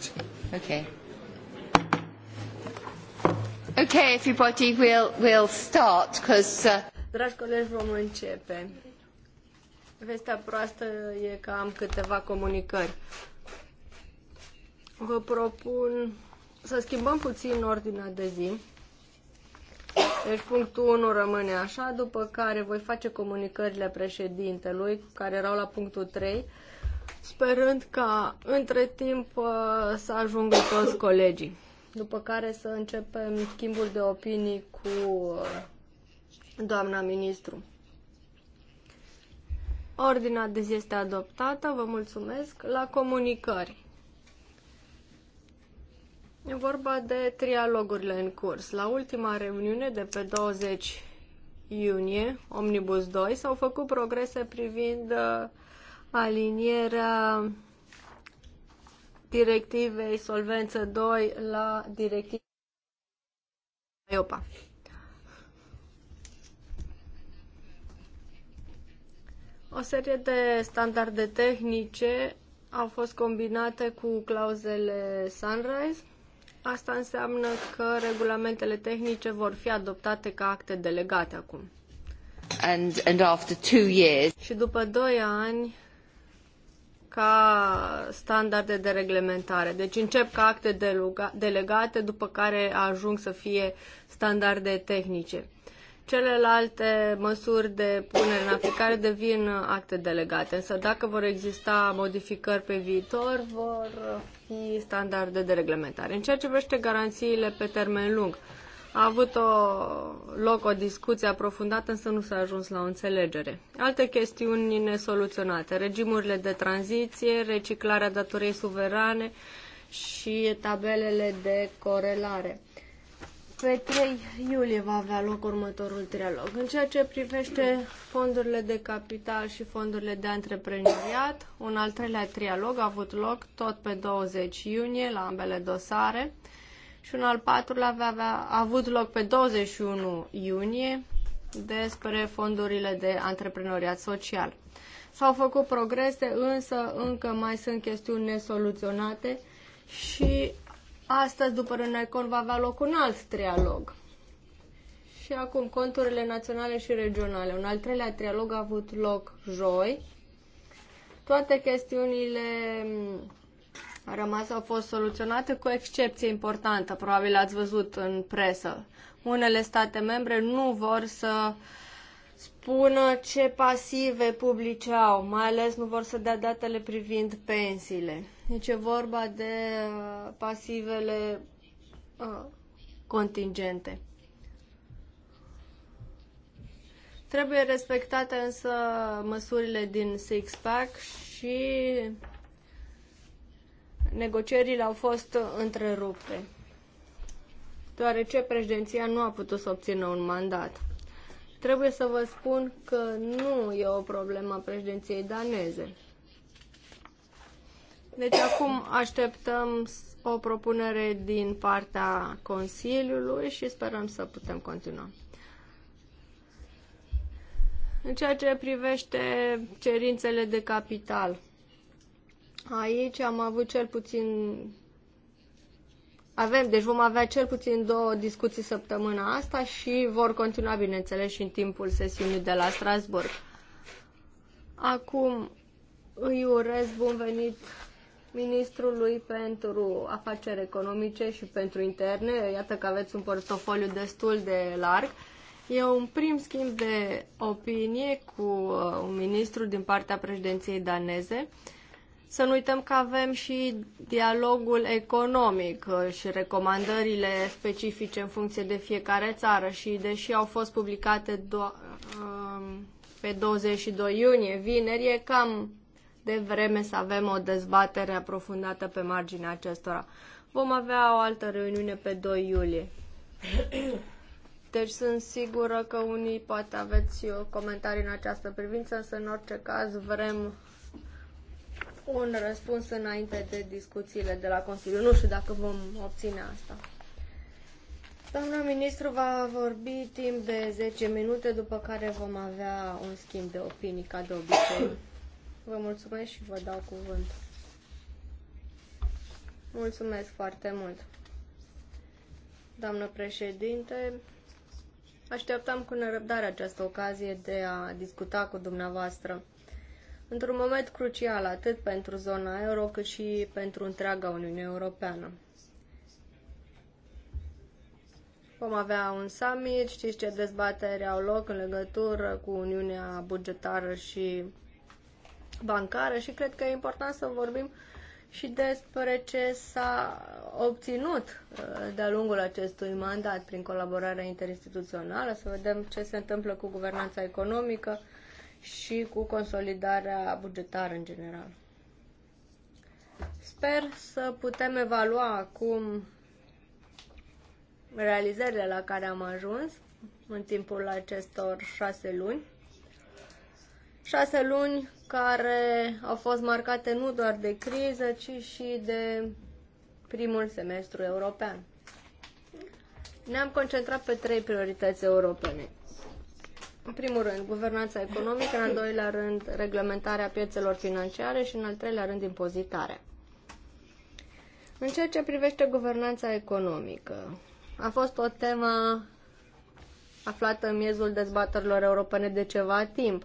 minutes. Okay. Okay, everybody, we'll, we'll start, because... Uh... Dragi colegi, vom începe. Vestea proastă e că am câteva comunicări. Vă propun să schimbăm puțin ordinea de zi. Deci punctul 1 rămâne așa, după care voi face comunicările președintelui, care erau la punctul 3, sperând ca între timp uh, să ajungă toți colegii. După care să începem schimbul de opinii cu uh, doamna ministru. Ordinea de zi este adoptată, vă mulțumesc, la comunicări. E vorba de trialogurile în curs. La ultima reuniune de pe 20 iunie, Omnibus 2, s-au făcut progrese privind uh, alinierea directivei Solvență 2 la directiva IOPA. O serie de standarde tehnice au fost combinate cu clauzele Sunrise. Asta înseamnă că regulamentele tehnice vor fi adoptate ca acte delegate acum. And, and after two years... Și după doi ani, ca standarde de reglementare. Deci încep ca acte delegate, după care ajung să fie standarde tehnice. Celelalte măsuri de punere în aplicare devin acte delegate, însă dacă vor exista modificări pe viitor, vor fi standarde de reglementare. În ceea ce vrește garanțiile pe termen lung, a avut o, loc o discuție aprofundată, însă nu s-a ajuns la o înțelegere. Alte chestiuni nesoluționate, regimurile de tranziție, reciclarea datoriei suverane și tabelele de corelare. Pe 3 iulie va avea loc următorul trialog. În ceea ce privește fondurile de capital și fondurile de antreprenoriat, un al treilea trialog a avut loc tot pe 20 iunie la ambele dosare și un al patrulea va avea a avut loc pe 21 iunie despre fondurile de antreprenoriat social. S-au făcut progrese, însă încă mai sunt chestiuni nesoluționate și astăzi, după Rânecon, va avea loc un alt trialog. Și acum, conturile naționale și regionale. Un al treilea trialog a avut loc joi. Toate chestiunile rămas au fost soluționate cu o excepție importantă, probabil ați văzut în presă. Unele state membre nu vor să spună ce pasive publice au, mai ales nu vor să dea datele privind pensiile. Deci e vorba de uh, pasivele uh, contingente. Trebuie respectate însă măsurile din six-pack și negocierile au fost întrerupte, deoarece președinția nu a putut să obțină un mandat. Trebuie să vă spun că nu e o problemă a președinției daneze. Deci acum așteptăm o propunere din partea Consiliului și sperăm să putem continua. În ceea ce privește cerințele de capital, Aici am avut cel puțin avem, deci vom avea cel puțin două discuții săptămâna asta și vor continua, bineînțeles, și în timpul sesiunii de la Strasburg. Acum îi urez bun venit ministrului pentru afaceri economice și pentru interne. Iată că aveți un portofoliu destul de larg. E un prim schimb de opinie cu uh, un ministru din partea președinției daneze. Uh, să nu uităm că avem și dialogul economic uh, și recomandările specifice în funcție de fiecare țară și deși au fost publicate uh, pe 22 iunie, vineri, e cam de vreme să avem o dezbatere aprofundată pe marginea acestora. Vom avea o altă reuniune pe 2 iulie. Deci sunt sigură că unii poate aveți comentarii în această privință, însă în orice caz vrem un răspuns înainte de discuțiile de la Consiliu. Nu știu dacă vom obține asta. Doamna ministru va vorbi timp de 10 minute, după care vom avea un schimb de opinii, ca de obicei. Vă mulțumesc și vă dau cuvânt. Mulțumesc foarte mult. Doamnă președinte, așteptam cu nerăbdare această ocazie de a discuta cu dumneavoastră într-un moment crucial atât pentru zona euro cât și pentru întreaga Uniune Europeană. Vom avea un summit, știți ce dezbateri au loc în legătură cu Uniunea Bugetară și Bancară și cred că e important să vorbim și despre ce s-a obținut uh, de-a lungul acestui mandat prin colaborarea interinstituțională, să vedem ce se întâmplă cu guvernanța economică, și cu consolidarea bugetară în general. Sper să putem evalua acum realizările la care am ajuns în timpul acestor șase luni. Șase luni care au fost marcate nu doar de criză, ci și de primul semestru european. Ne-am concentrat pe trei priorități europene. În primul rând, guvernanța economică, în al doilea rând, reglementarea piețelor financiare și în al treilea rând, impozitarea. În ceea ce privește guvernanța economică, a fost o temă aflată în miezul dezbaterilor europene de ceva timp.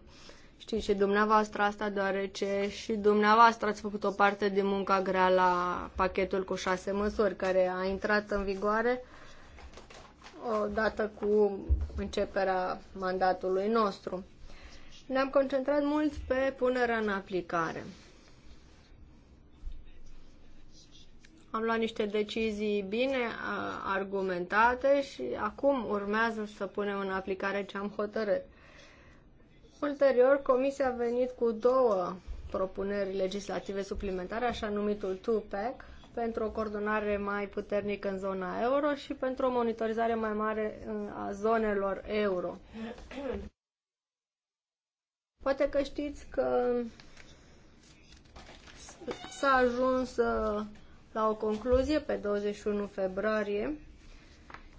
Știți și dumneavoastră asta, deoarece și dumneavoastră ați făcut o parte din munca grea la pachetul cu șase măsuri, care a intrat în vigoare odată cu începerea mandatului nostru. Ne-am concentrat mult pe punerea în aplicare. Am luat niște decizii bine argumentate și acum urmează să punem în aplicare ce am hotărât. Ulterior, Comisia a venit cu două propuneri legislative suplimentare, așa numitul TUPEC, pentru o coordonare mai puternică în zona euro și pentru o monitorizare mai mare a zonelor euro. Poate că știți că s-a ajuns uh, la o concluzie pe 21 februarie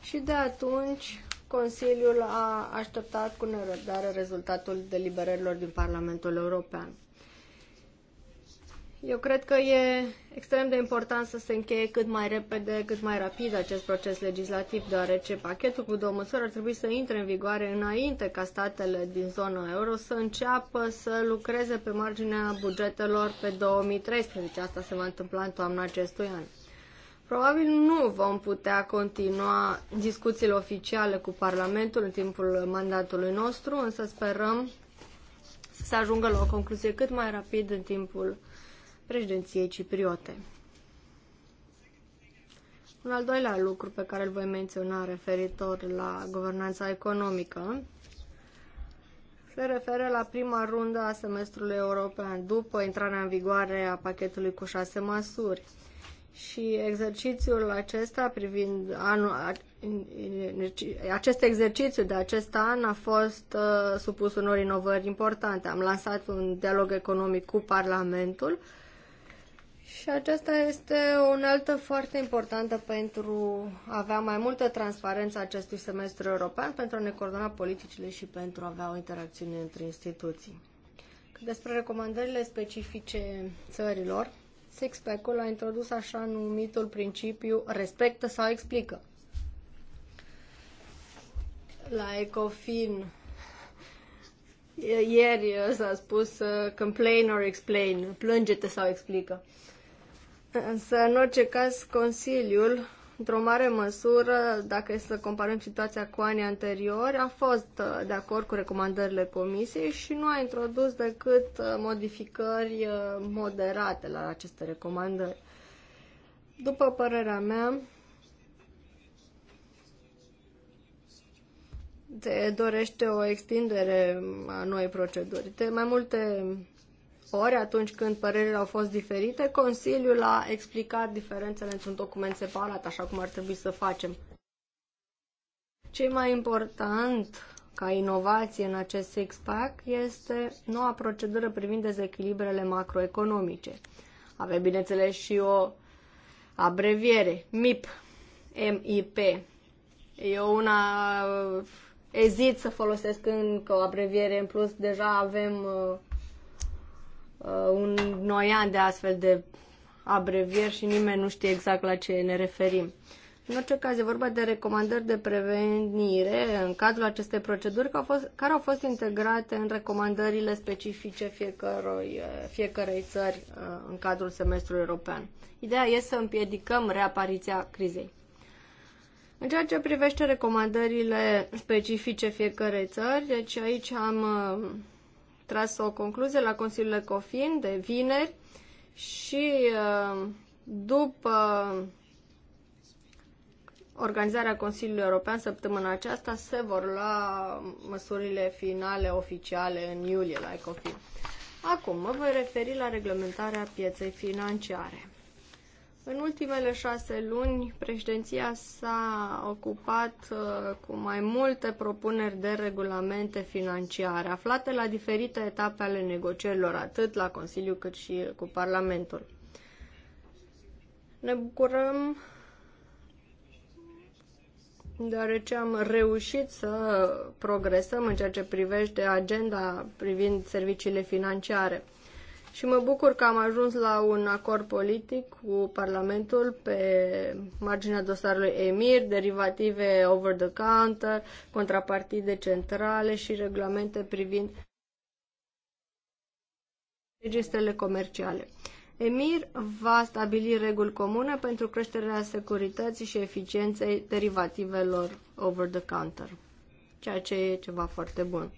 și de atunci Consiliul a așteptat cu nerăbdare rezultatul deliberărilor din Parlamentul European. Eu cred că e extrem de important să se încheie cât mai repede, cât mai rapid acest proces legislativ, deoarece pachetul cu două măsuri ar trebui să intre în vigoare înainte ca statele din zona euro să înceapă să lucreze pe marginea bugetelor pe 2013. Asta se va întâmpla în toamna acestui an. Probabil nu vom putea continua discuțiile oficiale cu Parlamentul în timpul mandatului nostru, însă sperăm să se ajungă la o concluzie cât mai rapid în timpul președinției cipriote. Un al doilea lucru pe care îl voi menționa referitor la guvernanța economică se referă la prima rundă a semestrului european după intrarea în vigoare a pachetului cu șase măsuri. Și exercițiul acesta privind anul, acest exercițiu de acest an a fost uh, supus unor inovări importante. Am lansat un dialog economic cu Parlamentul uh, și aceasta este o altă foarte importantă pentru a avea mai multă transparență acestui semestru european, pentru a ne coordona politicile și pentru a avea o interacțiune între instituții. Despre recomandările specifice țărilor, Sixpack-ul a introdus așa numitul principiu respectă sau explică. La Ecofin ieri s-a spus uh, complain or explain, plângete sau explică. Însă, în orice caz, Consiliul, într-o mare măsură, dacă e să comparăm situația cu anii anteriori, a fost uh, de acord cu recomandările Comisiei și nu a introdus decât uh, modificări uh, moderate la aceste recomandări. După părerea mea, se dorește o extindere a noi proceduri de mai multe ori atunci când părerile au fost diferite, Consiliul a explicat diferențele într-un document separat, așa cum ar trebui să facem. Ce mai important ca inovație în acest six-pack este noua procedură privind dezechilibrele macroeconomice. Avem, bineînțeles, și o abreviere, MIP, MIP. Eu una uh, ezit să folosesc încă o abreviere în plus, deja avem uh, Uh, un noian de astfel de abrevieri și nimeni nu știe exact la ce ne referim. În orice caz, e vorba de recomandări de prevenire în cadrul acestei proceduri care au fost, care au fost integrate în recomandările specifice fiecărui, uh, fiecărei țări uh, în cadrul semestrului european. Ideea este să împiedicăm reapariția crizei. În ceea ce privește recomandările specifice fiecărei țări, deci aici am tras o concluzie la Consiliul Ecofin de vineri și uh, după organizarea Consiliului European săptămâna aceasta se vor lua măsurile finale oficiale în iulie la Ecofin. Acum mă voi referi la reglementarea pieței financiare. În ultimele șase luni, președinția s-a ocupat uh, cu mai multe propuneri de regulamente financiare, aflate la diferite etape ale negocierilor, atât la Consiliu cât și cu Parlamentul. Ne bucurăm deoarece am reușit să progresăm în ceea ce privește agenda privind serviciile financiare și mă bucur că am ajuns la un acord politic cu Parlamentul pe marginea dosarului EMIR, derivative over-the-counter, contrapartide centrale și regulamente privind registrele comerciale. EMIR va stabili reguli comune pentru creșterea securității și eficienței derivativelor over-the-counter, ceea ce e ceva foarte bun.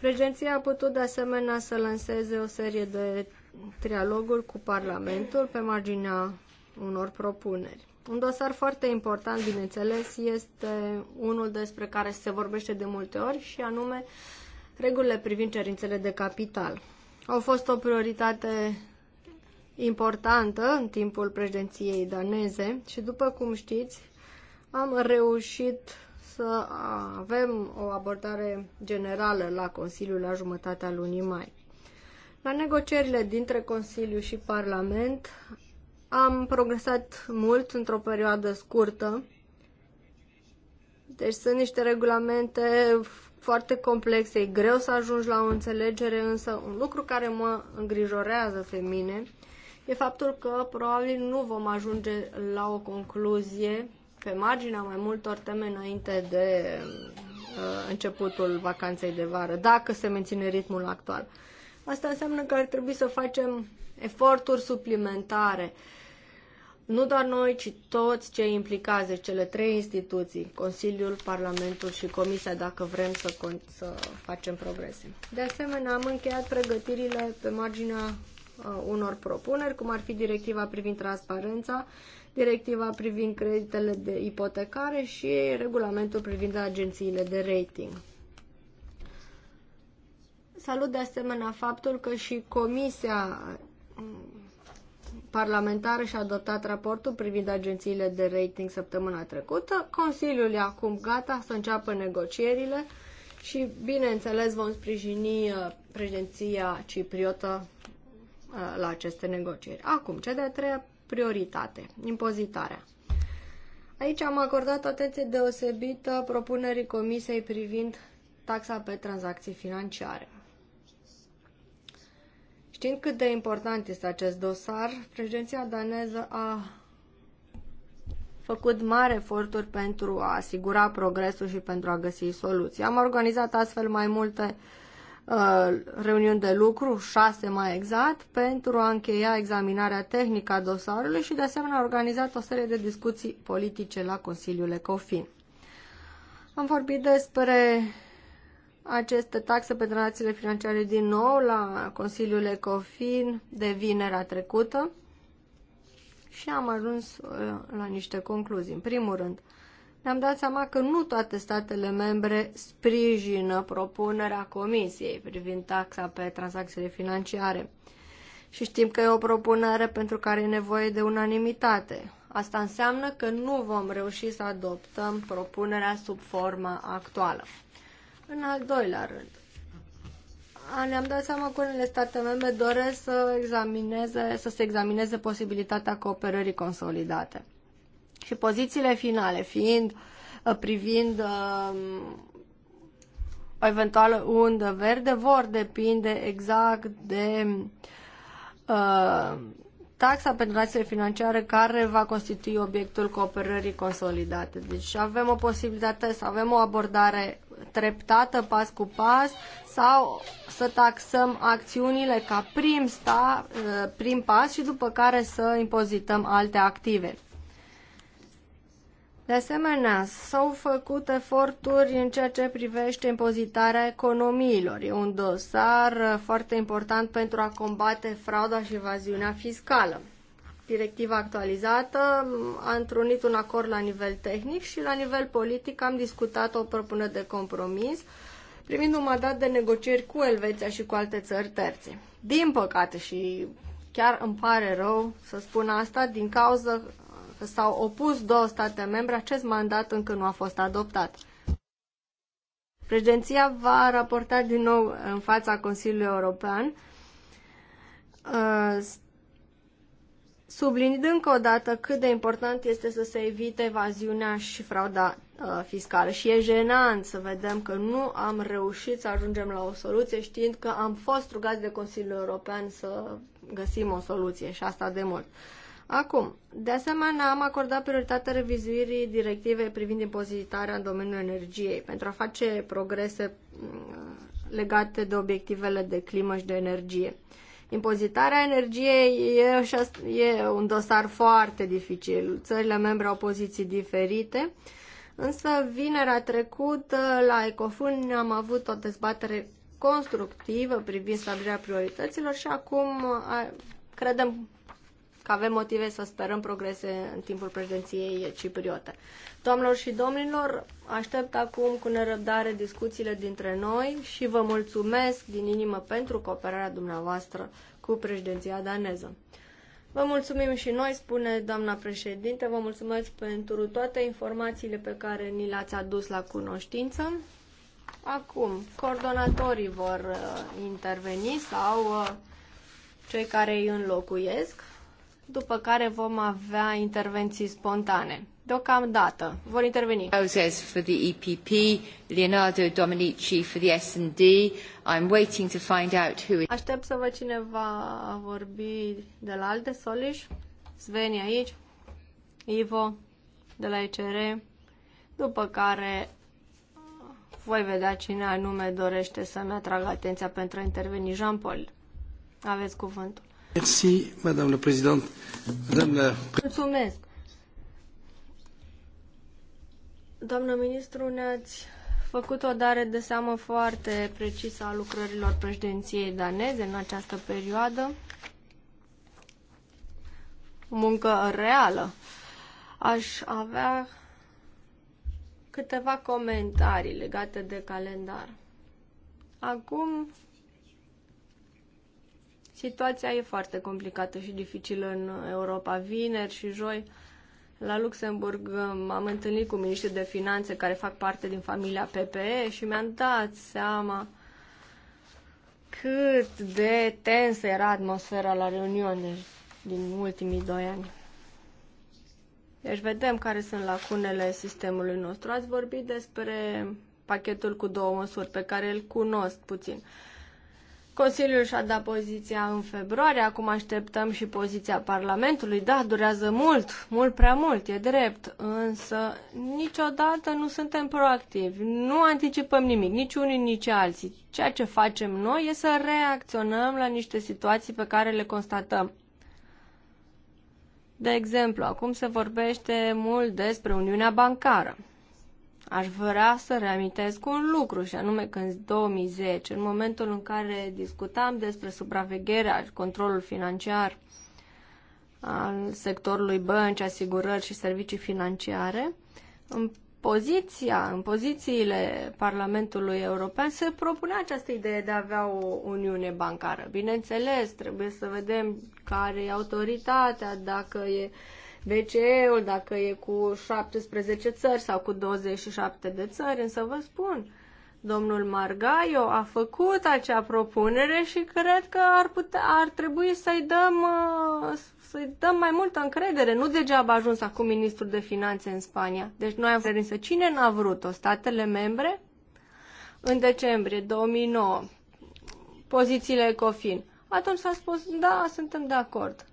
Prezenția a putut de asemenea să lanseze o serie de trialoguri cu Parlamentul pe marginea unor propuneri. Un dosar foarte important, bineînțeles, este unul despre care se vorbește de multe ori și anume regulile privind cerințele de capital. Au fost o prioritate importantă în timpul președinției daneze și, după cum știți, am reușit să avem o abordare generală la Consiliu la jumătatea lunii mai. La negocierile dintre Consiliu și Parlament am progresat mult într-o perioadă scurtă. Deci sunt niște regulamente foarte complexe, e greu să ajungi la o înțelegere, însă un lucru care mă îngrijorează pe mine e faptul că probabil nu vom ajunge la o concluzie pe marginea mai multor teme înainte de uh, începutul vacanței de vară, dacă se menține ritmul actual. Asta înseamnă că ar trebui să facem eforturi suplimentare. Nu doar noi, ci toți cei implicați, deci cele trei instituții, Consiliul, Parlamentul și Comisia, dacă vrem să, să facem progrese. De asemenea, am încheiat pregătirile pe marginea uh, unor propuneri, cum ar fi directiva privind transparența, uh, directiva privind creditele de ipotecare și regulamentul privind agențiile de rating. Salut de asemenea faptul că și Comisia mm, parlamentară și-a adoptat raportul privind agențiile de rating săptămâna trecută. Consiliul e acum gata să înceapă negocierile și, bineînțeles, vom sprijini uh, președinția cipriotă uh, la aceste negocieri. Acum, cea de-a treia prioritate, impozitarea. Aici am acordat atenție deosebită propunerii Comisiei privind taxa pe tranzacții financiare. Știind cât de important este acest dosar, președinția daneză a făcut mari eforturi pentru a asigura progresul și pentru a găsi soluții. Am organizat astfel mai multe uh, Uh, reuniuni de lucru, șase mai exact, pentru a încheia examinarea tehnică a dosarului și de asemenea a organizat o serie de discuții politice la Consiliul Ecofin. Am vorbit despre aceste taxe pe tranzacțiile financiare din nou la Consiliul Ecofin de vinerea trecută și am ajuns uh, la niște concluzii. În primul rând, ne-am dat seama că nu toate statele membre sprijină propunerea Comisiei privind taxa pe tranzacțiile financiare. Și știm că e o propunere pentru care e nevoie de unanimitate. Asta înseamnă că nu vom reuși să adoptăm propunerea sub forma actuală. În al doilea rând, ne-am dat seama că unele state membre doresc să, examineze, să se examineze posibilitatea cooperării consolidate. Și pozițiile finale fiind uh, privind uh, um, o eventuală undă verde vor depinde exact de uh, taxa pentru rațiile financiare care va constitui obiectul cooperării consolidate. Deci avem o posibilitate să avem o abordare treptată, pas cu pas, sau să taxăm acțiunile ca prim, sta, uh, prim pas și după care să impozităm alte active. De asemenea, s-au făcut eforturi în ceea ce privește impozitarea economiilor. E un dosar foarte important pentru a combate frauda și evaziunea fiscală. Directiva actualizată a întrunit un acord la nivel tehnic și la nivel politic am discutat o propunere de compromis primind un mandat de negocieri cu Elveția și cu alte țări terțe. Din păcate și chiar îmi pare rău să spun asta, din cauza s-au opus două state membre, acest mandat încă nu a fost adoptat. Președinția va raporta din nou în fața Consiliului European, uh, sublinind încă o dată cât de important este să se evite evaziunea și frauda uh, fiscală. Și e jenant să vedem că nu am reușit să ajungem la o soluție, știind că am fost rugați de Consiliul European să găsim o soluție și asta de mult. Acum, de asemenea, am acordat prioritatea revizuirii directivei privind impozitarea în domeniul energiei pentru a face progrese mm, legate de obiectivele de climă și de energie. Impozitarea energiei e, e un dosar foarte dificil. Țările membre au poziții diferite, însă vinerea trecută la Ecofun am avut o dezbatere constructivă privind stabilirea priorităților și acum credem că avem motive să sperăm progrese în timpul președinției cipriote. Doamnelor și domnilor, aștept acum cu nerăbdare discuțiile dintre noi și vă mulțumesc din inimă pentru cooperarea dumneavoastră cu președinția daneză. Vă mulțumim și noi, spune doamna președinte, vă mulțumesc pentru toate informațiile pe care ni le-ați adus la cunoștință. Acum, coordonatorii vor uh, interveni sau uh, cei care îi înlocuiesc după care vom avea intervenții spontane. Deocamdată vor interveni. Houses for the EPP, Leonardo Dominici for the S&D. I'm waiting to find out who it... Aștept să văd cine va vorbi de la alte soliș. Sveni aici, Ivo de la ECR, după care uh, voi vedea cine anume dorește să-mi atragă atenția pentru a interveni. Jean-Paul, aveți cuvântul. Merci, Madame la Présidente. Madame la... Mulțumesc. Doamnă ministru, ne-ați făcut o dare de seamă foarte precisă a lucrărilor președinției daneze în această perioadă. Muncă reală. Aș avea câteva comentarii legate de calendar. Acum Situația e foarte complicată și dificilă în Europa. Vineri și joi la Luxemburg m-am întâlnit cu miniștrii de finanțe care fac parte din familia PPE și mi-am dat seama cât de tensă era atmosfera la reuniune din ultimii doi ani. Deci vedem care sunt lacunele sistemului nostru. Ați vorbit despre pachetul cu două măsuri pe care îl cunosc puțin. Uh, Consiliul și-a dat poziția în februarie, acum așteptăm și poziția Parlamentului. Da, durează mult, mult prea mult, e drept, însă niciodată nu suntem proactivi, nu anticipăm nimic, nici unii, nici alții. Ceea ce facem noi e să reacționăm la niște situații pe care le constatăm. De exemplu, acum se vorbește mult despre Uniunea Bancară. Aș vrea să reamintesc un lucru, și anume că în 2010, în momentul în care discutam despre supravegherea și controlul financiar al sectorului bănci, asigurări și servicii financiare, în poziția, în pozițiile Parlamentului European se propunea această idee de a avea o uniune bancară. Bineînțeles, trebuie să vedem care e autoritatea, dacă e uh, BCE-ul, dacă e cu 17 țări sau cu 27 de țări, însă vă spun, domnul Margaio a făcut acea propunere și cred că ar, putea, ar trebui să-i dăm, uh, să-i dăm mai multă încredere. Nu degeaba a ajuns acum ministrul de finanțe în Spania. Deci noi am vrut, cine n-a vrut-o? Statele membre? În decembrie 2009, pozițiile COFIN. Atunci s-a spus, da, suntem de acord.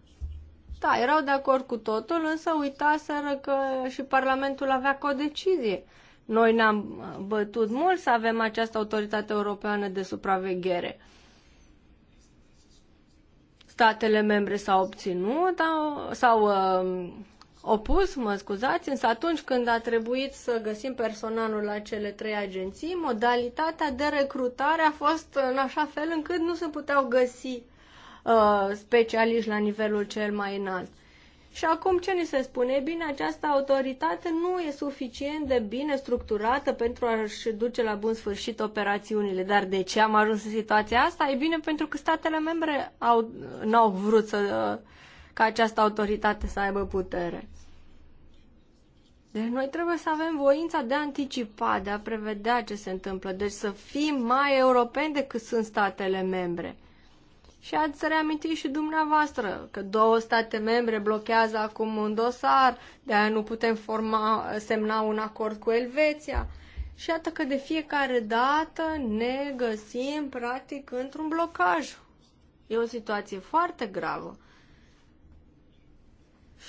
Da, erau de acord cu totul, însă uitaseră că și Parlamentul avea codecizie. Noi ne-am bătut mult să avem această autoritate europeană de supraveghere. Statele membre s-au obținut, s-au uh, opus, mă scuzați, însă atunci când a trebuit să găsim personalul la cele trei agenții, modalitatea de recrutare a fost în așa fel încât nu se puteau găsi Uh, specialiști la nivelul cel mai înalt. Și acum ce ni se spune? E bine, această autoritate nu e suficient de bine structurată pentru a-și duce la bun sfârșit operațiunile. Dar de ce am ajuns în situația asta? E bine pentru că statele membre au, n-au vrut să, uh, ca această autoritate să aibă putere. Deci noi trebuie să avem voința de a anticipa, de a prevedea ce se întâmplă, deci să fim mai europeni decât sunt statele membre. Și ați reamintit și dumneavoastră că două state membre blochează acum un dosar, de aia nu putem forma, semna un acord cu Elveția. Și iată că de fiecare dată ne găsim practic într-un blocaj. E o situație foarte gravă.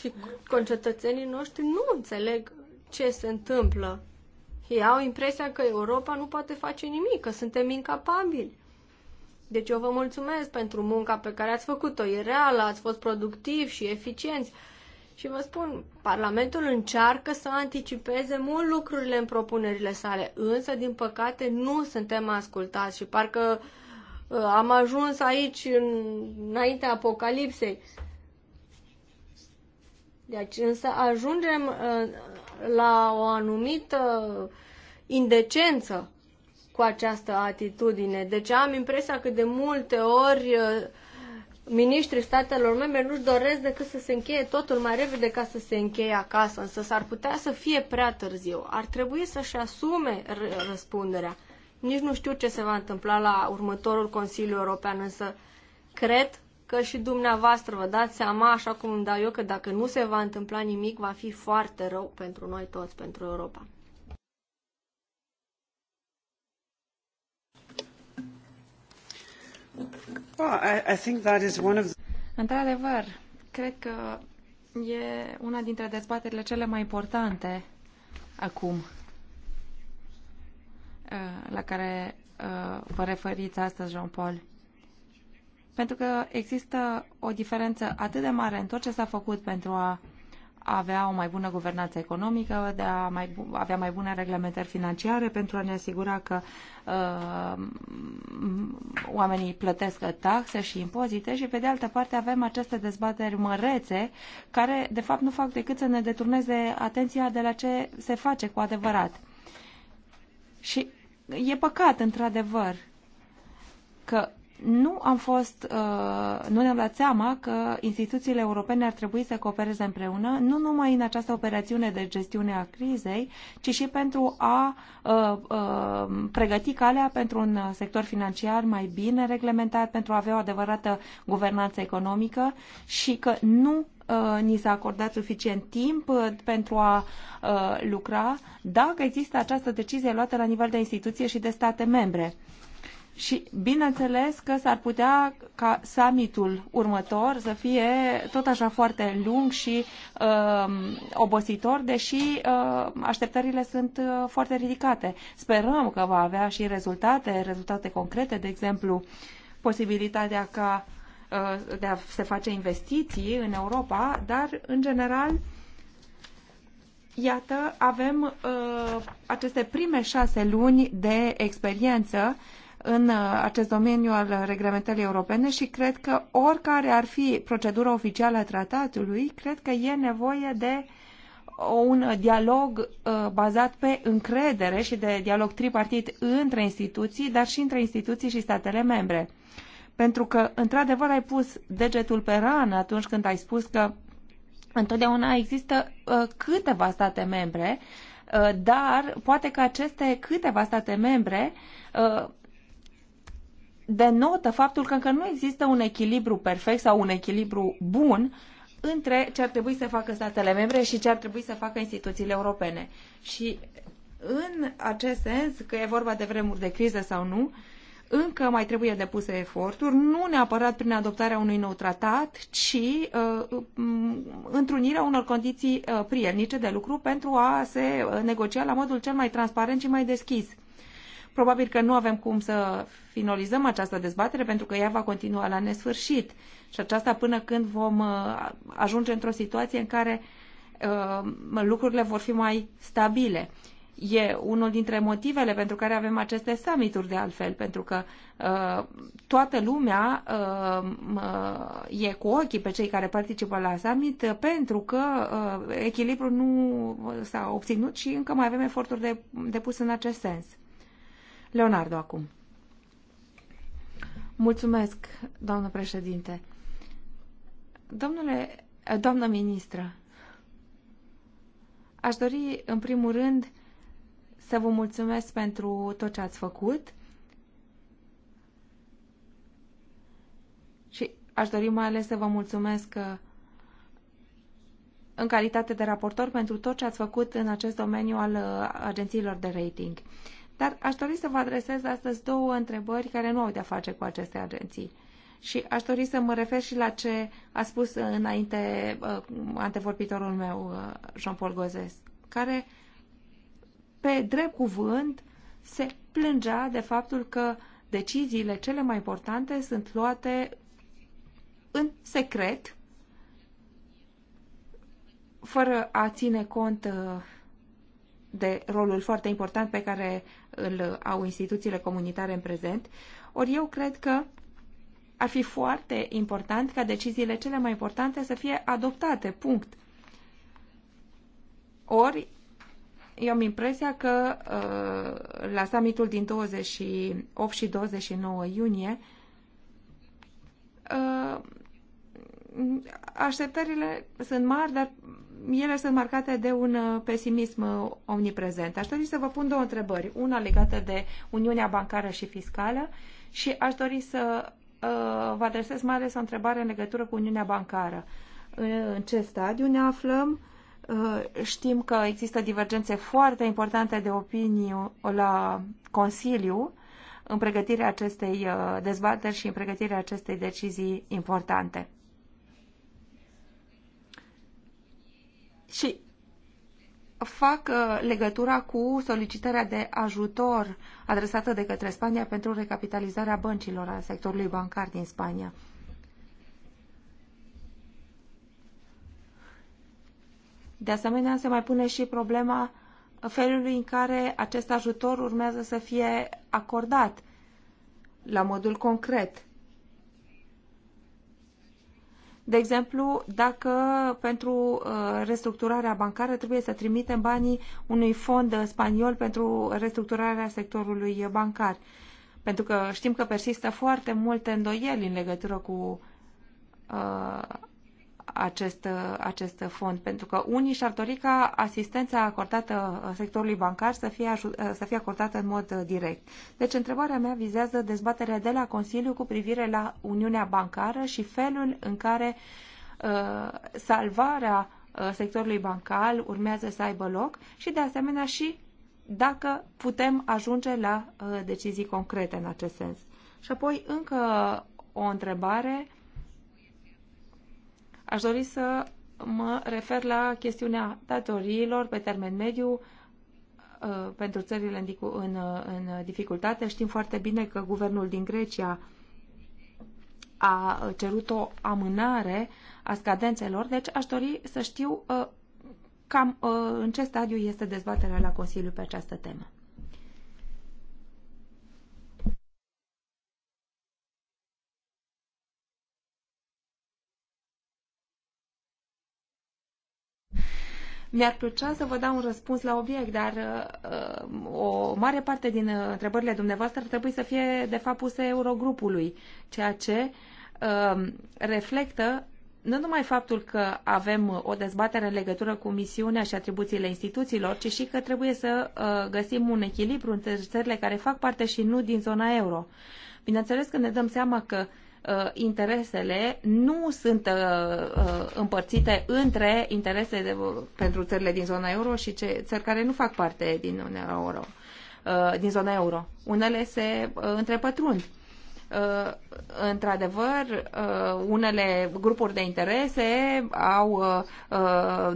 Și concetățenii noștri nu înțeleg ce se întâmplă. Ei au impresia că Europa nu poate face nimic, că suntem incapabili. Deci eu vă mulțumesc pentru munca pe care ați făcut-o. E reală, ați fost productivi și eficienți. Și vă spun, Parlamentul încearcă să anticipeze mult lucrurile în propunerile sale, însă, din păcate, nu suntem ascultați și parcă uh, am ajuns aici în, înaintea apocalipsei. Deci, însă, ajungem uh, la o anumită indecență cu această atitudine. Deci am impresia că de multe ori uh, ministrii statelor membre nu-și doresc decât să se încheie totul mai repede ca să se încheie acasă, însă s-ar putea să fie prea târziu. Ar trebui să-și asume răspunderea. Nici nu știu ce se va întâmpla la următorul Consiliu European, însă cred că și dumneavoastră vă dați seama, așa cum îmi dau eu, că dacă nu se va întâmpla nimic, va fi foarte rău pentru noi toți, pentru Europa. Într-adevăr, cred că e una dintre dezbaterile cele mai importante acum uh, la care uh, vă referiți astăzi, Jean-Paul. Pentru că există o diferență atât de mare în tot ce s-a făcut pentru a avea o mai bună guvernanță economică, de a mai, avea mai bune reglementări financiare pentru a ne asigura că uh, oamenii plătesc taxe și impozite și pe de altă parte avem aceste dezbateri mărețe care de fapt nu fac decât să ne deturneze atenția de la ce se face cu adevărat. Și e păcat într-adevăr că nu am fost, uh, nu ne-am dat seama că instituțiile europene ar trebui să coopereze împreună, nu numai în această operațiune de gestiune a crizei, ci și pentru a uh, uh, pregăti calea pentru un sector financiar mai bine reglementat, pentru a avea o adevărată guvernanță economică și că nu ni s-a acordat suficient timp pentru a lucra dacă există această decizie luată la nivel de instituție și de state membre. Și bineînțeles că s-ar putea ca summitul următor să fie tot așa foarte lung și uh, obositor, deși uh, așteptările sunt uh, foarte ridicate. Sperăm că va avea și rezultate, rezultate concrete, de exemplu, posibilitatea ca uh, de a se face investiții în Europa, dar în general Iată, avem uh, aceste prime șase luni de experiență uh, în uh, acest domeniu al reglementării europene și cred că oricare ar fi procedura oficială a tratatului, cred că e nevoie de un dialog uh, bazat pe încredere și de dialog tripartit între instituții, dar și între instituții și statele membre. Pentru că, într-adevăr, ai pus degetul pe rană atunci când ai spus că întotdeauna există uh, câteva state membre dar poate că aceste câteva state membre denotă faptul că încă nu există un echilibru perfect sau un echilibru bun între ce ar trebui să facă statele membre și ce ar trebui să facă instituțiile europene. Și în acest sens, că e vorba de vremuri de criză sau nu, încă mai trebuie depuse eforturi, nu neapărat prin adoptarea unui nou tratat, ci uh, întrunirea unor condiții uh, prielnice de lucru pentru a se uh, negocia la modul cel mai transparent și mai deschis Probabil că nu avem cum să finalizăm această dezbatere pentru că ea va continua la nesfârșit și aceasta până când vom uh, ajunge într-o situație în care uh, lucrurile vor fi mai stabile. E unul dintre motivele pentru care avem aceste summituri de altfel, pentru că uh, toată lumea uh, e cu ochii pe cei care participă la summit uh, pentru că uh, echilibrul nu s-a obținut și încă mai avem eforturi de, de pus în acest sens. Leonardo acum. Mulțumesc, doamnă președinte. Domnule, eh, doamnă ministră, aș dori, în primul rând, să vă mulțumesc pentru tot ce ați făcut și aș dori mai ales să vă mulțumesc că eh, în calitate de raportor pentru tot ce ați făcut în acest domeniu al eh, agențiilor de rating. Dar aș dori să vă adresez astăzi două întrebări care nu au de-a face cu aceste agenții. Și aș dori să mă refer și la ce a spus înainte uh, antevorbitorul meu, uh, Jean-Paul Gozes, care, pe drept cuvânt, se plângea de faptul că deciziile cele mai importante sunt luate în secret, fără a ține cont uh, de rolul foarte important pe care îl au instituțiile comunitare în prezent. Ori eu cred că ar fi foarte important ca deciziile cele mai importante să fie adoptate, punct. Ori, eu am impresia că uh, la summitul din 28 și 29 iunie uh, așteptările sunt mari, dar ele sunt marcate de un uh, pesimism uh, omniprezent. Aș dori să vă pun două întrebări. Una legată de Uniunea Bancară și Fiscală și aș dori să uh, vă adresez mai ales o întrebare în legătură cu Uniunea Bancară. În ce stadiu ne aflăm? Știm că există divergențe foarte importante de opinii la Consiliu în pregătirea acestei dezbateri și în pregătirea acestei decizii importante. și fac uh, legătura cu solicitarea de ajutor adresată de către Spania pentru recapitalizarea băncilor al sectorului bancar din Spania. De asemenea, se mai pune și problema felului în care acest ajutor urmează să fie acordat la modul concret. De exemplu, dacă pentru uh, restructurarea bancară trebuie să trimitem banii unui fond spaniol pentru restructurarea sectorului bancar. Pentru că știm că persistă foarte multe îndoieli în legătură cu uh, acest, acest fond, pentru că unii și-ar dori ca asistența acordată sectorului bancar să fie, să fie acordată în mod direct. Deci, întrebarea mea vizează dezbaterea de la Consiliu cu privire la Uniunea Bancară și felul în care uh, salvarea uh, sectorului bancar urmează să aibă loc și, de asemenea, și dacă putem ajunge la uh, decizii concrete în acest sens. Și apoi, încă o întrebare Aș dori să mă refer la chestiunea datoriilor pe termen mediu uh, pentru țările în, în, uh, în dificultate. Știm foarte bine că guvernul din Grecia a cerut o amânare a scadențelor, deci aș dori să știu uh, cam în ce stadiu este dezbaterea la Consiliu pe această temă. Mi-ar plăcea să vă dau un răspuns la obiect, dar uh, uh, o mare parte din uh, întrebările dumneavoastră ar trebui să fie, de fapt, puse Eurogrupului, ceea ce reflectă nu numai faptul că avem o dezbatere în legătură cu misiunea și atribuțiile instituțiilor, ci și că trebuie să găsim un echilibru între țările care fac parte și nu din zona euro. Bineînțeles că ne dăm seama că uh, Uh, interesele nu sunt uh, uh, împărțite între interese de, pentru țările din zona euro și ce, țări care nu fac parte din Uniunea Euro, din zona euro. Unele se întrepătrund. Într-adevăr, unele grupuri de interese au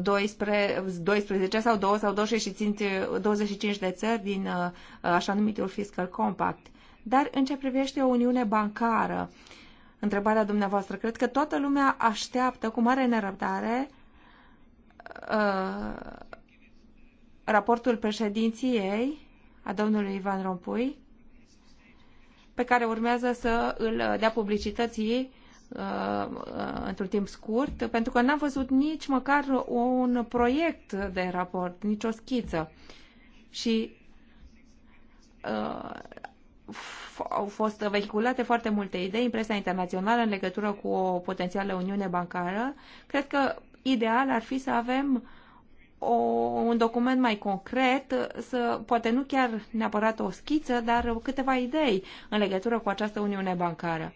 12, 12 sau 2 sau 25, de țări din așa numitul Fiscal Compact. Dar în ce privește o uniune bancară, uh, întrebarea dumneavoastră. Cred că toată lumea așteaptă cu mare nerăbdare uh, raportul președinției a domnului Ivan Rompui, pe care urmează să îl dea publicității uh, într-un timp scurt, pentru că n-am văzut nici măcar un proiect de raport, nicio schiță. Și uh, au fost vehiculate foarte multe idei în presa internațională în legătură cu o potențială uniune bancară. Cred că ideal ar fi să avem o, un document mai concret, să, poate nu chiar neapărat o schiță, dar câteva idei în legătură cu această uniune bancară.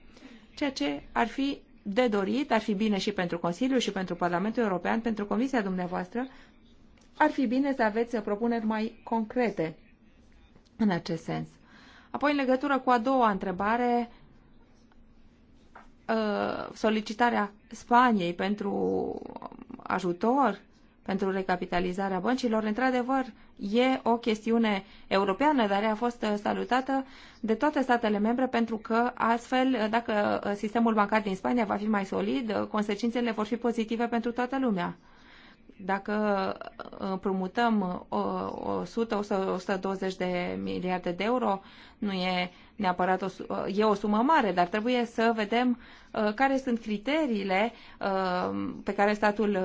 Ceea ce ar fi de dorit, ar fi bine și pentru Consiliu și pentru Parlamentul European, pentru Comisia dumneavoastră, ar fi bine să aveți propuneri mai concrete în acest sens. Apoi, în legătură cu a doua întrebare, uh, solicitarea Spaniei pentru ajutor, pentru recapitalizarea băncilor, într-adevăr, e o chestiune europeană, dar ea a fost uh, salutată de toate statele membre pentru că astfel, uh, dacă sistemul bancar din Spania va fi mai solid, consecințele vor fi pozitive pentru toată lumea. Dacă uh, împrumutăm 100-120 uh, de miliarde de euro, nu e neapărat o, uh, e o sumă mare, dar trebuie să vedem care sunt criteriile pe care statul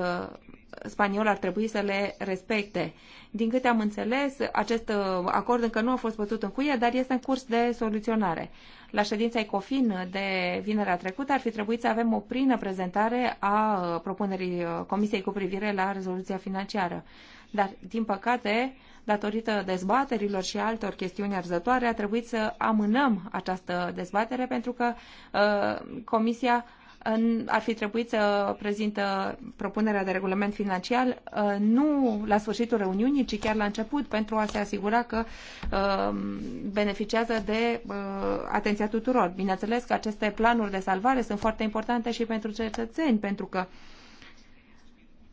spaniol ar trebui să le respecte. Din câte am înțeles, acest uh, acord încă nu a fost bătut în cuie, dar este în curs de soluționare. La ședința ECOFIN de vinerea trecută ar fi trebuit să avem o plină prezentare a uh, propunerii uh, Comisiei cu privire la rezoluția financiară. Dar, din păcate, datorită dezbaterilor și altor chestiuni arzătoare, a trebuit să amânăm această dezbatere pentru că uh, Comisia ar fi trebuit să prezintă propunerea de regulament financiar uh, nu la sfârșitul reuniunii, ci chiar la început, pentru a se asigura că uh, beneficiază de uh, atenția tuturor. Bineînțeles că aceste planuri de salvare sunt foarte importante și pentru cetățeni, pentru că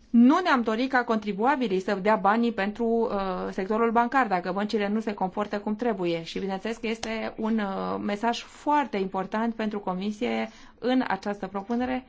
nu ne-am dorit ca contribuabilii să dea banii pentru uh, sectorul bancar, dacă băncile nu se comportă cum trebuie. Și bineînțeles că este un uh, mesaj foarte important pentru Comisie în această propunere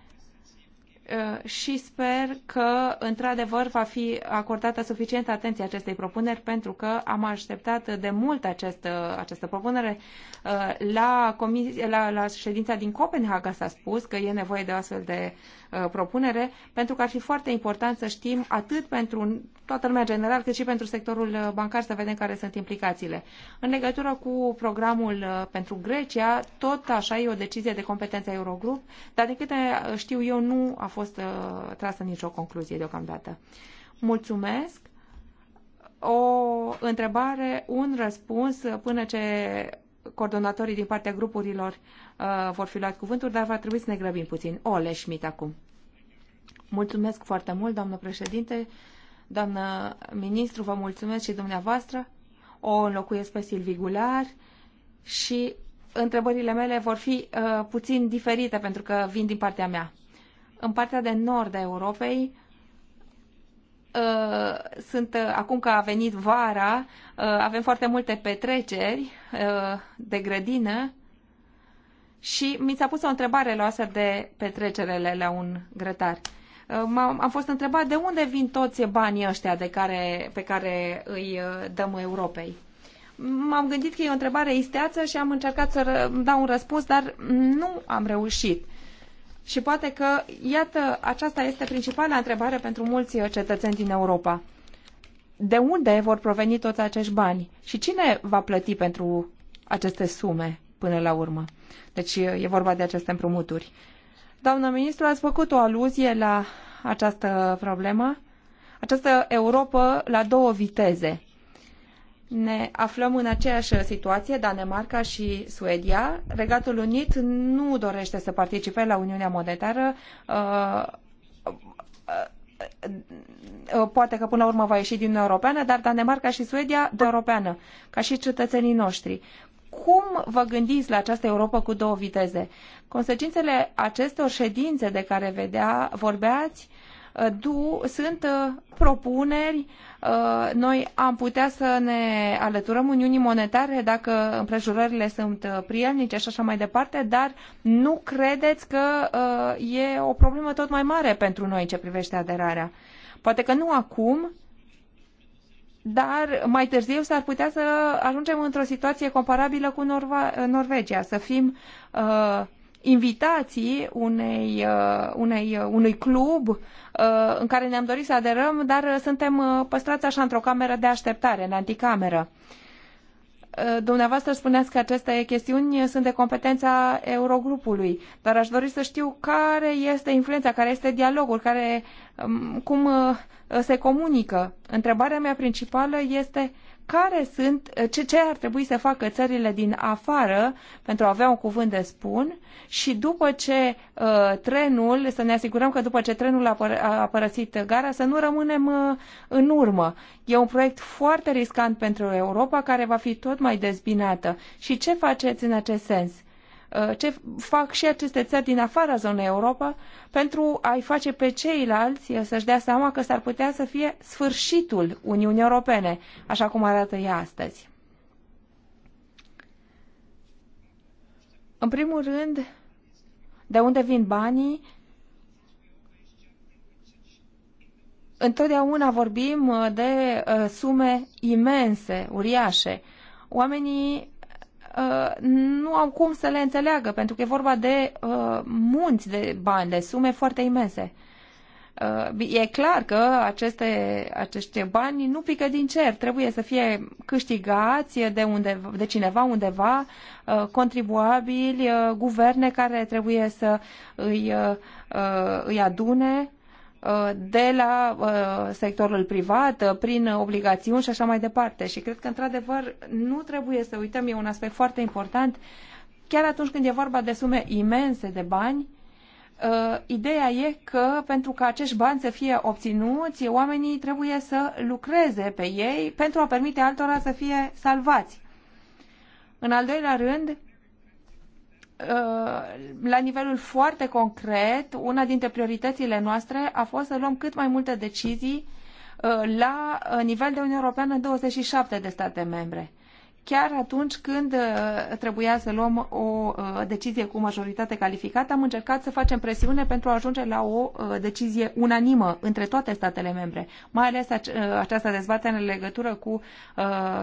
uh, și sper că, într-adevăr, va fi acordată suficientă atenție acestei propuneri, pentru că am așteptat de mult acest, uh, această propunere. Uh, la, comisie, la, la ședința din Copenhaga s-a spus că e nevoie de astfel de uh, Uh, propunere, pentru că ar fi foarte important să știm atât pentru toată lumea general, cât și pentru sectorul uh, bancar să vedem care sunt implicațiile. În legătură cu programul uh, pentru Grecia, tot așa e o decizie de competență Eurogrup, dar de câte știu eu nu a fost trasă nicio concluzie deocamdată. Mulțumesc! o întrebare, un răspuns până ce coordonatorii din partea grupurilor uh, vor fi luat cuvântul, dar va trebui să ne grăbim puțin. O Schmidt acum. Mulțumesc foarte mult, doamnă președinte, doamnă ministru, vă mulțumesc și dumneavoastră. O înlocuiesc pe Silvi Gular și întrebările mele vor fi uh, puțin diferite pentru că vin din partea mea. În partea de nord a Europei Uh, sunt, uh, acum că a venit vara, uh, avem foarte multe petreceri de grădină și mi s-a pus o întrebare luasă de petrecerele la un grătar. am am fost întrebat de unde vin toți banii ăștia de care, pe care îi dăm Europei. M-am gândit că e o întrebare isteață și am încercat să dau un răspuns, dar nu am reușit. Și poate că, iată, aceasta este principala întrebare pentru mulți uh, cetățeni din Europa. De unde vor proveni toți acești bani? Și cine va plăti pentru aceste sume până la urmă? Deci uh, e vorba de aceste împrumuturi. Doamnă ministru, ați făcut o aluzie la această problemă, această Europa la două viteze ne aflăm în aceeași situație, Danemarca și Suedia. Regatul Unit nu dorește să participe la Uniunea Monetară. Uh, uh, uh, poate că până la urmă va ieși din Uniunea Europeană, dar Danemarca și Suedia de europeană, ca și cetățenii noștri. Cum vă gândiți la această Europa cu două viteze? Consecințele acestor ședințe de care vedea, vorbeați du, sunt propuneri uh, Uh, noi am putea să ne alăturăm Uniunii Monetare dacă împrejurările sunt uh, prielnice și așa mai departe, dar nu credeți că uh, e o problemă tot mai mare pentru noi ce privește aderarea? Poate că nu acum, dar mai târziu s-ar putea să ajungem într-o situație comparabilă cu Norva- Norvegia, să fim uh, invitații unei, uh, unei, uh, unui club uh, în care ne-am dorit să aderăm, dar suntem păstrați așa într-o cameră de așteptare, în anticameră. Dumneavoastră spuneați că aceste chestiuni sunt de competența Eurogrupului, dar aș dori să știu care este influența, care este dialogul, care, um, cum se comunică. Întrebarea mea principală este uh, care sunt, eh, ce, ce ar trebui să facă țările din afară pentru a avea un cuvânt de spun și după ce uh, trenul, să ne asigurăm că după ce trenul a, păr- a părăsit gara, să nu rămânem uh, în urmă. E un proiect foarte riscant pentru Europa, care va fi tot mai dezbinată. Și ce faceți în acest sens? Uh, Uh, ce fac și aceste țări din afara zonei Europa pentru a-i face pe ceilalți uh, să-și dea seama că s-ar putea să fie sfârșitul Uniunii Europene, așa cum arată ea astăzi. În primul rând, de unde vin banii, întotdeauna vorbim uh, de sume imense, uriașe. Oamenii nu au cum să le înțeleagă, pentru că e vorba de uh, munți de bani, de sume foarte imense. Uh, e clar că aceste, aceste bani nu pică din cer, trebuie să fie câștigați de, undeva, de cineva undeva, uh, contribuabili, guverne care trebuie să îi, îi adune Uh, de la uh, sectorul privat, uh, prin obligațiuni și așa mai departe. Și cred că, într-adevăr, nu trebuie să uităm, e un aspect foarte important, chiar atunci când e vorba de sume imense de bani, ideea e că pentru ca acești bani să fie obținuți, oamenii trebuie să lucreze pe ei pentru a permite altora să fie salvați. În al doilea rând, Uh, la nivelul foarte concret, una dintre prioritățile noastre a fost să luăm cât mai multe decizii uh, la uh, nivel de Uniune Europeană în 27 de state membre. Chiar atunci când trebuia să luăm o decizie cu majoritate calificată, am încercat să facem presiune pentru a ajunge la o decizie unanimă între toate statele membre, mai ales această dezbatere în legătură cu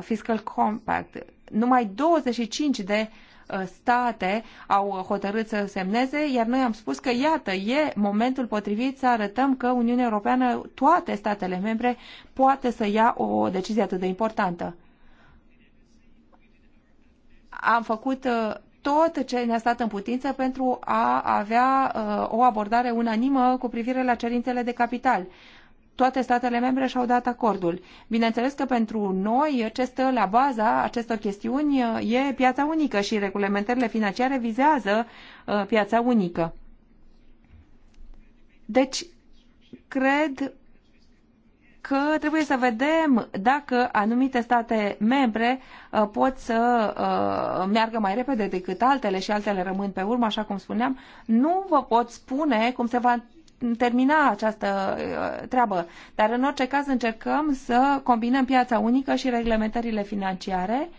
Fiscal Compact. Numai 25 de uh, Uh, state au hotărât să semneze, iar noi am spus că iată, e momentul potrivit să arătăm că Uniunea Europeană, toate statele membre, poate să ia o decizie atât de importantă. Am făcut uh, tot ce ne-a stat în putință pentru a avea uh, o abordare unanimă cu privire la cerințele de capital toate statele membre și-au dat acordul. Bineînțeles că pentru noi ce stă la baza acestor chestiuni e piața unică și regulamentările financiare vizează uh, piața unică. Deci, cred că trebuie să vedem dacă anumite state membre uh, pot să uh, meargă mai repede decât altele și altele rămân pe urmă, așa cum spuneam. Nu vă pot spune cum se va termina această uh, treabă, dar în orice caz încercăm să combinăm piața unică și reglementările financiare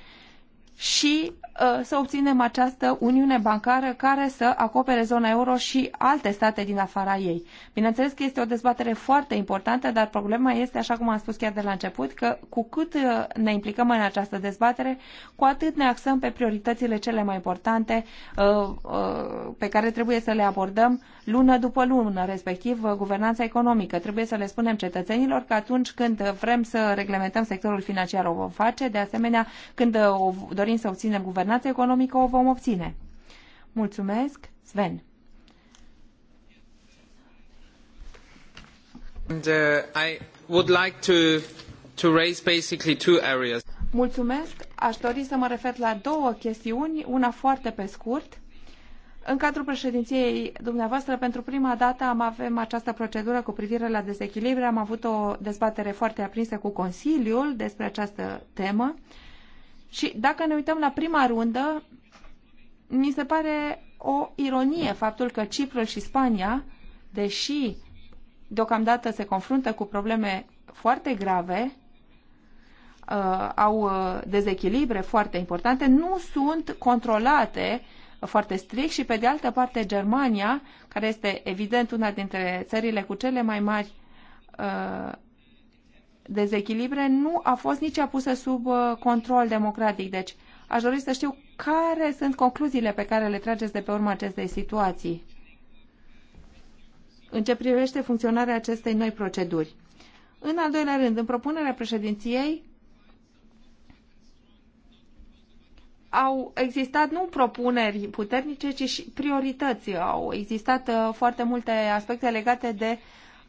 și uh, să obținem această uniune bancară care să acopere zona euro și alte state din afara ei. Bineînțeles că este o dezbatere foarte importantă, dar problema este, așa cum am spus chiar de la început, că cu cât uh, ne implicăm în această dezbatere, cu atât ne axăm pe prioritățile cele mai importante uh, uh, pe care trebuie să le abordăm lună după lună, respectiv uh, guvernanța economică. Trebuie să le spunem cetățenilor că atunci când vrem să reglementăm sectorul financiar o vom face, de asemenea când uh, o dorim dorim să obținem guvernanță economică, o vom obține. Mulțumesc, Sven. And, uh, I would like to, to raise basically two areas. Mulțumesc. Aș dori să mă refer la două chestiuni, una foarte pe scurt. În cadrul președinției dumneavoastră, pentru prima dată am avem această procedură cu privire la dezechilibre. Am avut o dezbatere foarte aprinsă cu Consiliul despre această temă. Și dacă ne uităm la prima rundă, mi se pare o ironie faptul că Ciprul și Spania, deși deocamdată se confruntă cu probleme foarte grave, uh, au uh, dezechilibre foarte importante, nu sunt controlate uh, foarte strict și pe de altă parte Germania, care este evident una dintre țările cu cele mai mari dezechilibre nu a fost nici apusă sub uh, control democratic. Deci aș dori să știu care sunt concluziile pe care le trageți de pe urma acestei situații în ce privește funcționarea acestei noi proceduri. În al doilea rând, în propunerea președinției au existat nu propuneri puternice, ci și priorități. Au existat uh, foarte multe aspecte legate de uh,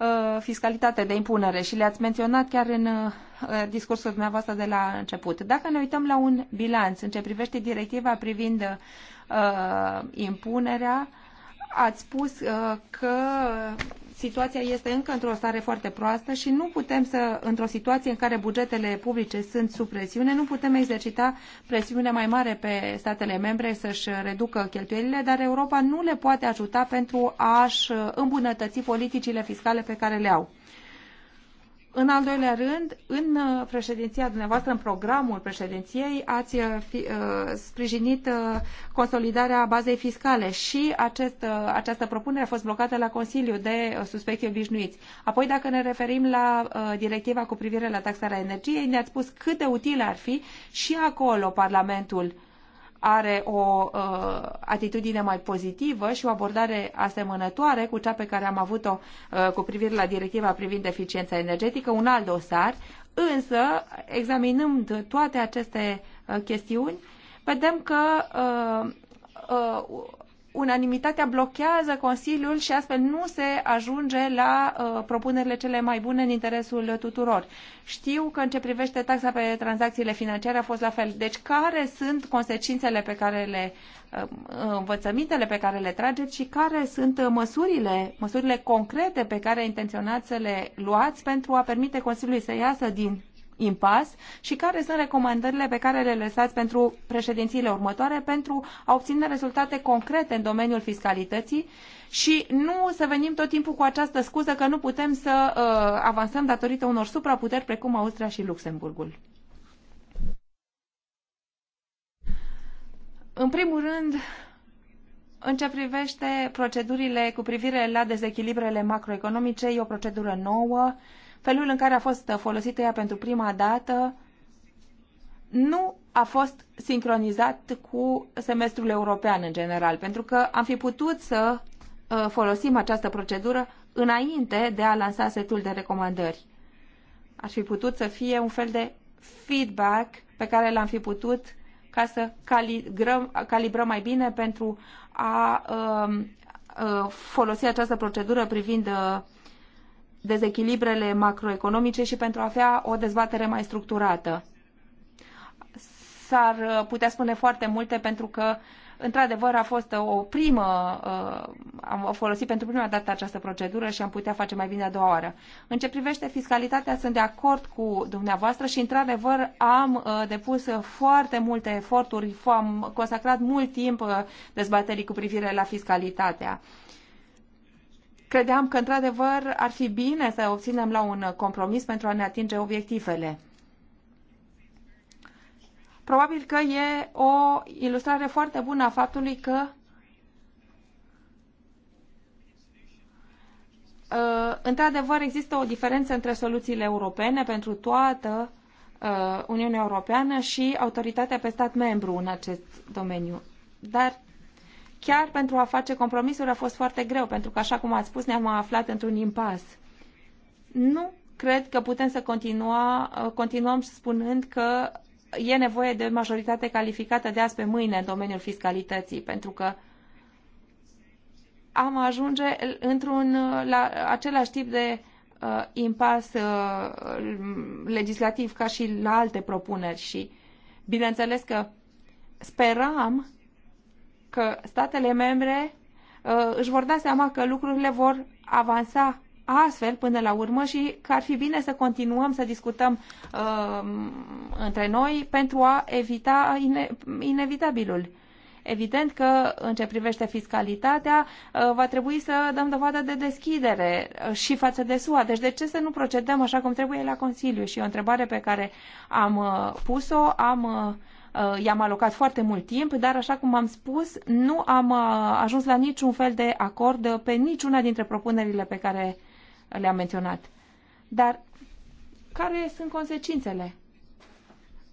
Uh, fiscalitate de impunere și le-ați menționat chiar în uh, discursul dumneavoastră de la început. Dacă ne uităm la un bilanț în ce privește directiva privind uh, impunerea, ați spus că situația este încă într-o stare foarte proastă și nu putem să, într-o situație în care bugetele publice sunt sub presiune, nu putem exercita presiune mai mare pe statele membre să-și reducă cheltuielile, dar Europa nu le poate ajuta pentru a-și îmbunătăți politicile fiscale pe care le au. În al doilea rând, în uh, președinția dumneavoastră, în programul președinției, ați uh, fi, uh, sprijinit uh, consolidarea bazei fiscale și acest, uh, această propunere a fost blocată la Consiliu de uh, suspecții obișnuiți. Apoi, dacă ne referim la uh, directiva cu privire la taxarea energiei, ne-ați spus cât de util ar fi și acolo Parlamentul uh, are o uh, atitudine mai pozitivă și o abordare asemănătoare cu cea pe care am avut-o uh, cu privire la directiva privind eficiența energetică, un alt dosar, însă, examinând toate aceste uh, chestiuni, vedem că uh, uh, unanimitatea blochează Consiliul și astfel nu se ajunge la uh, propunerile cele mai bune în interesul tuturor. Știu că în ce privește taxa pe tranzacțiile financiare a fost la fel. Deci care sunt consecințele pe care le uh, învățămintele pe care le trageți și care sunt măsurile, măsurile concrete pe care intenționați să le luați pentru a permite Consiliului să iasă din impas și care sunt recomandările pe care le lăsați pentru președințiile următoare pentru a obține rezultate concrete în domeniul fiscalității și nu să venim tot timpul cu această scuză că nu putem să uh, avansăm datorită unor supraputeri precum Austria și Luxemburgul. În primul rând, în ce privește procedurile cu privire la dezechilibrele macroeconomice, e o procedură nouă. Uh, felul în care a fost folosită ea pentru prima dată nu a fost sincronizat cu semestrul european în general, pentru că am fi putut să uh, folosim această procedură înainte de a lansa setul de recomandări. Ar fi putut să fie un fel de feedback pe care l-am fi putut ca să calibrăm, calibrăm mai bine pentru a, uh, uh, folosi această procedură privind uh, dezechilibrele macroeconomice și pentru a avea o dezbatere mai structurată. S-ar uh, putea spune foarte multe pentru că, într-adevăr, a fost uh, o primă, uh, am folosit pentru prima dată această procedură și am putea face mai bine a doua oară. În ce privește fiscalitatea, sunt de acord cu dumneavoastră și, într-adevăr, am depus foarte multe eforturi, am consacrat mult timp dezbaterii cu privire la fiscalitatea credeam că, într-adevăr, ar fi bine să obținem la un compromis pentru a ne atinge obiectivele. Probabil că e o ilustrare foarte bună a faptului că uh, într-adevăr există o diferență între soluțiile europene pentru toată uh, Uniunea Europeană și autoritatea pe stat membru în acest domeniu. Dar chiar pentru a face compromisuri a fost foarte greu, pentru că, așa cum ați spus, ne-am aflat într-un impas. Nu cred că putem să continua, uh, continuăm spunând că e nevoie de majoritate calificată de azi pe mâine în domeniul fiscalității, pentru că am ajunge într-un, uh, la același tip de uh, impas uh, legislativ ca și la alte propuneri și bineînțeles că speram că statele membre uh, își vor da seama că lucrurile vor avansa astfel până la urmă și că ar fi bine să continuăm să discutăm uh, între noi pentru a evita ine- inevitabilul. Evident că în ce privește fiscalitatea uh, va trebui să dăm dovadă de deschidere uh, și față de SUA. Deci de ce să nu procedăm așa cum trebuie la Consiliu? Și o întrebare pe care am pus-o, am uh, Uh, i-am alocat foarte mult timp, dar așa cum am spus, nu am uh, ajuns la niciun fel de acord pe niciuna dintre propunerile pe care le-am menționat. Dar care sunt consecințele?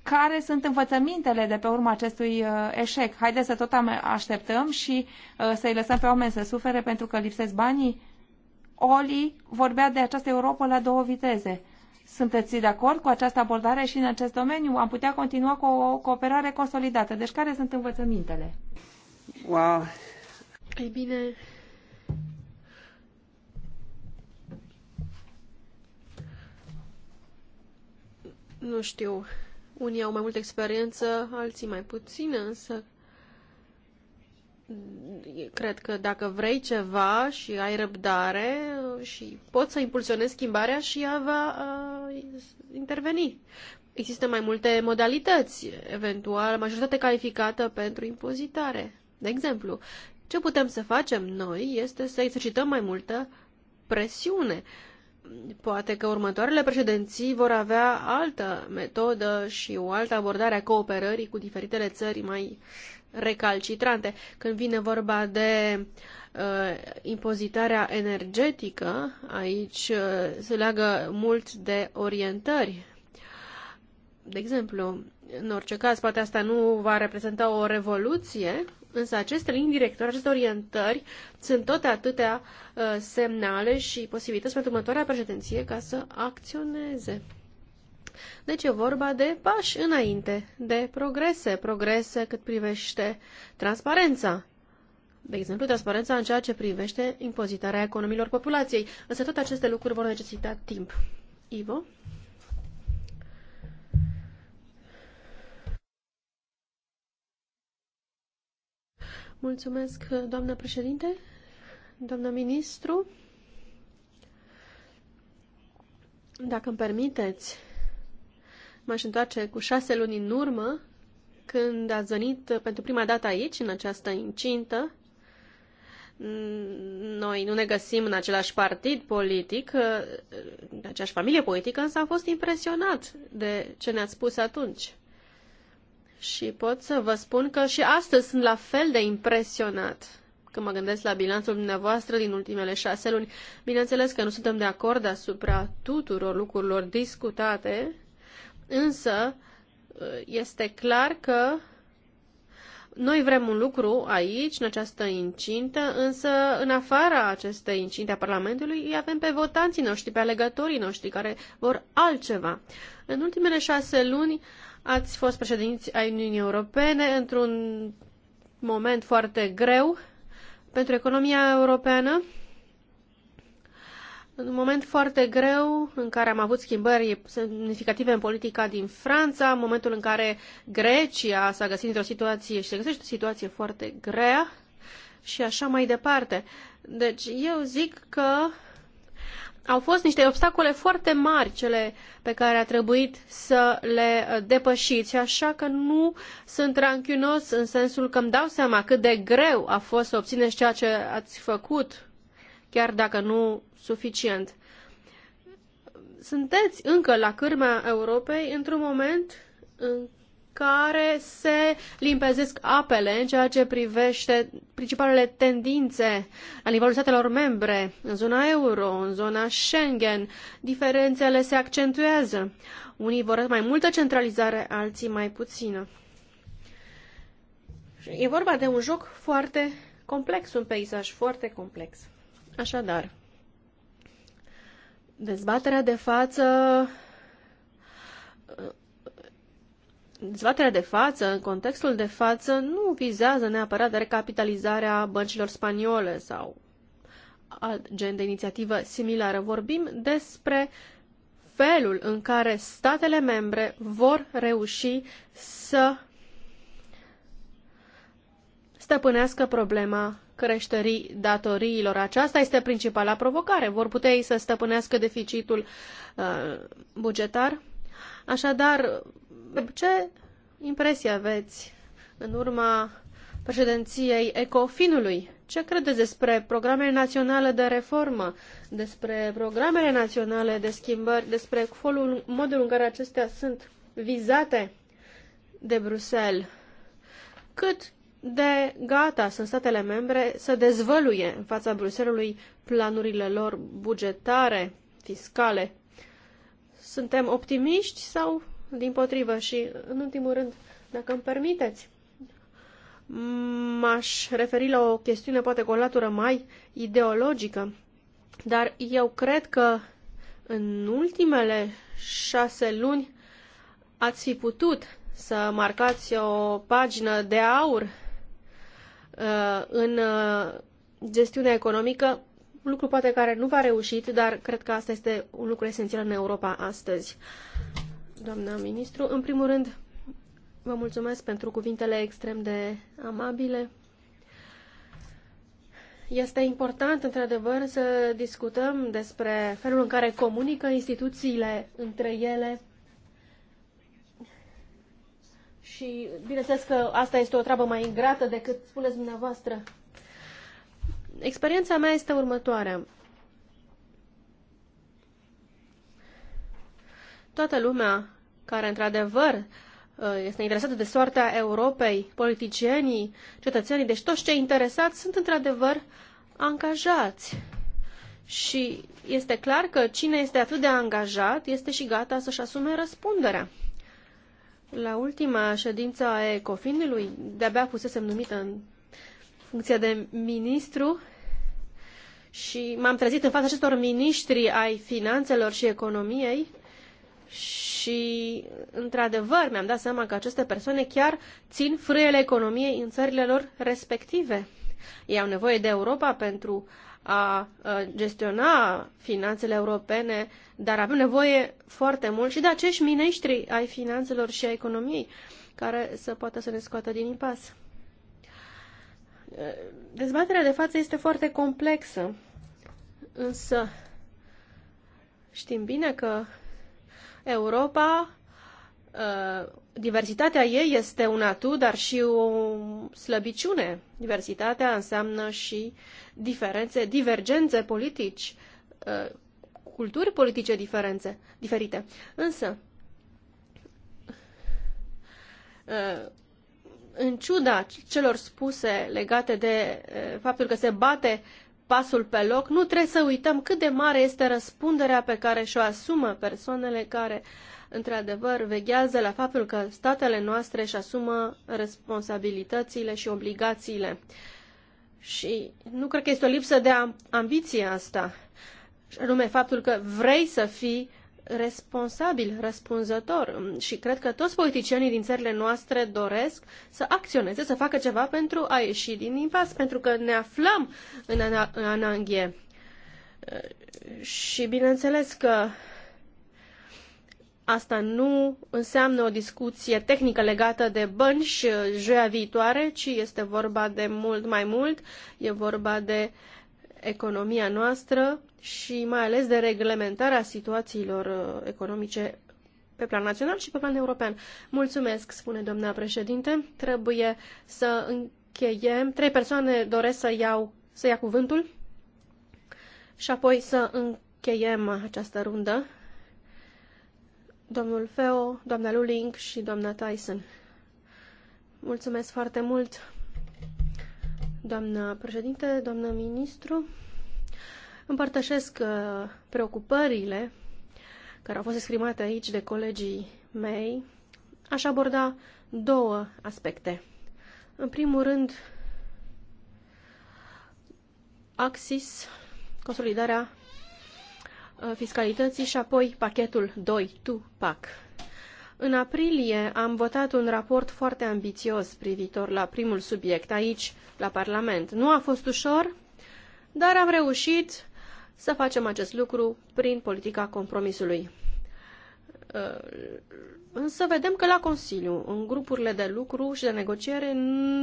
Care sunt învățămintele de pe urma acestui uh, eșec? Haideți să tot așteptăm și să-i lăsăm pe oameni să sufere pentru că lipsesc banii? Oli vorbea de această Europa la două viteze. Sunteți de acord cu această abordare și în acest domeniu? Am putea continua cu o cooperare consolidată. Deci care sunt învățămintele? Wow. Ei bine, nu știu, unii au mai multă experiență, alții mai puțină, însă cred că dacă vrei ceva și ai răbdare și poți să impulsionezi schimbarea și ea va uh, interveni. Există mai multe modalități, eventual majoritate calificată pentru impozitare. De exemplu, ce putem să facem noi este să exercităm mai multă presiune. Poate că următoarele președinții vor avea altă metodă și o altă abordare a cooperării cu diferitele țări mai uh, recalcitrante. Când vine vorba de uh, impozitarea energetică, aici uh, se leagă mult de orientări. De exemplu, în orice caz, poate asta nu va reprezenta o revoluție, însă aceste linii directori, aceste orientări, sunt tot atâtea uh, semnale și posibilități pentru următoarea președinție ca să acționeze. Deci e vorba de pași înainte, de progrese, progrese cât privește transparența. De exemplu, transparența în ceea ce privește impozitarea economiilor populației. Însă toate aceste lucruri vor necesita timp. Ivo? Mulțumesc, doamnă președinte, doamnă ministru. Dacă îmi permiteți, M-aș întoarce cu șase luni în urmă, când ați venit pentru prima dată aici, în această incintă. Noi nu ne găsim în același partid politic, în aceeași familie politică, însă am fost impresionat de ce ne-ați spus atunci. Și pot să vă spun că și astăzi sunt la fel de impresionat când mă gândesc la bilanțul dumneavoastră din ultimele șase luni. Bineînțeles că nu suntem de acord asupra tuturor lucrurilor discutate, Însă, este clar că noi vrem un lucru aici, în această incintă, însă în afara acestei incinte a Parlamentului îi avem pe votanții noștri, pe alegătorii noștri, care vor altceva. În ultimele șase luni ați fost președinți ai Uniunii Europene într-un moment foarte greu pentru economia europeană, în un moment foarte greu în care am avut schimbări semnificative în politica din Franța, în momentul în care Grecia s-a găsit într-o situație și se găsește o situație foarte grea și așa mai departe. Deci eu zic că au fost niște obstacole foarte mari cele pe care a trebuit să le uh, depășiți, așa că nu sunt tranchinos în sensul că îmi dau seama cât de greu a fost să obțineți ceea ce ați făcut chiar dacă nu suficient. Sunteți încă la cârma Europei într-un moment în care se limpezesc apele în ceea ce privește principalele tendințe la nivelul statelor membre, în zona euro, în zona Schengen. Diferențele se accentuează. Unii vor mai multă centralizare, alții mai puțină. E vorba de un joc foarte complex, un peisaj foarte complex. Așadar, dezbaterea de față Dezbaterea de față, în contextul de față, nu vizează neapărat de recapitalizarea băncilor spaniole sau alt gen de inițiativă similară. Vorbim despre felul în care statele membre vor reuși să stăpânească problema creșterii datoriilor. Aceasta este principala provocare. Vor putea ei să stăpânească deficitul uh, bugetar? Așadar, ce impresie aveți în urma președinției Ecofinului? Ce credeți despre programele naționale de reformă, despre programele naționale de schimbări, despre folul, modul în care acestea sunt vizate de Bruxelles? Cât de gata sunt statele membre să dezvăluie în fața Bruselului planurile lor bugetare, fiscale. Suntem optimiști sau din potrivă? Și, în ultimul rând, dacă îmi permiteți, m-aș referi la o chestiune poate cu o latură mai ideologică, dar eu cred că în ultimele șase luni ați fi putut să marcați o pagină de aur Uh, în uh, gestiunea economică, lucru poate care nu va reușit, dar cred că asta este un lucru esențial în Europa astăzi. Doamna ministru, în primul rând, vă mulțumesc pentru cuvintele extrem de amabile. Este important, într-adevăr, să discutăm despre felul în care comunică instituțiile între ele și bineînțeles că asta este o treabă mai ingrată decât spuneți dumneavoastră. Experiența mea este următoarea. Toată lumea care într-adevăr uh, este interesată de soartea Europei, politicienii, cetățenii, deci toți cei interesați sunt într-adevăr angajați. Și este clar că cine este atât de angajat este și gata să-și asume răspunderea. La ultima ședință a Ecofinului, de-abia fusesem numită în funcția de ministru și m-am trezit în fața acestor miniștri ai finanțelor și economiei și, într-adevăr, mi-am dat seama că aceste persoane chiar țin frâiele economiei în țările lor respective. Ei au nevoie de Europa pentru a gestiona finanțele europene, dar avem nevoie foarte mult și de acești miniștri ai finanțelor și a economiei care să poată să ne scoată din impas. Dezbaterea de față este foarte complexă, însă știm bine că Europa Uh, diversitatea ei este un atu, dar și o slăbiciune. Diversitatea înseamnă și diferențe, divergențe politici, uh, culturi politice diferențe, diferite. Însă, uh, în ciuda celor spuse legate de faptul că se bate pasul pe loc, nu trebuie să uităm cât de mare este răspunderea pe care și-o asumă persoanele care uh, într-adevăr, veghează la faptul că statele noastre își asumă responsabilitățile și obligațiile. Și nu cred că este o lipsă de ambiție asta, anume faptul că vrei să fii responsabil, răspunzător și cred că toți politicienii din țările noastre doresc să acționeze, să facă ceva pentru a ieși din impas, pentru că ne aflăm în, ana- în ananghie. Și bineînțeles că Asta nu înseamnă o discuție tehnică legată de bănci uh, joia viitoare, ci este vorba de mult mai mult, e vorba de economia noastră și mai ales de reglementarea situațiilor uh, economice pe plan național și pe plan european. Mulțumesc, spune doamna președinte. Trebuie să încheiem. Trei persoane doresc să, iau, să ia cuvântul și apoi să încheiem această rundă domnul Feo, doamna Luling și doamna Tyson. Mulțumesc foarte mult, doamna președinte, doamna ministru. Împărtășesc uh, preocupările care au fost exprimate aici de colegii mei. Aș aborda două aspecte. În primul rând, Axis, consolidarea Uh, fiscalității și apoi pachetul 2, tu pac. În aprilie am votat un raport foarte ambițios privitor la primul subiect aici, la Parlament. Nu a fost ușor, dar am reușit să facem acest lucru prin politica compromisului. Uh, însă vedem că la Consiliu, în grupurile de lucru și de negociere,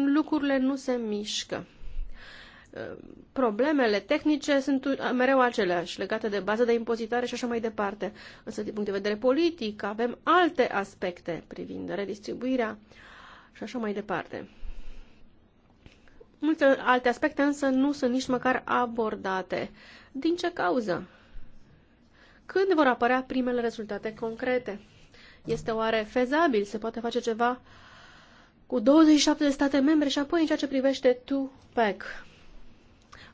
lucrurile nu se mișcă problemele tehnice sunt mereu aceleași, legate de bază de impozitare și așa mai departe. Însă, din punct de vedere politic, avem alte aspecte privind redistribuirea și așa mai departe. Multe alte aspecte însă nu sunt nici măcar abordate. Din ce cauză? Când vor apărea primele rezultate concrete? Este oare fezabil? Se poate face ceva cu 27 de state membre și apoi în ceea ce privește tu pack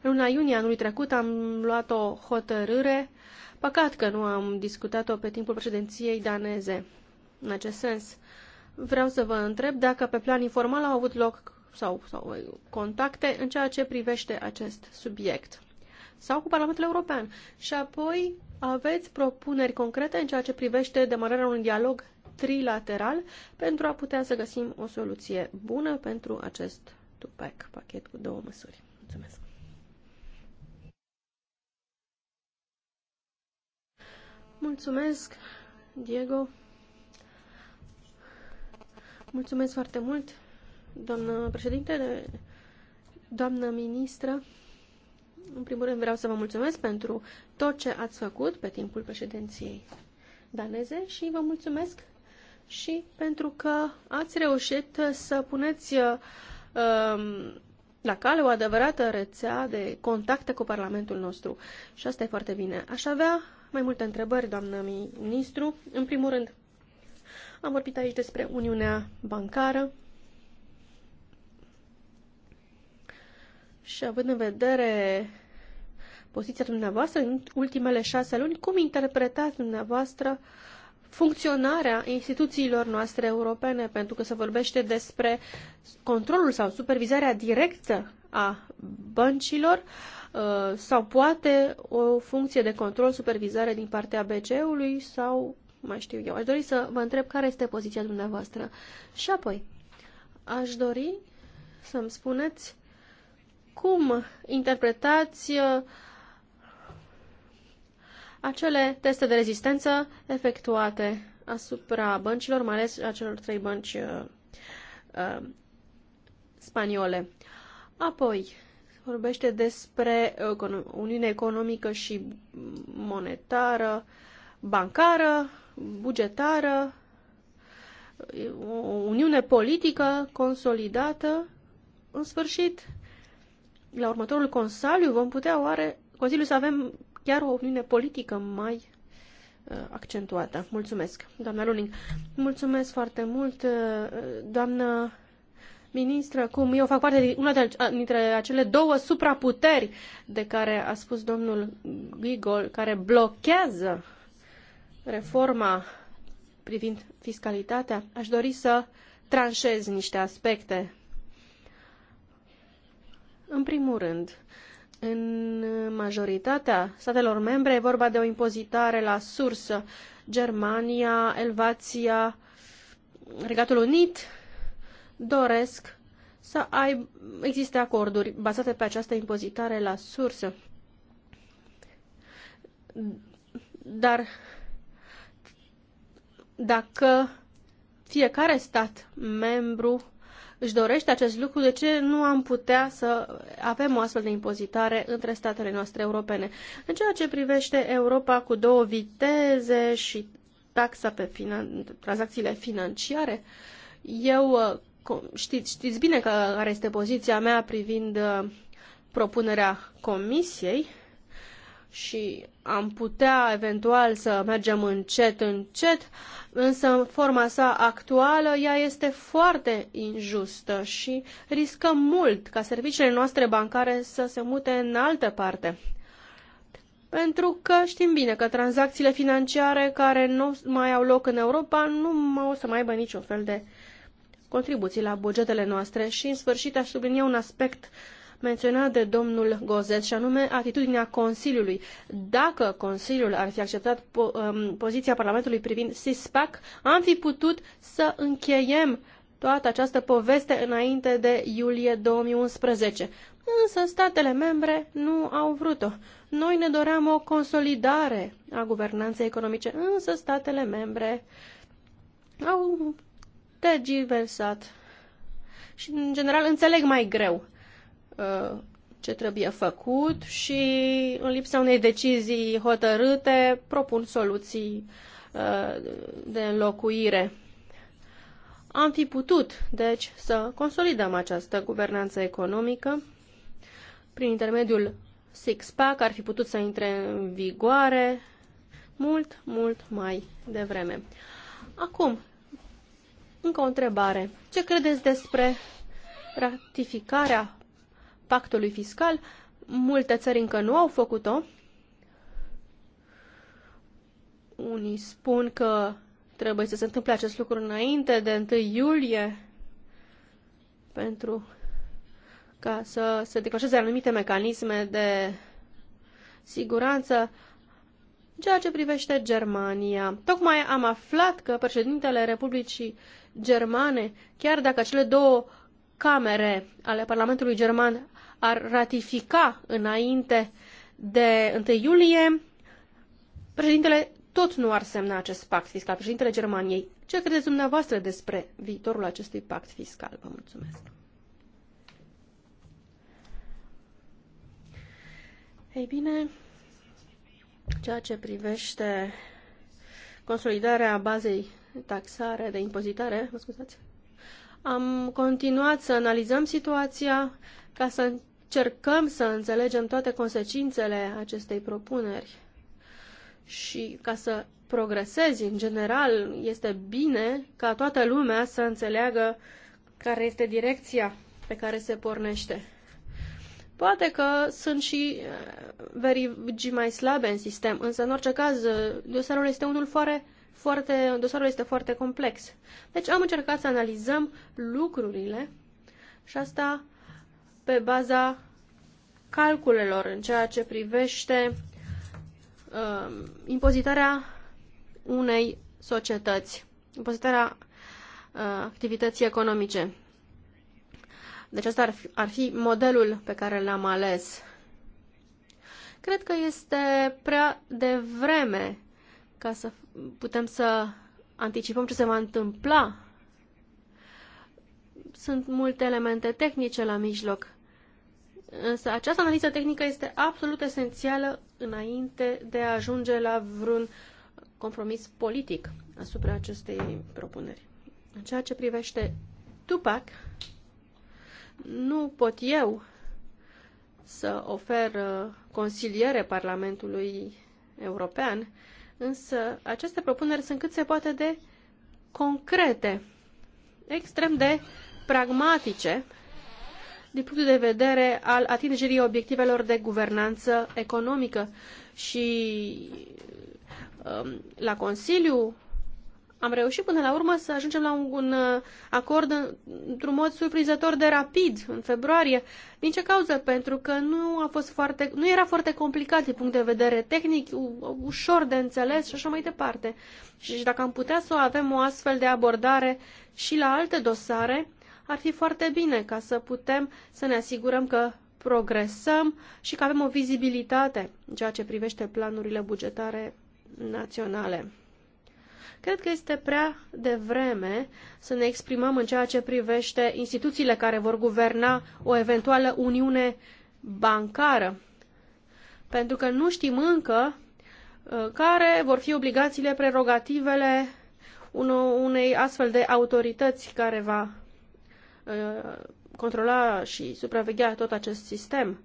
în luna iunie anului trecut am luat o hotărâre, păcat că nu am discutat-o pe timpul președinției daneze. În acest sens, vreau să vă întreb dacă pe plan informal au avut loc sau, sau uh, contacte în ceea ce privește acest subiect sau cu Parlamentul European. Și apoi aveți propuneri concrete în ceea ce privește demararea unui dialog trilateral pentru a putea să găsim o soluție bună pentru acest tupac, pachet cu două măsuri. Mulțumesc! Mulțumesc, Diego. Mulțumesc foarte mult, doamnă președinte, doamnă ministră. În primul rând vreau să vă mulțumesc pentru tot ce ați făcut pe timpul președinției daneze și vă mulțumesc și pentru că ați reușit să puneți um, la cale o adevărată rețea de contacte cu Parlamentul nostru. Și asta e foarte bine. Aș avea mai multe întrebări, doamnă ministru. În primul rând, am vorbit aici despre Uniunea Bancară și având în vedere poziția dumneavoastră în ultimele șase luni, cum interpretați dumneavoastră funcționarea instituțiilor noastre europene, pentru că se vorbește despre controlul sau supervizarea directă a băncilor uh, sau poate o funcție de control, supervizare din partea BCE-ului sau mai știu eu. Aș dori să vă întreb care este poziția dumneavoastră. Și apoi, aș dori să-mi spuneți cum interpretați uh, acele teste de rezistență efectuate asupra băncilor, mai ales acelor trei bănci uh, uh spaniole. Apoi, vorbește despre Uniune Economică și Monetară, bancară, bugetară, o uniune politică consolidată. În sfârșit, la următorul consiliu vom putea oare consiliu să avem chiar o uniune politică mai accentuată. Mulțumesc, doamna Luning. Mulțumesc foarte mult, doamna ministră, cum eu fac parte din una dintre acele două supraputeri de care a spus domnul Gigol, care blochează reforma privind fiscalitatea, aș dori să tranșez niște aspecte. În primul rând, în majoritatea statelor membre e vorba de o impozitare la sursă. Germania, Elvația, Regatul Unit doresc să ai, existe acorduri bazate pe această impozitare la sursă. Dar dacă fiecare stat membru își dorește acest lucru, de ce nu am putea să avem o astfel de impozitare între statele noastre europene? În ceea ce privește Europa cu două viteze și taxa pe finan- tranzacțiile financiare, eu știți, știți bine că, care este poziția mea privind uh, propunerea comisiei și am putea eventual să mergem încet, încet, însă în forma sa actuală ea este foarte injustă și riscăm mult ca serviciile noastre bancare să se mute în altă parte. Pentru că știm bine că tranzacțiile financiare care nu mai au loc în Europa nu o să mai aibă niciun fel de contribuții la bugetele noastre și, în sfârșit, aș sublinia un aspect menționat de domnul Gozet, și anume atitudinea Consiliului. Dacă Consiliul ar fi acceptat po- um, poziția Parlamentului privind SISPAC, am fi putut să încheiem toată această poveste înainte de iulie 2011. Însă statele membre nu au vrut-o. Noi ne doream o consolidare a guvernanței economice, însă statele membre au tergiversat și, în general, înțeleg mai greu uh, ce trebuie făcut și, în lipsa unei decizii hotărâte, propun soluții uh, de înlocuire. Am fi putut, deci, să consolidăm această guvernanță economică prin intermediul six-pack, ar fi putut să intre în vigoare mult, mult mai devreme. Acum, încă o întrebare. Ce credeți despre ratificarea pactului fiscal? Multe țări încă nu au făcut-o. Unii spun că trebuie să se întâmple acest lucru înainte de 1 iulie pentru ca să se declanșeze anumite mecanisme de siguranță ceea ce privește Germania. Tocmai am aflat că președintele Republicii germane, chiar dacă cele două camere ale Parlamentului German ar ratifica înainte de 1 iulie, președintele tot nu ar semna acest pact fiscal, președintele Germaniei. Ce credeți dumneavoastră despre viitorul acestui pact fiscal? Vă mulțumesc. Ei bine, ceea ce privește consolidarea bazei taxare, de impozitare, mă scuzați, am continuat să analizăm situația ca să încercăm să înțelegem toate consecințele acestei propuneri. Și ca să progresezi, în general, este bine ca toată lumea să înțeleagă care este direcția pe care se pornește. Poate că sunt și eh, verigi mai slabe în sistem, însă, în orice caz, dosarul este unul foarte foarte, dosarul este foarte complex. Deci am încercat să analizăm lucrurile și asta pe baza calculelor în ceea ce privește uh, impozitarea unei societăți, impozitarea uh, activității economice. Deci asta ar fi, ar fi modelul pe care l-am ales. Cred că este prea devreme ca să putem să anticipăm ce se va întâmpla. Sunt multe elemente tehnice la mijloc, însă această analiză tehnică este absolut esențială înainte de a ajunge la vreun compromis politic asupra acestei propuneri. În ceea ce privește Tupac, nu pot eu să ofer uh, consiliere Parlamentului European, Însă aceste propuneri sunt cât se poate de concrete, extrem de pragmatice din punctul de vedere al atingerii obiectivelor de guvernanță economică. Și um, la Consiliu am reușit până la urmă să ajungem la un, un uh, acord într-un mod surprinzător de rapid, în februarie. Din ce cauză? Pentru că nu, a fost foarte, nu era foarte complicat din punct de vedere tehnic, u, ușor de înțeles și așa mai departe. Și, și dacă am putea să avem o astfel de abordare și la alte dosare, ar fi foarte bine ca să putem să ne asigurăm că progresăm și că avem o vizibilitate în ceea ce privește planurile bugetare naționale. Cred că este prea devreme să ne exprimăm în ceea ce privește instituțiile care vor guverna o eventuală uniune bancară, pentru că nu știm încă uh, care vor fi obligațiile, prerogativele unei astfel de autorități care va uh, controla și supraveghea tot acest sistem.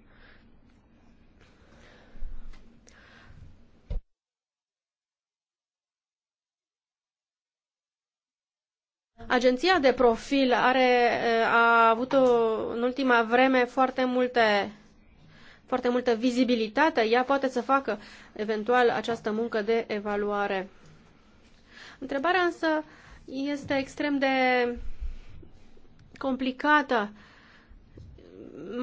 Agenția de profil are, eh, a avut o, în ultima vreme foarte multe foarte multă vizibilitate, ea poate să facă eventual această muncă de evaluare. Întrebarea însă este extrem de complicată.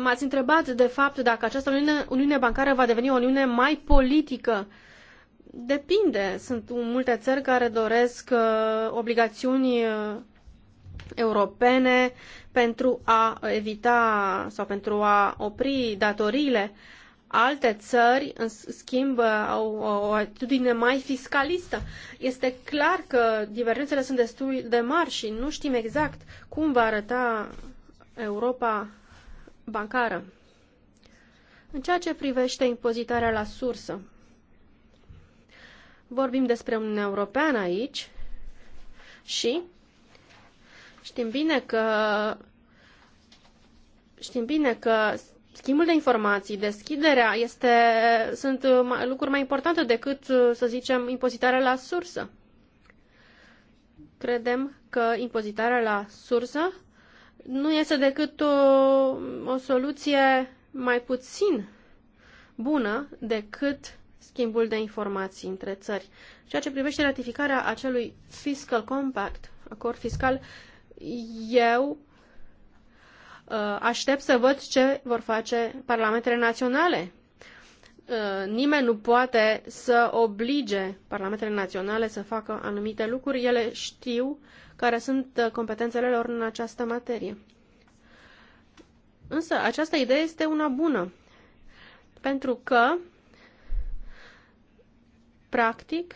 M-ați întrebat, de fapt, dacă această uniune, uniune bancară va deveni o uniune mai politică. Depinde. Sunt multe țări care doresc uh, obligațiuni eh, europene pentru a evita sau pentru a opri datoriile. Alte țări, în schimb, au o atitudine mai fiscalistă. Este clar că divergențele sunt destul de mari și nu știm exact cum va arăta Europa bancară. În ceea ce privește impozitarea la sursă, vorbim despre Uniunea Europeană aici și Știm bine că știm bine că schimbul de informații, deschiderea este, sunt lucruri mai importante decât, să zicem, impozitarea la sursă. Credem că impozitarea la sursă nu este decât o, o soluție mai puțin bună decât schimbul de informații între țări. Ceea ce privește ratificarea acelui fiscal compact, acord fiscal, uh, eu uh, aștept să văd ce vor face parlamentele naționale. Uh, nimeni nu poate să oblige parlamentele naționale să facă anumite lucruri. Ele știu care sunt uh, competențele lor în această materie. Însă această idee este una bună, pentru că, practic,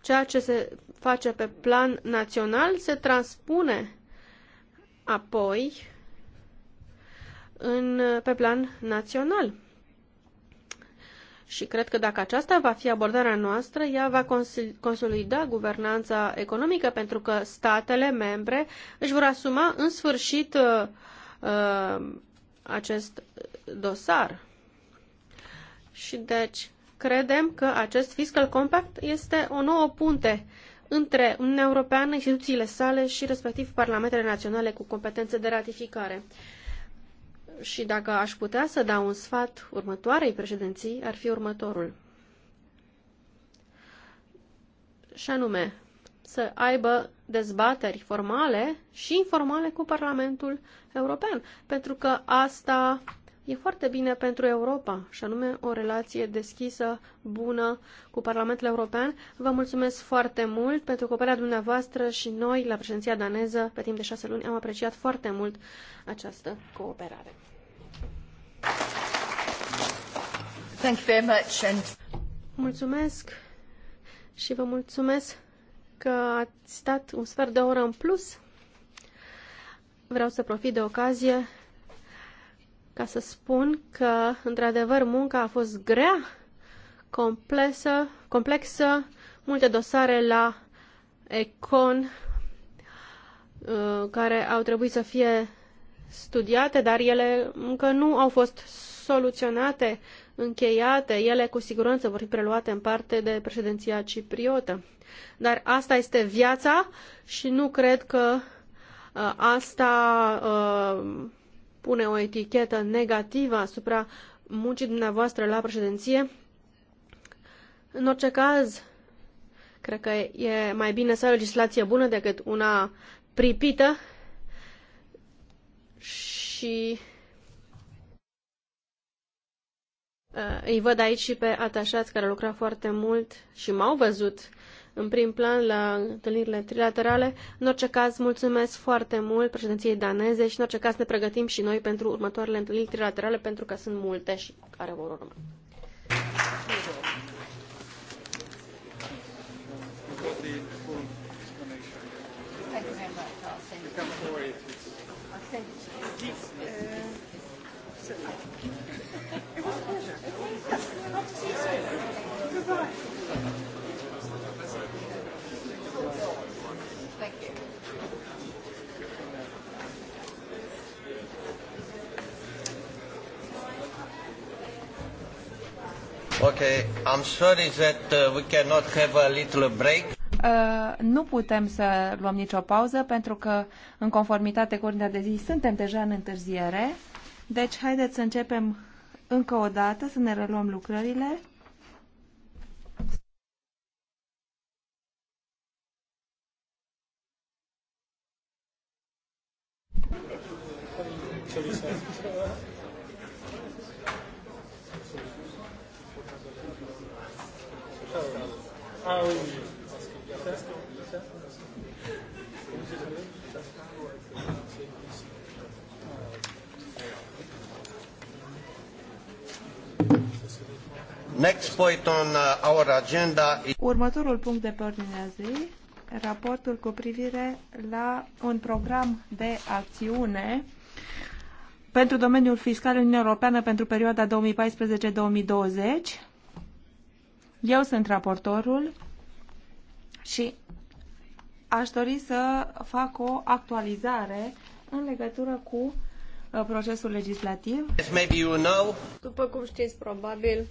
ceea ce se face pe plan național se transpune apoi în, pe plan național. Și cred că dacă aceasta va fi abordarea noastră, ea va consolida guvernanța economică, pentru că statele membre își vor asuma în sfârșit uh, uh, acest dosar. Și deci credem că acest fiscal compact este o nouă punte între Uniunea Europeană, instituțiile sale și respectiv parlamentele naționale cu competențe de ratificare. Și dacă aș putea să dau un sfat următoarei președinții, ar fi următorul. Și anume, să aibă dezbateri formale și informale cu Parlamentul European, pentru că asta e foarte bine pentru Europa, și anume o relație deschisă, bună cu Parlamentul European. Vă mulțumesc foarte mult pentru cooperarea dumneavoastră și noi, la președinția daneză, pe timp de șase luni, am apreciat foarte mult această cooperare. Thank you very much and... Mulțumesc și vă mulțumesc că ați stat un sfert de oră în plus. Vreau să profit de ocazie ca să spun că, într-adevăr, munca a fost grea, complexă, complexă multe dosare la Econ uh, care au trebuit să fie studiate, dar ele încă nu au fost soluționate, încheiate. Ele cu siguranță vor fi preluate în parte de președinția cipriotă. Dar asta este viața și nu cred că uh, asta uh, pune o etichetă negativă asupra muncii dumneavoastră la președinție. În orice caz, cred că e mai bine să ai o legislație bună decât una pripită și uh, îi văd aici și pe atașați care au lucrat foarte mult și m-au văzut în prim plan la întâlnirile trilaterale. În orice caz, mulțumesc foarte mult președinției daneze și în orice caz ne pregătim și noi pentru următoarele întâlniri trilaterale pentru că sunt multe și care vor urma. Okay, I'm sorry that uh, we cannot have a little break. Uh, nu putem să luăm nicio pauză pentru că, în conformitate cu ordinea de zi, suntem deja în întârziere. Deci, haideți să începem încă o dată, să ne reluăm lucrările. Thank you. Ah oui. Next point on uh, our agenda is... Următorul punct de pe ordinea zi, raportul cu privire la un program de acțiune pentru domeniul fiscal în Uniunea Europeană pentru perioada 2014-2020. Eu sunt raportorul și aș dori să fac o actualizare în legătură cu uh, procesul legislativ. După cum știți, probabil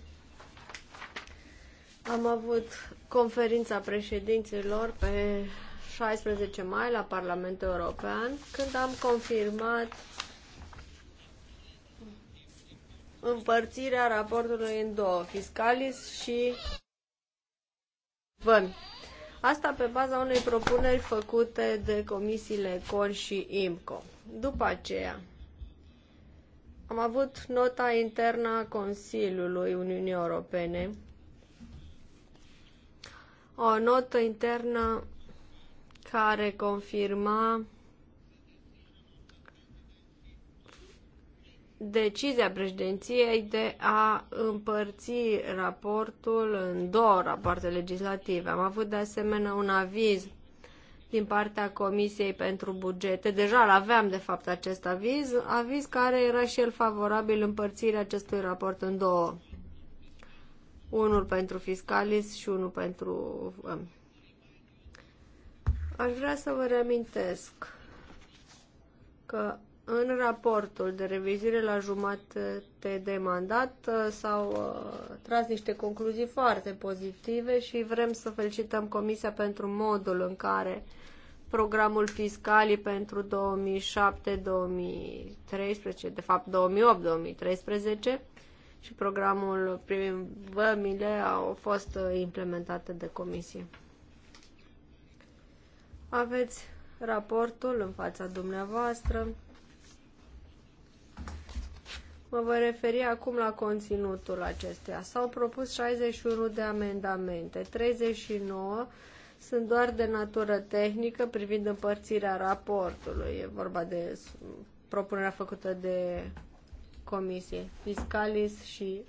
am avut conferința președinților pe 16 mai la Parlamentul European, când am confirmat împărțirea raportului în două, fiscalis și vămi. Asta pe baza unei propuneri făcute de comisiile COR și IMCO. După aceea, am avut nota internă a Consiliului Uniunii Europene, o notă internă care confirma decizia președinției de a împărți raportul în două rapoarte legislative. Am avut de asemenea un aviz din partea Comisiei pentru Bugete. Deja l-aveam, de fapt, acest aviz, aviz care era și el favorabil împărțirea acestui raport în două. Unul pentru fiscalis și unul pentru... Um, aș vrea să vă reamintesc că în raportul de revizire la jumătate de mandat uh, s-au uh, tras niște concluzii foarte pozitive și vrem să felicităm Comisia pentru modul în care programul fiscalii pentru 2007-2013, de fapt 2008-2013 și programul privind vămile au fost uh, implementate de Comisie. Aveți raportul în fața dumneavoastră. Mă voi referi acum la conținutul acesteia. S-au propus 61 de amendamente, 39 sunt doar de natură tehnică privind împărțirea raportului. E vorba de propunerea făcută de comisie, fiscalis și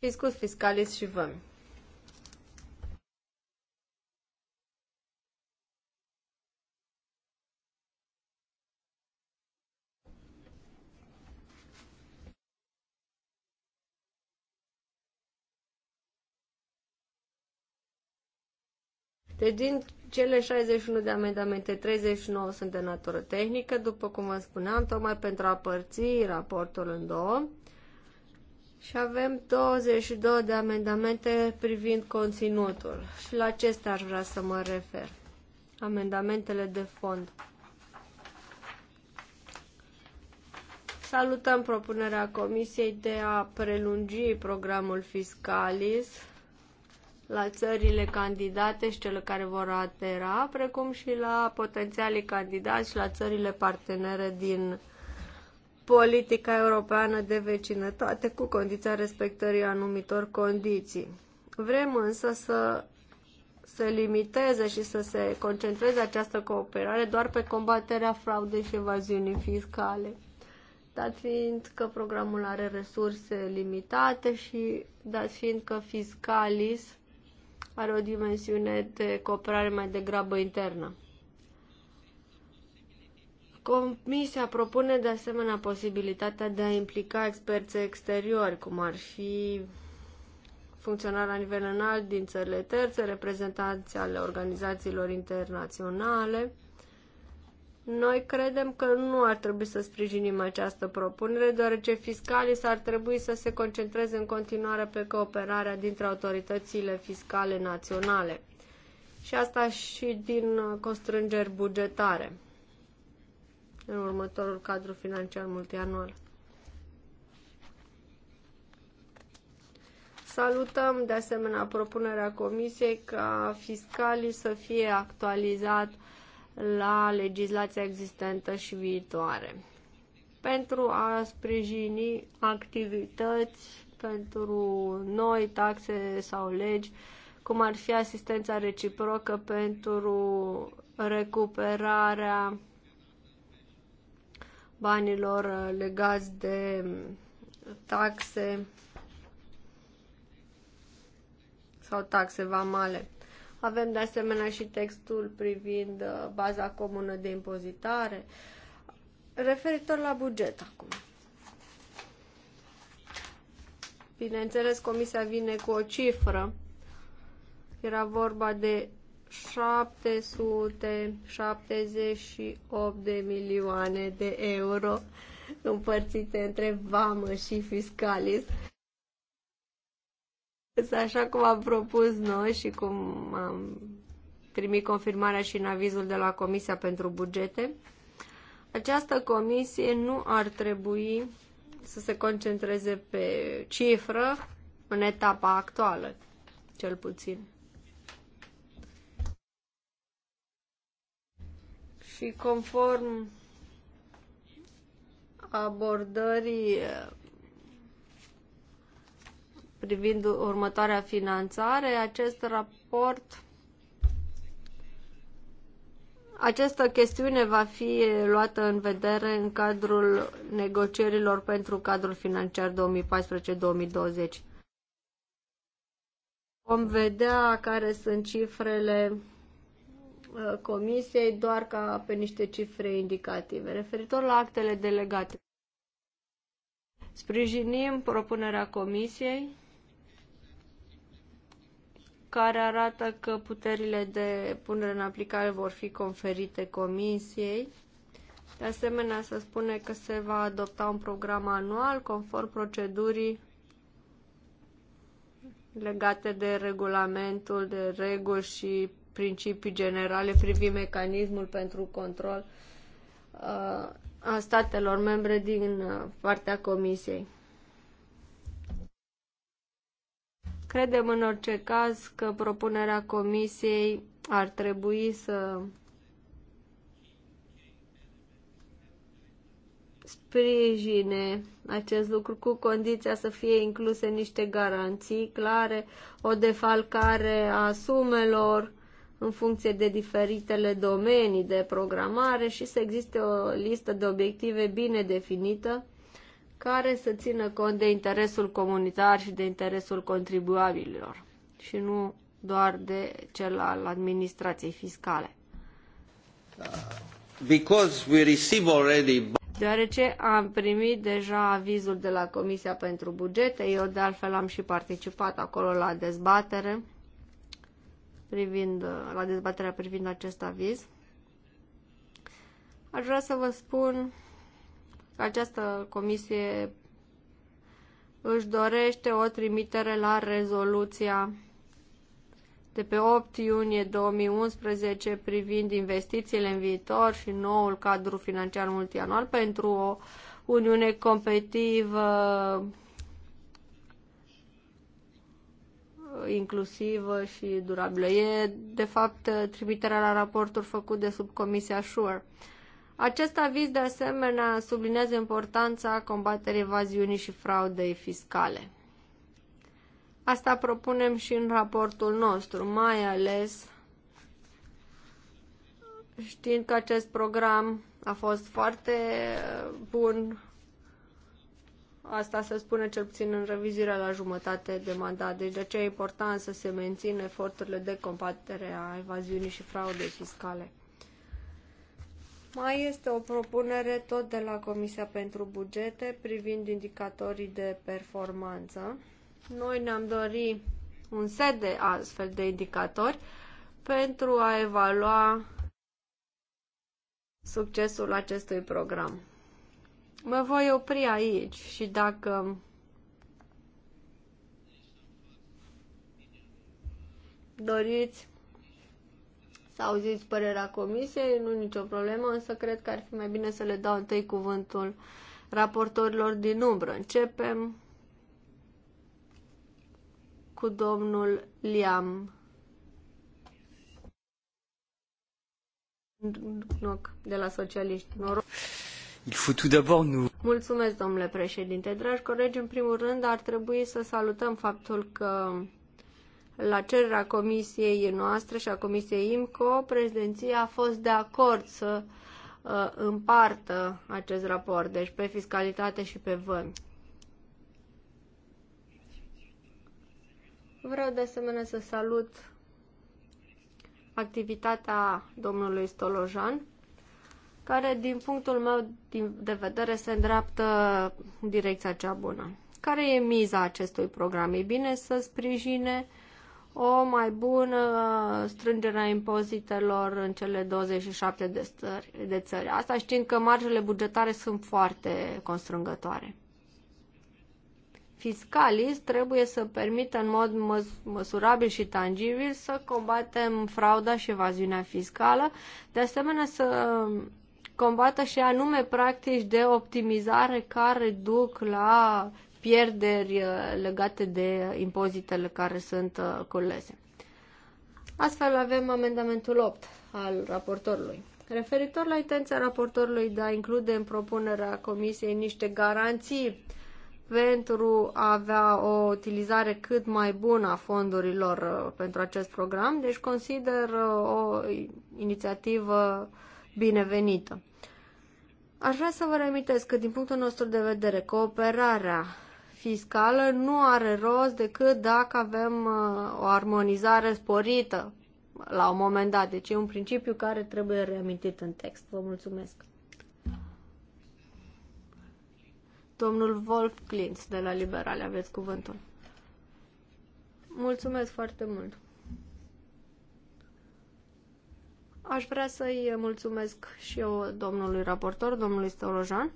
fiscus, fiscalis și vămi. Deci din cele 61 de amendamente, 39 sunt de natură tehnică, după cum vă spuneam, tocmai pentru a părți raportul în două. Și avem 22 de amendamente privind conținutul. Și la acestea aș vrea să mă refer. Amendamentele de fond. Salutăm propunerea Comisiei de a prelungi programul Fiscalis la țările candidate și cele care vor atera, precum și la potențialii candidați și la țările partenere din politica europeană de vecinătate, cu condiția respectării anumitor condiții. Vrem însă să se limiteze și să se concentreze această cooperare doar pe combaterea fraudei și evaziunii fiscale dat fiind că programul are resurse limitate și dat fiind că Fiscalis are o dimensiune de cooperare mai degrabă internă. Comisia propune de asemenea posibilitatea de a implica experți exteriori, cum ar fi funcționari la nivel înalt din țările terțe, reprezentanți ale organizațiilor internaționale, noi credem că nu ar trebui să sprijinim această propunere, deoarece fiscalii ar trebui să se concentreze în continuare pe cooperarea dintre autoritățile fiscale naționale. Și asta și din constrângeri bugetare în următorul cadru financiar multianual. Salutăm de asemenea propunerea Comisiei ca fiscalii să fie actualizat la legislația existentă și viitoare pentru a sprijini activități pentru noi taxe sau legi, cum ar fi asistența reciprocă pentru recuperarea banilor legați de taxe sau taxe vamale. Avem de asemenea și textul privind uh, baza comună de impozitare. Referitor la buget acum. Bineînțeles, comisia vine cu o cifră. Era vorba de 778 de milioane de euro împărțite între vamă și fiscalist. Însă, așa cum am propus noi și cum am primit confirmarea și în avizul de la Comisia pentru Bugete, această comisie nu ar trebui să se concentreze pe cifră în etapa actuală, cel puțin. Și conform abordării privind următoarea finanțare, acest raport această chestiune va fi luată în vedere în cadrul negocierilor pentru cadrul financiar 2014-2020. Vom vedea care sunt cifrele uh, comisiei doar ca pe niște cifre indicative. Referitor la actele delegate, sprijinim propunerea comisiei care arată că puterile de punere în aplicare vor fi conferite comisiei. De asemenea, se spune că se va adopta un program anual conform procedurii legate de regulamentul de reguli și principii generale privind mecanismul pentru control uh, a statelor membre din uh, partea Comisiei. Credem în orice caz că propunerea comisiei ar trebui să sprijine acest lucru cu condiția să fie incluse niște garanții clare, o defalcare a sumelor în funcție de diferitele domenii de programare și să existe o listă de obiective bine definită care să țină cont de interesul comunitar și de interesul contribuabililor și nu doar de cel al administrației fiscale. Because we receive already... Deoarece am primit deja avizul de la Comisia pentru Bugete, eu de altfel am și participat acolo la dezbatere privind, la dezbaterea privind acest aviz. Aș vrea să vă spun această comisie își dorește o trimitere la rezoluția de pe 8 iunie 2011 privind investițiile în viitor și noul cadru financiar multianual pentru o uniune competitivă, inclusivă și durabilă. E, de fapt, trimiterea la raportul făcut de subcomisia SURE. Acest aviz, de asemenea, sublinează importanța combaterii evaziunii și fraudei fiscale. Asta propunem și în raportul nostru, mai ales știind că acest program a fost foarte bun, asta se spune cel puțin în revizirea la jumătate de mandat, deci de aceea e important să se mențină eforturile de combatere a evaziunii și fraudei fiscale. Mai este o propunere tot de la Comisia pentru Bugete privind indicatorii de performanță. Noi ne-am dorit un set de astfel de indicatori pentru a evalua succesul acestui program. Mă voi opri aici și dacă doriți să auziți părerea comisiei, nu nicio problemă, însă cred că ar fi mai bine să le dau întâi cuvântul raportorilor din umbră. Începem cu domnul Liam. de la socialiști. Noroc. Il faut tout d'abord nous... Mulțumesc, domnule președinte. Dragi colegi, în primul rând ar trebui să salutăm faptul că la cererea comisiei noastre și a comisiei IMCO, președinția a fost de acord să uh, împartă acest raport, deci pe fiscalitate și pe vămi. Vreau de asemenea să salut activitatea domnului Stolojan, care, din punctul meu de vedere, se îndreaptă în direcția cea bună. Care e miza acestui program? E bine să sprijine uh, o mai bună strângere a impozitelor în cele 27 de, stări, de țări. Asta știind că marjele bugetare sunt foarte constrângătoare. Fiscalii trebuie să permită în mod măs- măsurabil și tangibil să combatem frauda și evaziunea fiscală, de asemenea să combată și anume practici de optimizare care duc la pierderi uh, legate de impozitele care sunt uh, colese. Astfel avem amendamentul 8 al raportorului. Referitor la intenția raportorului de a include în propunerea Comisiei niște garanții pentru a avea o utilizare cât mai bună a fondurilor uh, pentru acest program, deci consider o inițiativă binevenită. Aș vrea să vă reamintesc că, din punctul nostru de vedere, cooperarea fiscală nu are rost decât dacă avem uh, o armonizare sporită la un moment dat. Deci e un principiu care trebuie reamintit în text. Vă mulțumesc. Domnul Wolf Klintz de la Liberale, aveți cuvântul. Mulțumesc foarte mult. Aș vrea să-i mulțumesc și eu domnului raportor, domnului Stolojan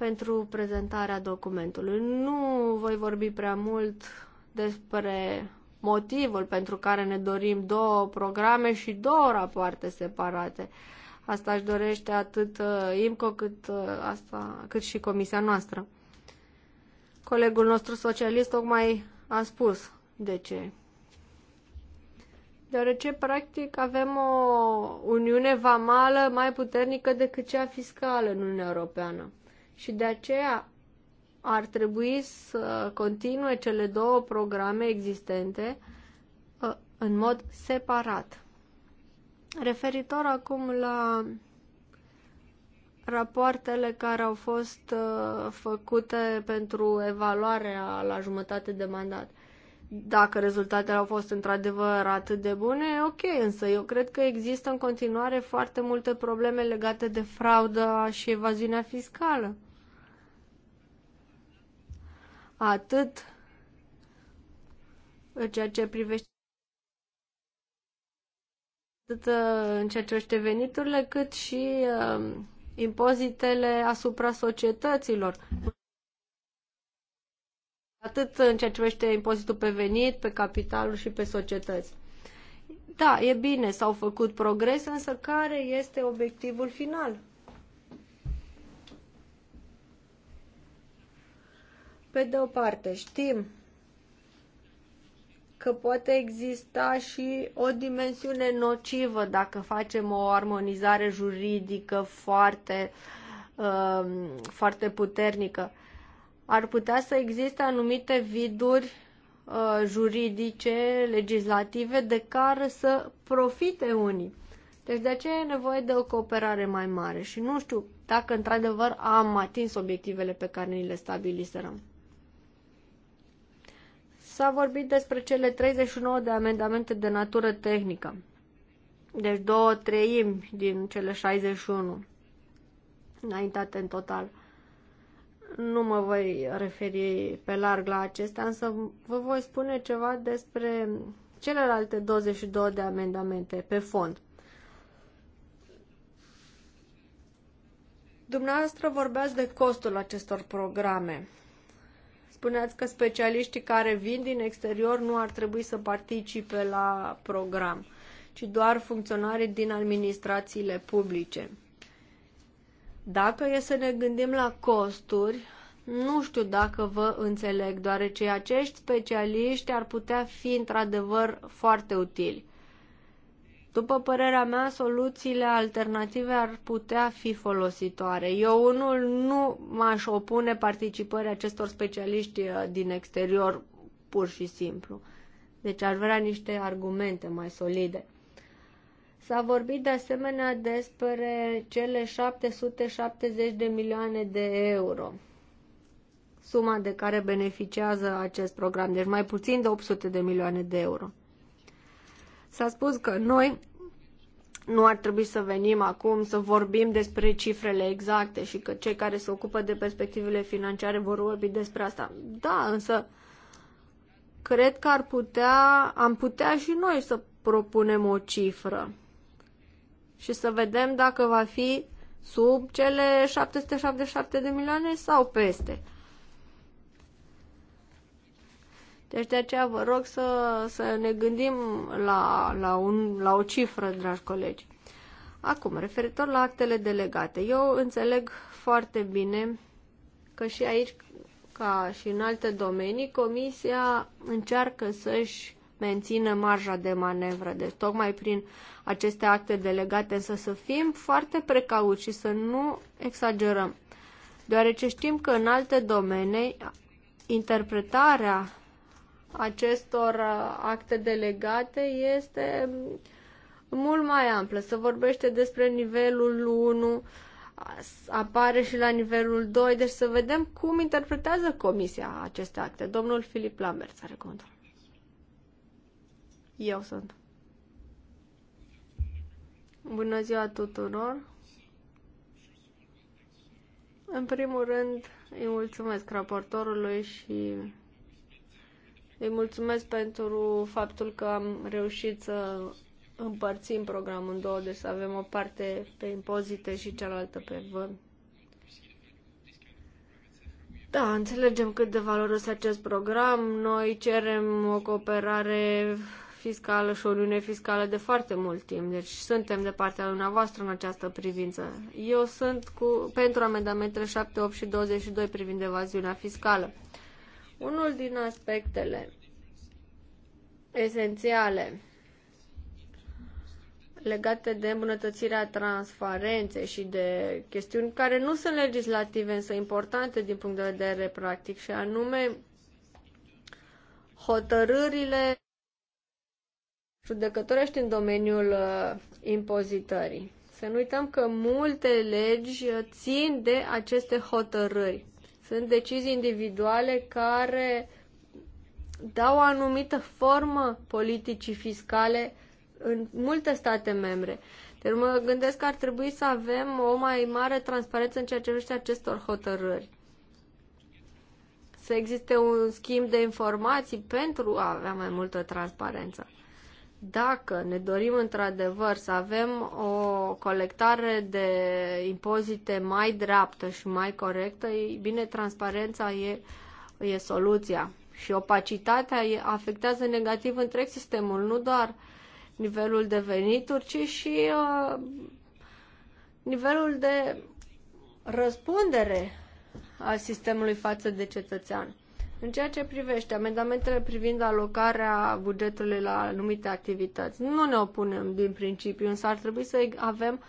pentru prezentarea documentului. Nu voi vorbi prea mult despre motivul pentru care ne dorim două programe și două rapoarte separate. Asta își dorește atât uh, IMCO cât, uh, asta, cât și comisia noastră. Colegul nostru socialist tocmai a spus de ce. Deoarece, practic, avem o uniune vamală mai puternică decât cea fiscală în Uniunea Europeană și de aceea ar trebui să continue cele două programe existente uh, în mod separat. Referitor acum la rapoartele care au fost uh, făcute pentru evaluarea la jumătate de mandat. Dacă rezultatele au fost într-adevăr atât de bune, ok, însă eu cred că există în continuare foarte multe probleme legate de fraudă și evaziunea fiscală atât în ceea ce privește atât uh, în ceea ce privește veniturile, cât și uh, impozitele asupra societăților. Atât în ceea ce privește impozitul pe venit, pe capitalul și pe societăți. Da, e bine, s-au făcut progrese, însă care este obiectivul final? Pe de o parte, știm că poate exista și o dimensiune nocivă dacă facem o armonizare juridică foarte, uh, foarte puternică. Ar putea să existe anumite viduri uh, juridice, legislative, de care să profite unii. Deci de aceea e nevoie de o cooperare mai mare și nu știu dacă într-adevăr am atins obiectivele pe care ni le stabiliserăm. S-a vorbit despre cele 39 de amendamente de natură tehnică. Deci două treimi din cele 61 înaintate în total. Nu mă voi referi pe larg la acestea, însă vă voi spune ceva despre celelalte 22 de amendamente pe fond. Dumneavoastră vorbeați de costul acestor programe Spuneați că specialiștii care vin din exterior nu ar trebui să participe la program, ci doar funcționarii din administrațiile publice. Dacă e să ne gândim la costuri, nu știu dacă vă înțeleg, deoarece acești specialiști ar putea fi într-adevăr foarte utili. După părerea mea, soluțiile alternative ar putea fi folositoare. Eu unul nu m-aș opune participării acestor specialiști uh, din exterior, pur și simplu. Deci ar vrea niște argumente mai solide. S-a vorbit de asemenea despre cele 770 de milioane de euro, suma de care beneficiază acest program, deci mai puțin de 800 de milioane de euro. S-a spus că noi nu ar trebui să venim acum să vorbim despre cifrele exacte și că cei care se ocupă de perspectivele financiare vor vorbi despre asta. Da, însă cred că ar putea, am putea și noi să propunem o cifră și să vedem dacă va fi sub cele 777 de milioane sau peste. Deci de aceea vă rog să, să ne gândim la, la, un, la o cifră, dragi colegi. Acum, referitor la actele delegate, eu înțeleg foarte bine că și aici, ca și în alte domenii, Comisia încearcă să-și mențină marja de manevră. Deci, tocmai prin aceste acte delegate, însă să fim foarte precauți și să nu exagerăm. Deoarece știm că în alte domenii interpretarea acestor uh, acte delegate este mult mai amplă. Se vorbește despre nivelul 1, apare și la nivelul 2, deci să vedem cum interpretează Comisia aceste acte. Domnul Filip Lambert are contul. Eu sunt. Bună ziua tuturor! În primul rând, îi mulțumesc raportorului și îi mulțumesc pentru faptul că am reușit să împărțim programul în două, deci să avem o parte pe impozite și cealaltă pe vân. Da, înțelegem cât de valoros acest program. Noi cerem o cooperare fiscală și o uniune fiscală de foarte mult timp, deci suntem de partea dumneavoastră în această privință. Eu sunt cu, pentru amendamentele 7, 8 și 22 privind evaziunea fiscală. Unul din aspectele esențiale legate de îmbunătățirea transparenței și de chestiuni care nu sunt legislative, însă importante din punct de vedere practic, și anume hotărârile judecătorești în domeniul uh, impozitării. Să nu uităm că multe legi uh, țin de aceste hotărâri. Sunt decizii individuale care dau o anumită formă politicii fiscale în multe state membre. Deci mă gândesc că ar trebui să avem o mai mare transparență în ceea ce privește acestor hotărâri. Să existe un schimb de informații pentru a avea mai multă transparență. Dacă ne dorim într-adevăr să avem o colectare de impozite mai dreaptă și mai corectă, e bine, transparența e, e soluția. Și opacitatea e afectează negativ întreg sistemul, nu doar nivelul de venituri, ci și uh, nivelul de răspundere al sistemului față de cetățean. În ceea ce privește amendamentele privind alocarea bugetului la anumite activități, nu ne opunem din principiu, însă ar trebui să avem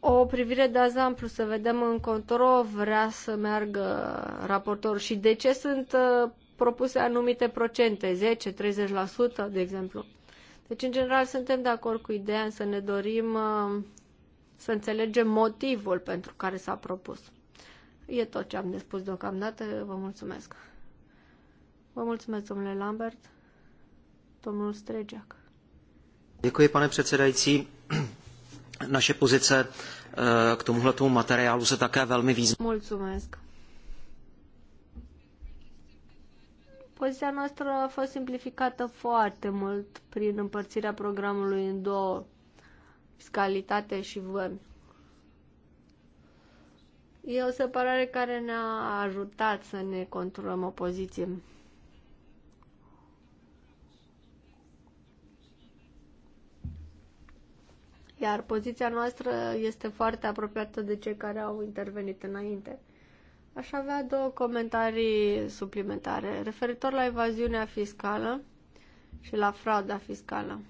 o privire de azamplu, să vedem în control vrea să meargă raportorul și de ce sunt uh, propuse anumite procente, 10, 30% de exemplu. Deci, în general, suntem de acord cu ideea, însă ne dorim uh, să înțelegem motivul pentru care s-a propus. E tot ce am de spus deocamdată. Vă mulțumesc. Vă mulțumesc, domnule Lambert. Domnul Stregeac. Děkuji, pane předsedající. Naše pozice eh, k tomu materiálu se také velmi významně. Mulțumesc. Poziția noastră a fost simplificată foarte mult prin împărțirea programului în două, fiscalitate și vămi. E o separare care ne-a ajutat să ne controlăm o poziție. Iar poziția noastră este foarte apropiată de cei care au intervenit înainte. Aș avea două comentarii suplimentare referitor la evaziunea fiscală și la frauda fiscală.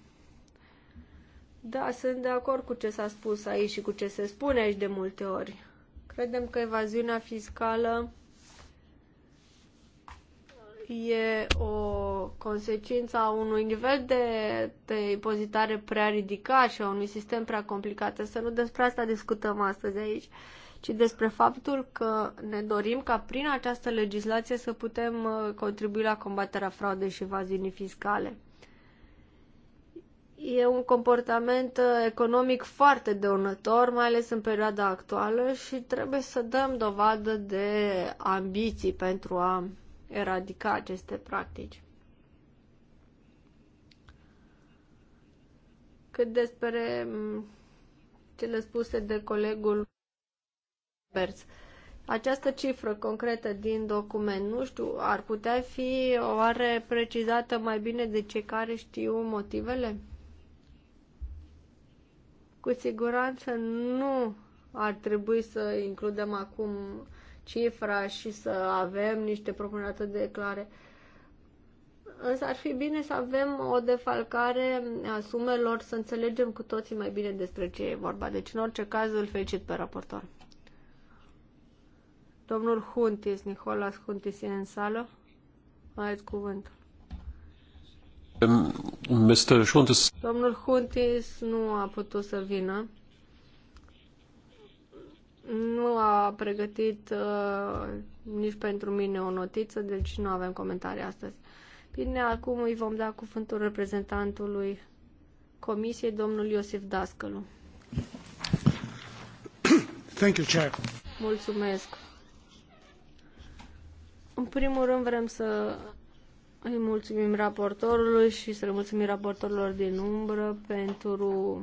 Da, sunt de acord cu ce s-a spus aici și cu ce se spune aici de multe ori. Credem că evaziunea fiscală e o consecință a unui nivel de, de impozitare prea ridicat și a unui sistem prea complicat. Să nu despre asta discutăm astăzi aici, ci despre faptul că ne dorim ca prin această legislație să putem uh, contribui la combaterea fraudei și evaziunii fiscale. E un comportament uh, economic foarte dăunător, mai ales în perioada actuală și trebuie să dăm dovadă de ambiții pentru a eradica aceste practici. Cât despre mm, cele spuse de colegul Berz. Această cifră concretă din document, nu știu, ar putea fi oare precizată mai bine de cei care știu motivele? Cu siguranță nu ar trebui să includem acum cifra și să avem niște propuneri atât de clare. Însă ar fi bine să avem o defalcare a sumelor, să înțelegem cu toții mai bine despre ce e vorba. Deci, în orice caz, îl felicit pe raportor. Domnul Huntis, Nicolas Huntis, e în sală? Aveți cuvântul. Mr. Domnul Huntis nu a putut să vină. Nu a pregătit uh, nici pentru mine o notiță, deci nu avem comentarii astăzi. Bine, acum îi vom da cuvântul reprezentantului Comisiei, domnul Iosif Dascălu. Thank you, Chair. Mulțumesc. În primul rând vrem să îi mulțumim raportorului și să le mulțumim raportorilor din umbră pentru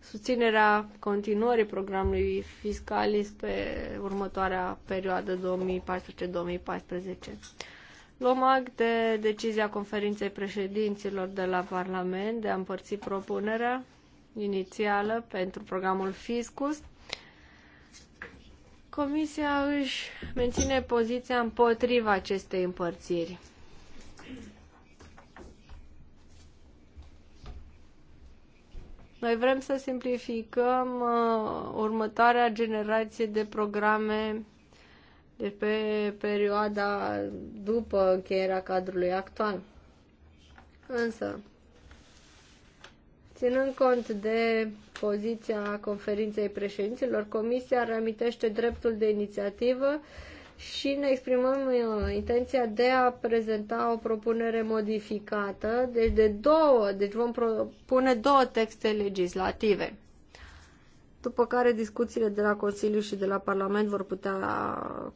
susținerea continuării programului Fiscalis pe următoarea perioadă 2014-2014. Luăm act de decizia conferinței președinților de la Parlament de a împărți propunerea inițială pentru programul Fiscus. Comisia își menține poziția împotriva acestei împărțiri. Noi vrem să simplificăm uh, următoarea generație de programe de pe perioada după încheierea cadrului actual. Însă, ținând cont de poziția conferinței președinților, Comisia reamintește dreptul de inițiativă uh, și ne exprimăm uh, intenția de a prezenta o propunere modificată, deci de două, deci vom propune două texte legislative. După care discuțiile de la Consiliu și de la Parlament vor putea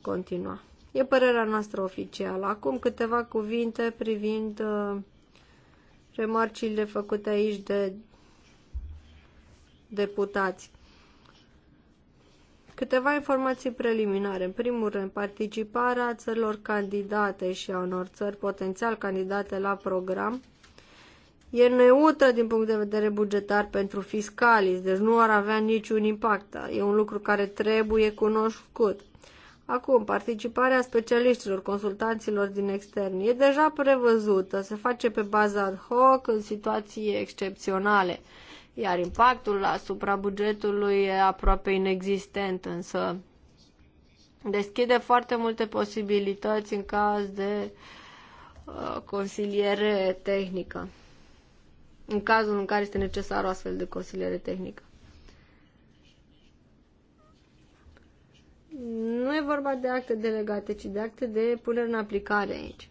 continua. E părerea noastră oficială. Acum câteva cuvinte privind remarciile uh, remarcile făcute aici de deputați. Câteva informații preliminare. În primul rând, participarea țărilor candidate și a unor țări potențial candidate la program e neutră din punct de vedere bugetar pentru fiscalis, deci nu ar avea niciun impact. E un lucru care trebuie cunoscut. Acum, participarea specialiștilor, consultanților din extern e deja prevăzută, se face pe bază ad hoc, în situații excepționale iar impactul asupra bugetului e aproape inexistent, însă deschide foarte multe posibilități în caz de uh, consiliere tehnică, în cazul în care este necesară o astfel de consiliere tehnică. Nu e vorba de acte delegate, ci de acte de punere în aplicare aici.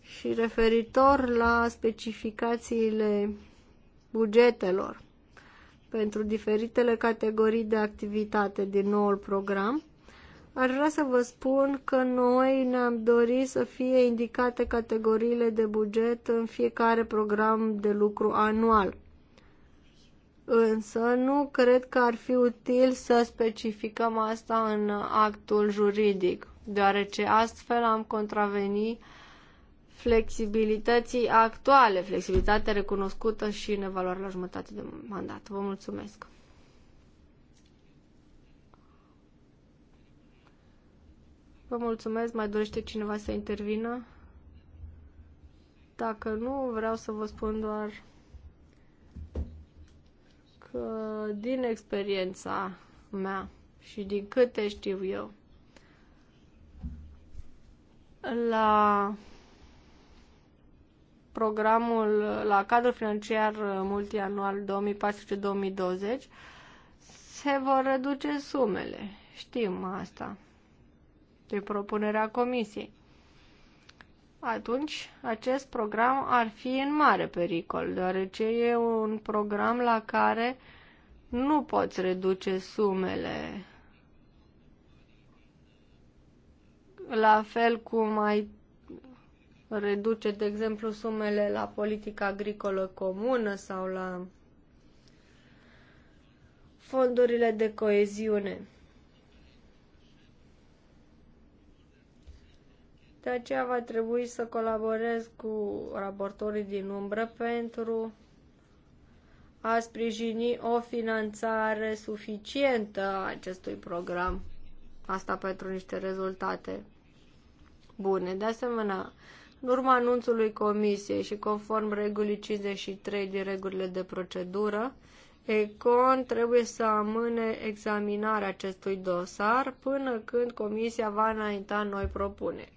Și referitor la specificațiile bugetelor pentru diferitele categorii de activitate din noul program, aș vrea să vă spun că noi ne-am dorit să fie indicate categoriile de buget în fiecare program de lucru anual. Însă nu cred că ar fi util să specificăm asta în actul juridic, deoarece astfel am contravenit flexibilității actuale, flexibilitate recunoscută și în evaluare la jumătate de mandat. Vă mulțumesc! Vă mulțumesc. Mai dorește cineva să intervină? Dacă nu, vreau să vă spun doar că din experiența mea și din câte știu eu, la programul, la cadrul financiar multianual 2014-2020, se vor reduce sumele. Știm asta. De propunerea comisiei. Atunci, acest program ar fi în mare pericol, deoarece e un program la care nu poți reduce sumele la fel cum ai reduce, de exemplu, sumele la politica agricolă comună sau la fondurile de coeziune. De aceea va trebui să colaborez cu raportorii din umbră pentru a sprijini o finanțare suficientă a acestui program. Asta pentru niște rezultate bune. De asemenea, în urma anunțului comisiei și conform regulii 53 din regulile de procedură, Econ trebuie să amâne examinarea acestui dosar până când comisia va înainta noi propuneri.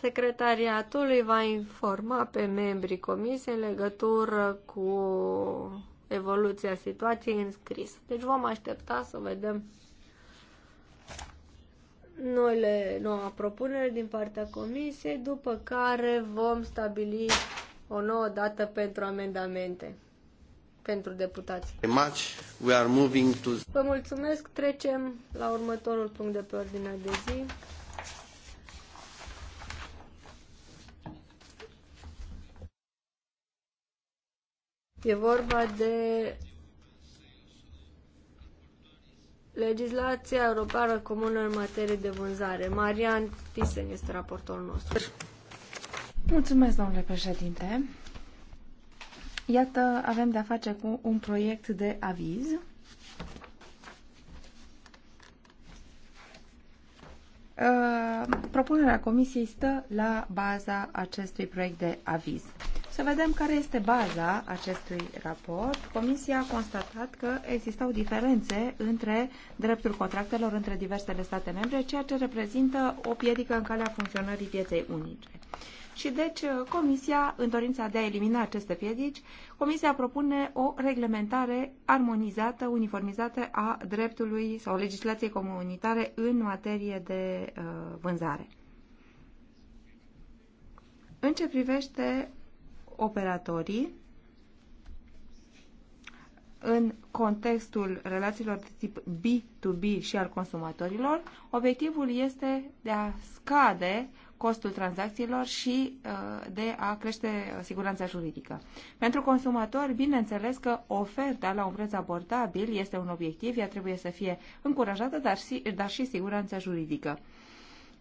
Secretariatul îi va informa pe membrii comisiei în legătură cu evoluția situației înscrisă. Deci vom aștepta să vedem noile, noua propunere din partea comisiei, după care vom stabili o nouă dată pentru amendamente pentru deputați. We are moving to... Vă mulțumesc. Trecem la următorul punct de pe ordinea de zi. E vorba de Legislația europeană comună în materie de vânzare. Marian Tisen este raportorul nostru. Mulțumesc, domnule președinte. Iată, avem de-a face cu un proiect de aviz. Uh, propunerea comisiei stă la baza acestui proiect de aviz. Să vedem care este baza acestui raport. Comisia a constatat că existau diferențe între dreptul contractelor între diversele state membre, ceea ce reprezintă o piedică în calea funcționării pieței unice. Și deci uh, Comisia, în dorința de a elimina aceste piedici, Comisia propune o reglementare armonizată, uniformizată a dreptului sau legislației comunitare în materie de uh, vânzare. În ce privește operatorii în contextul relațiilor de tip B2B și al consumatorilor, obiectivul este de a scade costul tranzacțiilor și uh, de a crește siguranța juridică. Pentru consumatori, bineînțeles că oferta la un preț abordabil este un obiectiv, ea trebuie să fie încurajată, dar și, dar și siguranța juridică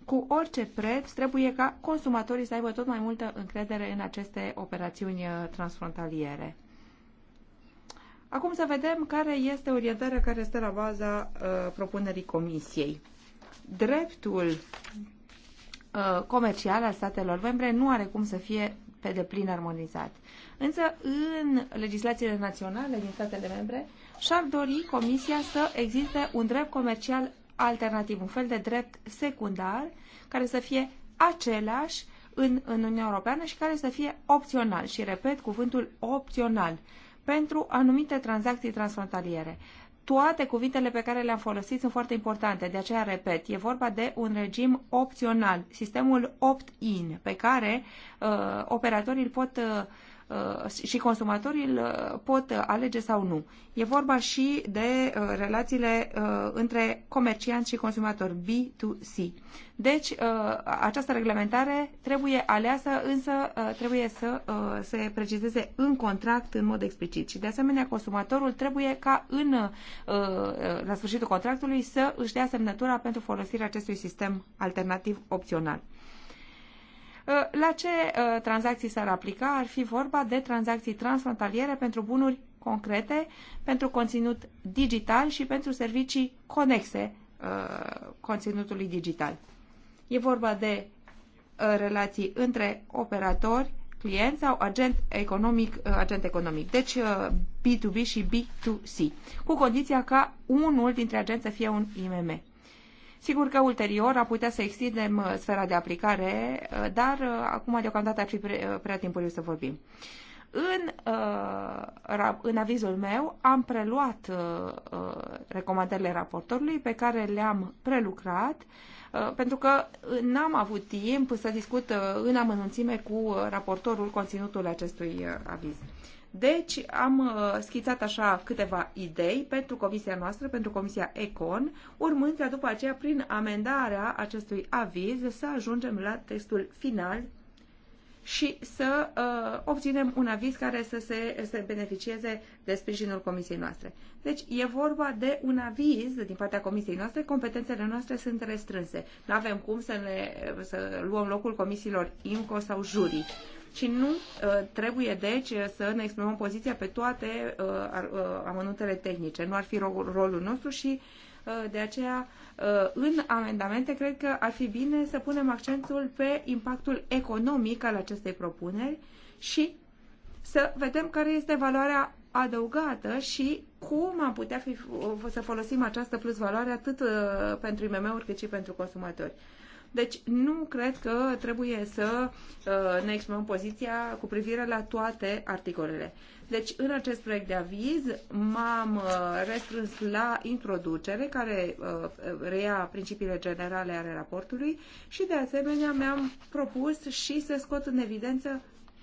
cu orice preț, trebuie ca consumatorii să aibă tot mai multă încredere în aceste operațiuni uh, transfrontaliere. Acum să vedem care este orientarea care stă la baza uh, propunerii Comisiei. Dreptul uh, comercial al statelor membre nu are cum să fie pe deplin armonizat. Însă, în legislațiile naționale din statele membre, și-ar dori Comisia să existe un drept comercial alternativ, un fel de drept secundar care să fie același în, în Uniunea Europeană și care să fie opțional. Și repet cuvântul opțional pentru anumite tranzacții transfrontaliere. Toate cuvintele pe care le-am folosit sunt foarte importante, de aceea repet, e vorba de un regim opțional, sistemul opt-in, pe care uh, operatorii îl pot uh, Uh, și consumatorii uh, pot alege sau nu. E vorba și de uh, relațiile între comercianți și consumatori, B2C. Deci, această reglementare trebuie aleasă, însă trebuie să se precizeze în contract în mod explicit. Și, de asemenea, consumatorul trebuie ca în, la sfârșitul contractului să își dea semnătura pentru folosirea acestui sistem alternativ opțional. Uh, la ce uh, tranzacții s-ar aplica? Ar fi vorba de tranzacții transfrontaliere pentru bunuri concrete, pentru conținut digital și pentru servicii conexe uh, conținutului digital. E vorba de relații între operatori, client sau agent economic, agent economic. Deci B2B și B2C, cu condiția ca unul dintre agenți să fie un IMM. Sigur că ulterior a putea să extindem uh, sfera de aplicare, uh, dar uh, acum deocamdată ar fi prea timpuriu să vorbim. În, în avizul meu am preluat recomandările raportorului pe care le-am prelucrat pentru că n-am avut timp să discut în amănunțime cu raportorul conținutul acestui aviz. Deci am uh, schițat așa câteva idei pentru comisia noastră, pentru comisia ECON, urmând ca după aceea, prin amendarea acestui aviz, să ajungem la textul final și să uh, obținem un aviz care să se să beneficieze de sprijinul comisiei noastre. Deci e vorba de un aviz din partea comisiei noastre, competențele noastre sunt restrânse. Nu avem cum să, ne, să luăm locul comisiilor IMCO sau jurii și nu uh, trebuie deci să ne exprimăm poziția pe toate uh, uh, amănuntele tehnice. Nu ar fi rolul nostru și de aceea, în amendamente, cred că ar fi bine să punem accentul pe impactul economic al acestei propuneri și să vedem care este valoarea adăugată și cum am putea fi, să folosim această plus valoare atât pentru IMM-uri cât și pentru consumatori. Deci nu cred că trebuie să uh, ne exprimăm poziția cu privire la toate articolele. Deci, în acest proiect de aviz m-am uh, restrâns la introducere, care uh, reia principiile generale ale raportului și, de asemenea, mi-am propus și să scot în evidență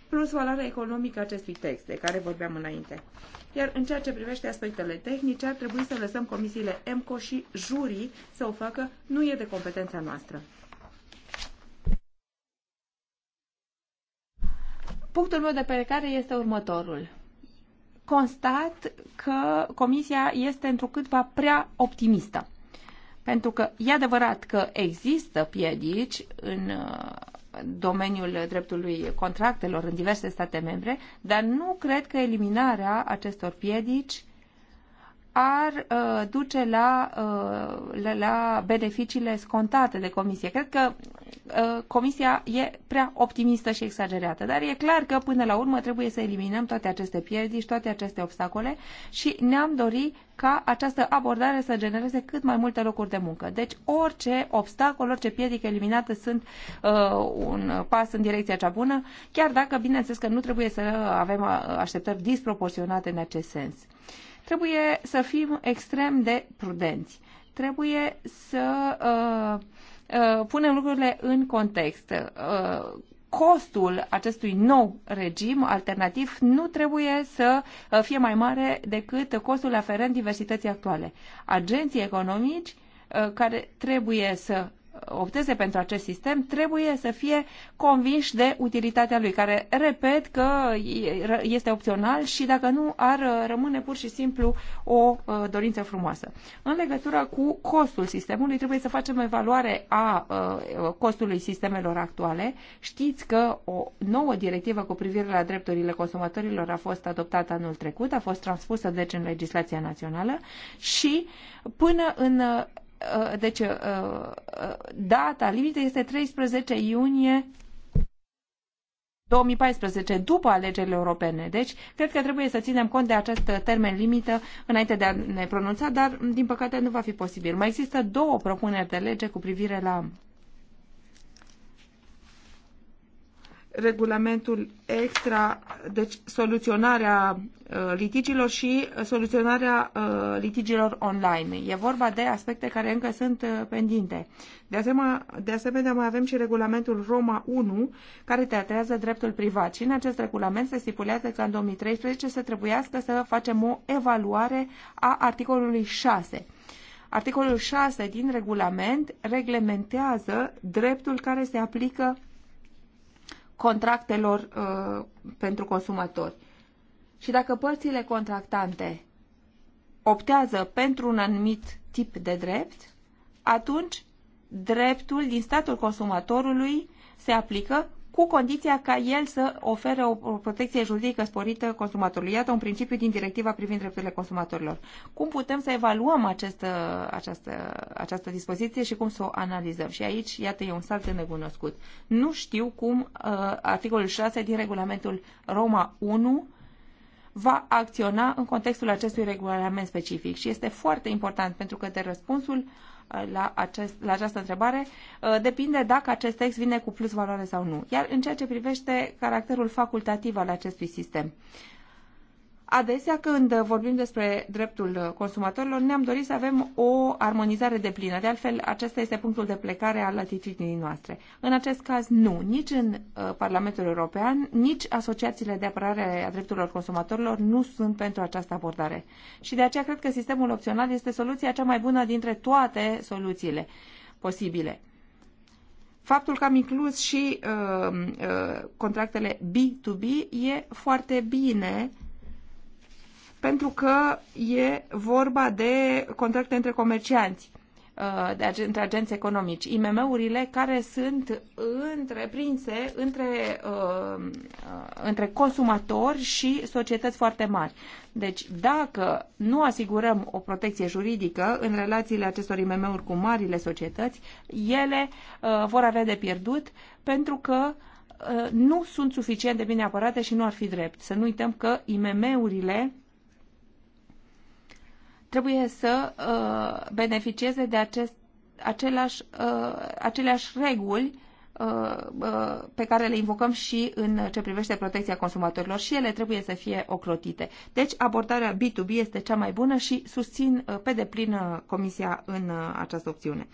plus valoarea economică acestui text de care vorbeam înainte. Iar în ceea ce privește aspectele tehnice, ar trebui să lăsăm comisiile EMCO și jurii să o facă, nu e de competența noastră. Punctul meu de plecare este următorul. Constat că Comisia este întrucâtva prea optimistă. Pentru că e adevărat că există piedici în uh, domeniul dreptului contractelor în diverse state membre, dar nu cred că eliminarea acestor piedici ar uh, duce la, uh, la beneficiile scontate de comisie. Cred că uh, comisia e prea optimistă și exagerată, dar e clar că până la urmă trebuie să eliminăm toate aceste și toate aceste obstacole și ne-am dorit ca această abordare să genereze cât mai multe locuri de muncă. Deci orice obstacol, orice piedică eliminată sunt uh, un pas în direcția cea bună, chiar dacă, bineînțeles, că nu trebuie să avem uh, așteptări disproporționate în acest sens. Trebuie să fim extrem de prudenți. Trebuie să uh, uh, punem lucrurile în context. Uh, costul acestui nou regim alternativ nu trebuie să uh, fie mai mare decât costul aferent diversității actuale. Agenții economici uh, care trebuie să opteze pentru acest sistem trebuie să fie convinși de utilitatea lui, care, repet, că este opțional și dacă nu, ar rămâne pur și simplu o uh, dorință frumoasă. În legătură cu costul sistemului, trebuie să facem evaluare a uh, costului sistemelor actuale. Știți că o nouă directivă cu privire la drepturile consumatorilor a fost adoptată anul trecut, a fost transpusă deci în legislația națională și până în Uh, deci uh, uh, data limită este 13 iunie 2014, după alegerile europene. Deci, cred că trebuie să ținem cont de acest termen limită înainte de a ne pronunța, dar, din păcate, nu va fi posibil. Mai există două propuneri de lege cu privire la regulamentul extra, deci soluționarea uh, litigilor și uh, soluționarea uh, litigilor online. E vorba de aspecte care încă sunt pendinte. De asemenea, de asemenea mai avem și regulamentul Roma 1, care teatrează dreptul privat. Și în acest regulament se stipulează că în 2013 se trebuiască să facem o evaluare a articolului 6. Articolul 6 din regulament reglementează dreptul care se aplică contractelor uh, pentru consumatori. Și dacă părțile contractante optează pentru un anumit tip de drept, atunci dreptul din statul consumatorului se aplică cu condiția ca el să ofere o protecție juridică sporită consumatorului. Iată un principiu din directiva privind drepturile consumatorilor. Cum putem să evaluăm această, uh, această, această dispoziție și cum să o analizăm? Și aici, iată, e un salt necunoscut. Nu știu cum uh, articolul 6 din regulamentul Roma 1 va acționa în contextul acestui regulament specific și este foarte important pentru că de răspunsul uh, la, acest, la această întrebare uh, depinde dacă acest text vine cu plus valoare sau nu. Iar în ceea ce privește caracterul facultativ al acestui sistem, adesea când vorbim despre dreptul consumatorilor, ne-am dorit să avem o armonizare de plină. De altfel, acesta este punctul de plecare al atitudinii noastre. În acest caz, nu. Nici în uh, Parlamentul European, nici asociațiile de apărare a drepturilor consumatorilor nu sunt pentru această abordare. Și de aceea cred că sistemul opțional este soluția cea mai bună dintre toate soluțiile posibile faptul că am inclus și uh, uh, contractele B2B e foarte bine pentru că e vorba de contracte între comercianți, uh, de ag- între agenți economici. IMM-urile care sunt întreprinse între, uh, între consumatori și societăți foarte mari. Deci, dacă nu asigurăm o protecție juridică în relațiile acestor IMM-uri cu marile societăți, ele uh, vor avea de pierdut pentru că nu sunt suficient de bine apărate și nu ar fi drept. Să nu uităm că IMM-urile trebuie să uh, beneficieze de acest, aceleași, uh, aceleași reguli uh, uh, pe care le invocăm și în ce privește protecția consumatorilor și ele trebuie să fie ocrotite. Deci abordarea B2B este cea mai bună și susțin uh, pe deplin Comisia în această opțiune.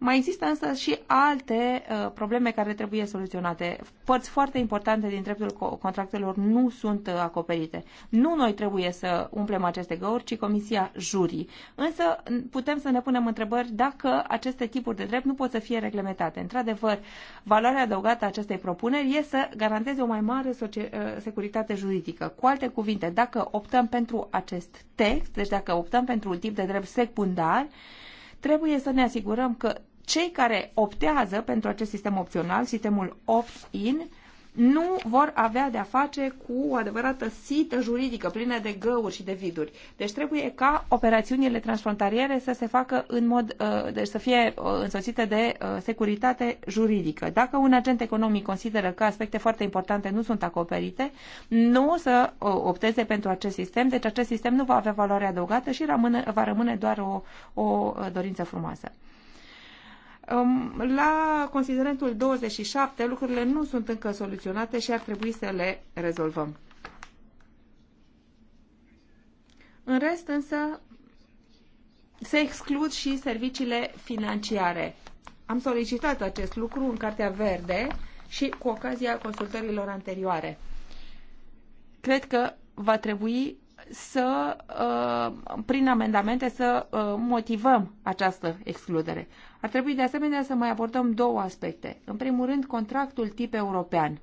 Mai există însă și alte uh, probleme care trebuie soluționate. Părți foarte importante din dreptul contractelor nu sunt uh, acoperite. Nu noi trebuie să umplem aceste găuri, ci Comisia Jurii. Însă putem să ne punem întrebări dacă aceste tipuri de drept nu pot să fie reglementate. Într-adevăr, valoarea adăugată a acestei propuneri este să garanteze o mai mare uh, securitate juridică. Cu alte cuvinte, dacă optăm pentru acest text, deci dacă optăm pentru un tip de drept secundar, uh, trebuie să ne asigurăm că cei care optează pentru acest sistem opțional, sistemul opt-in, nu vor avea de-a face cu o adevărată sită juridică plină de găuri și de viduri. Deci trebuie ca operațiunile transfrontaliere să se facă în mod, uh, deci să fie uh, însoțite de uh, securitate juridică. Dacă un agent economic consideră că aspecte foarte importante nu sunt acoperite, nu o să opteze pentru acest sistem, deci acest sistem nu va avea valoare adăugată și rămâne, va rămâne doar o, o dorință frumoasă. La considerentul 27, lucrurile nu sunt încă soluționate și ar trebui să le rezolvăm. În rest, însă, se exclud și serviciile financiare. Am solicitat acest lucru în Cartea Verde și cu ocazia consultărilor anterioare. Cred că va trebui să, uh, prin amendamente, să uh, motivăm această excludere. Ar trebui de asemenea să mai abordăm două aspecte. În primul rând, contractul tip european,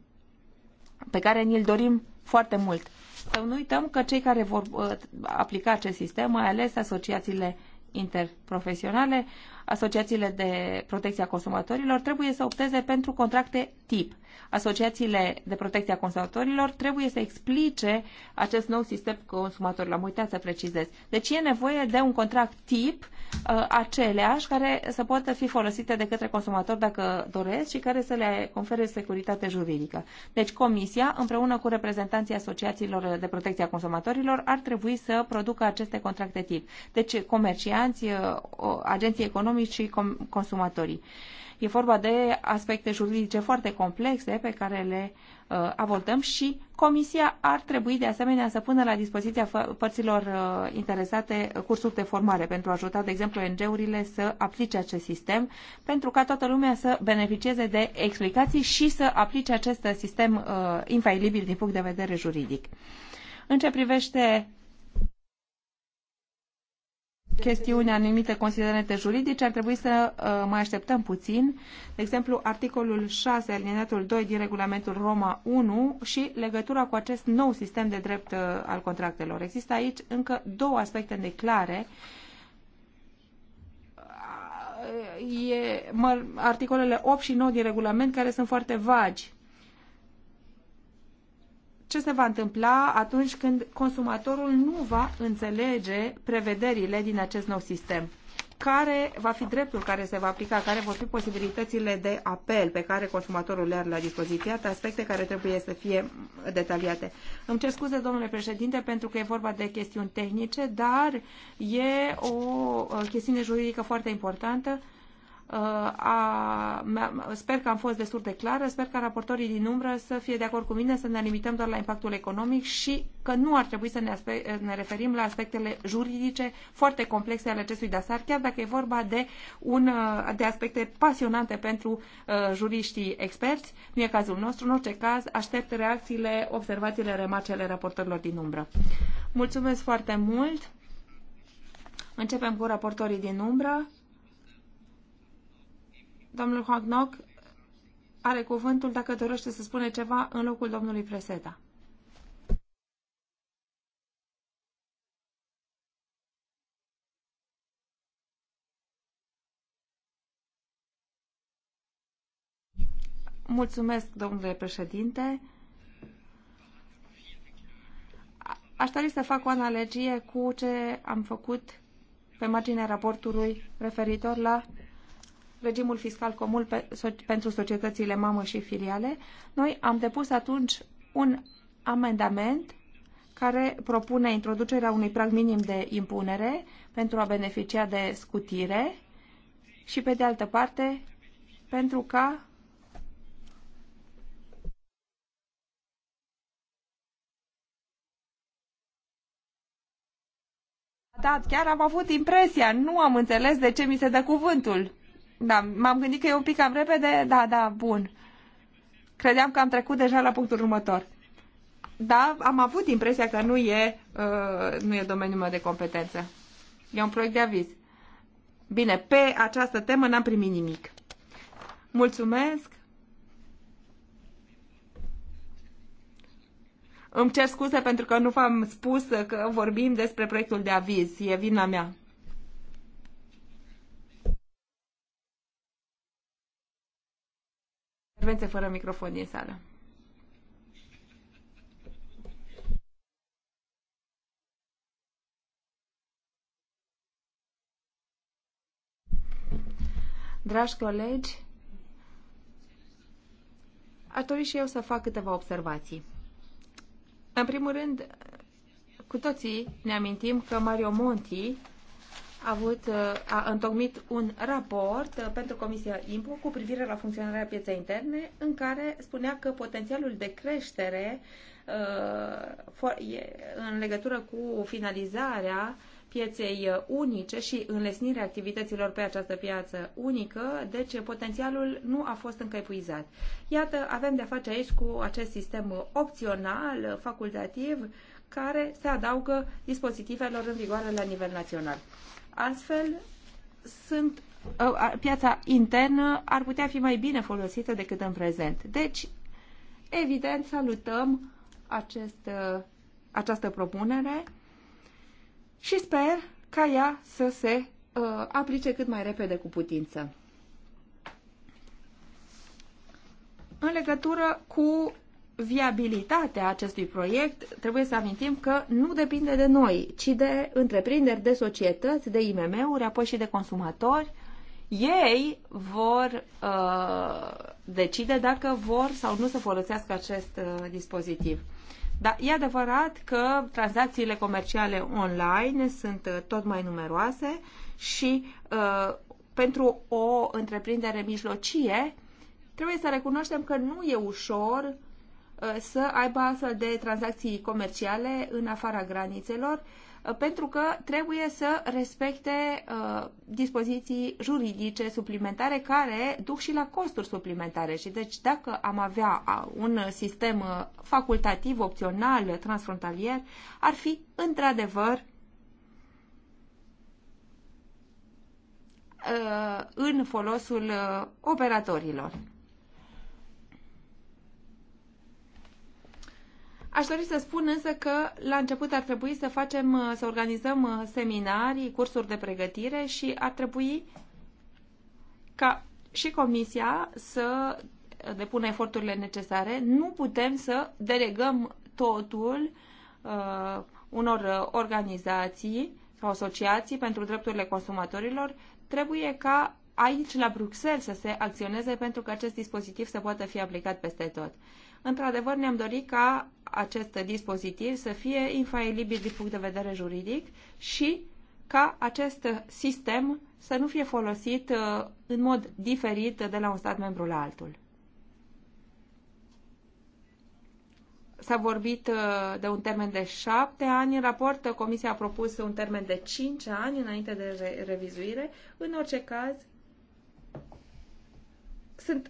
pe care ni-l dorim foarte mult. Să nu uităm că cei care vor uh, aplica acest sistem, mai ales asociațiile interprofesionale, asociațiile de protecție a consumatorilor trebuie să opteze pentru contracte tip. Asociațiile de protecție a consumatorilor trebuie să explice acest nou sistem consumatorilor. Am uitat să precizez. Deci e nevoie de un contract tip uh, aceleași care să poată fi folosite de către consumator dacă doresc și care să le confere securitate juridică. Deci Comisia, împreună cu reprezentanții asociațiilor de protecție a consumatorilor, ar trebui să producă aceste contracte tip. Deci comercianți, uh, agenții economici și consumatorii. Uh, E vorba de aspecte juridice foarte complexe pe care le uh, avoltăm și Comisia ar trebui de asemenea să pună la dispoziția părților uh, interesate cursuri de formare pentru a ajuta, de exemplu, ONG-urile să aplice acest sistem pentru ca toată lumea să beneficieze de explicații și să aplice acest sistem uh, infailibil din punct de vedere juridic. În ce privește chestiuni, anumite considerente juridice, ar trebui să uh, mai așteptăm puțin. De exemplu, articolul 6, alineatul 2 din regulamentul Roma 1 și legătura cu acest nou sistem de drept uh, al contractelor. Există aici încă două aspecte neclare. Uh, e, mă, articolele 8 și 9 din regulament care sunt foarte vagi ce se va întâmpla atunci când consumatorul nu va înțelege prevederile din acest nou sistem care va fi dreptul care se va aplica, care vor fi posibilitățile de apel pe care consumatorul le are la dispoziție, Iată aspecte care trebuie să fie detaliate. Îmi cer scuze, domnule președinte, pentru că e vorba de chestiuni tehnice, dar e o chestiune juridică foarte importantă Uh, a, sper că am fost destul de clară, sper că raportorii din umbră să fie de acord cu mine, să ne limităm doar la impactul economic și că nu ar trebui să ne, aspe- ne referim la aspectele juridice foarte complexe ale acestui dasar, chiar dacă e vorba de, un, uh, de aspecte pasionante pentru uh, juriștii experți. Nu e cazul nostru, în orice caz, aștept reacțiile, observațiile, remarcele raportorilor din umbră. Mulțumesc foarte mult! Începem cu raportorii din umbră. Domnul Hognoc are cuvântul dacă dorește să spune ceva în locul domnului Preseda. Mulțumesc, domnule președinte. Aș dori să fac o analogie cu ce am făcut pe marginea raportului referitor la regimul fiscal comun pe, so, pentru societățile mamă și filiale, noi am depus atunci un amendament care propune introducerea unui prag minim de impunere pentru a beneficia de scutire și, pe de altă parte, pentru ca Da, chiar am avut impresia, nu am înțeles de ce mi se dă cuvântul. Da, m-am gândit că e un pic cam repede. Da, da, bun. Credeam că am trecut deja la punctul următor. Da, am avut impresia că nu e, uh, nu e domeniul meu de competență. E un proiect de aviz. Bine, pe această temă n-am primit nimic. Mulțumesc. Îmi cer scuze pentru că nu v-am spus că vorbim despre proiectul de aviz. E vina mea. Intervenție fără microfon din sală. Dragi colegi, aș dori și eu să fac câteva observații. În primul rând, cu toții ne amintim că Mario Monti a avut, uh, a întocmit un raport uh, pentru Comisia IMPO cu privire la funcționarea pieței interne, în care spunea că potențialul de creștere uh, în legătură cu finalizarea pieței unice și înlesnirea activităților pe această piață unică, deci potențialul nu a fost încă epuizat. Iată, avem de-a face aici cu acest sistem opțional, facultativ, care se adaugă dispozitivelor în vigoare la nivel național. Astfel, sunt, piața internă ar putea fi mai bine folosită decât în prezent. Deci, evident, salutăm acest, uh, această propunere și sper ca ea să se uh, aplice cât mai repede cu putință. În legătură cu viabilitatea acestui proiect, trebuie să amintim că nu depinde de noi, ci de întreprinderi, de societăți, de IMM-uri, apoi și de consumatori. Ei vor uh, decide dacă vor sau nu să folosească acest uh, dispozitiv. Dar e adevărat că tranzacțiile comerciale online sunt uh, tot mai numeroase și uh, pentru o întreprindere mijlocie trebuie să recunoaștem că nu e ușor Uh, să aibă astfel de tranzacții comerciale în afara granițelor, uh, pentru că trebuie să respecte uh, dispoziții juridice suplimentare care duc și la costuri suplimentare. Și deci dacă am avea uh, un sistem facultativ, opțional, transfrontalier, ar fi într-adevăr uh, în folosul operatorilor. Aș dori să spun însă că la început ar trebui să facem, uh, să organizăm uh, seminarii, cursuri de pregătire și ar trebui ca și Comisia să depună eforturile necesare. Nu putem să delegăm totul uh, unor uh, organizații sau asociații pentru drepturile consumatorilor. Trebuie ca aici, la Bruxelles, să se acționeze pentru că acest dispozitiv să poată fi aplicat peste tot. Într-adevăr, ne-am dorit ca acest dispozitiv să fie infailibil din punct de vedere juridic și ca acest sistem să nu fie folosit uh, în mod diferit de la un stat membru la altul. S-a vorbit uh, de un termen de șapte ani în raport. Comisia a propus un termen de cinci ani înainte de revizuire. În orice caz, sunt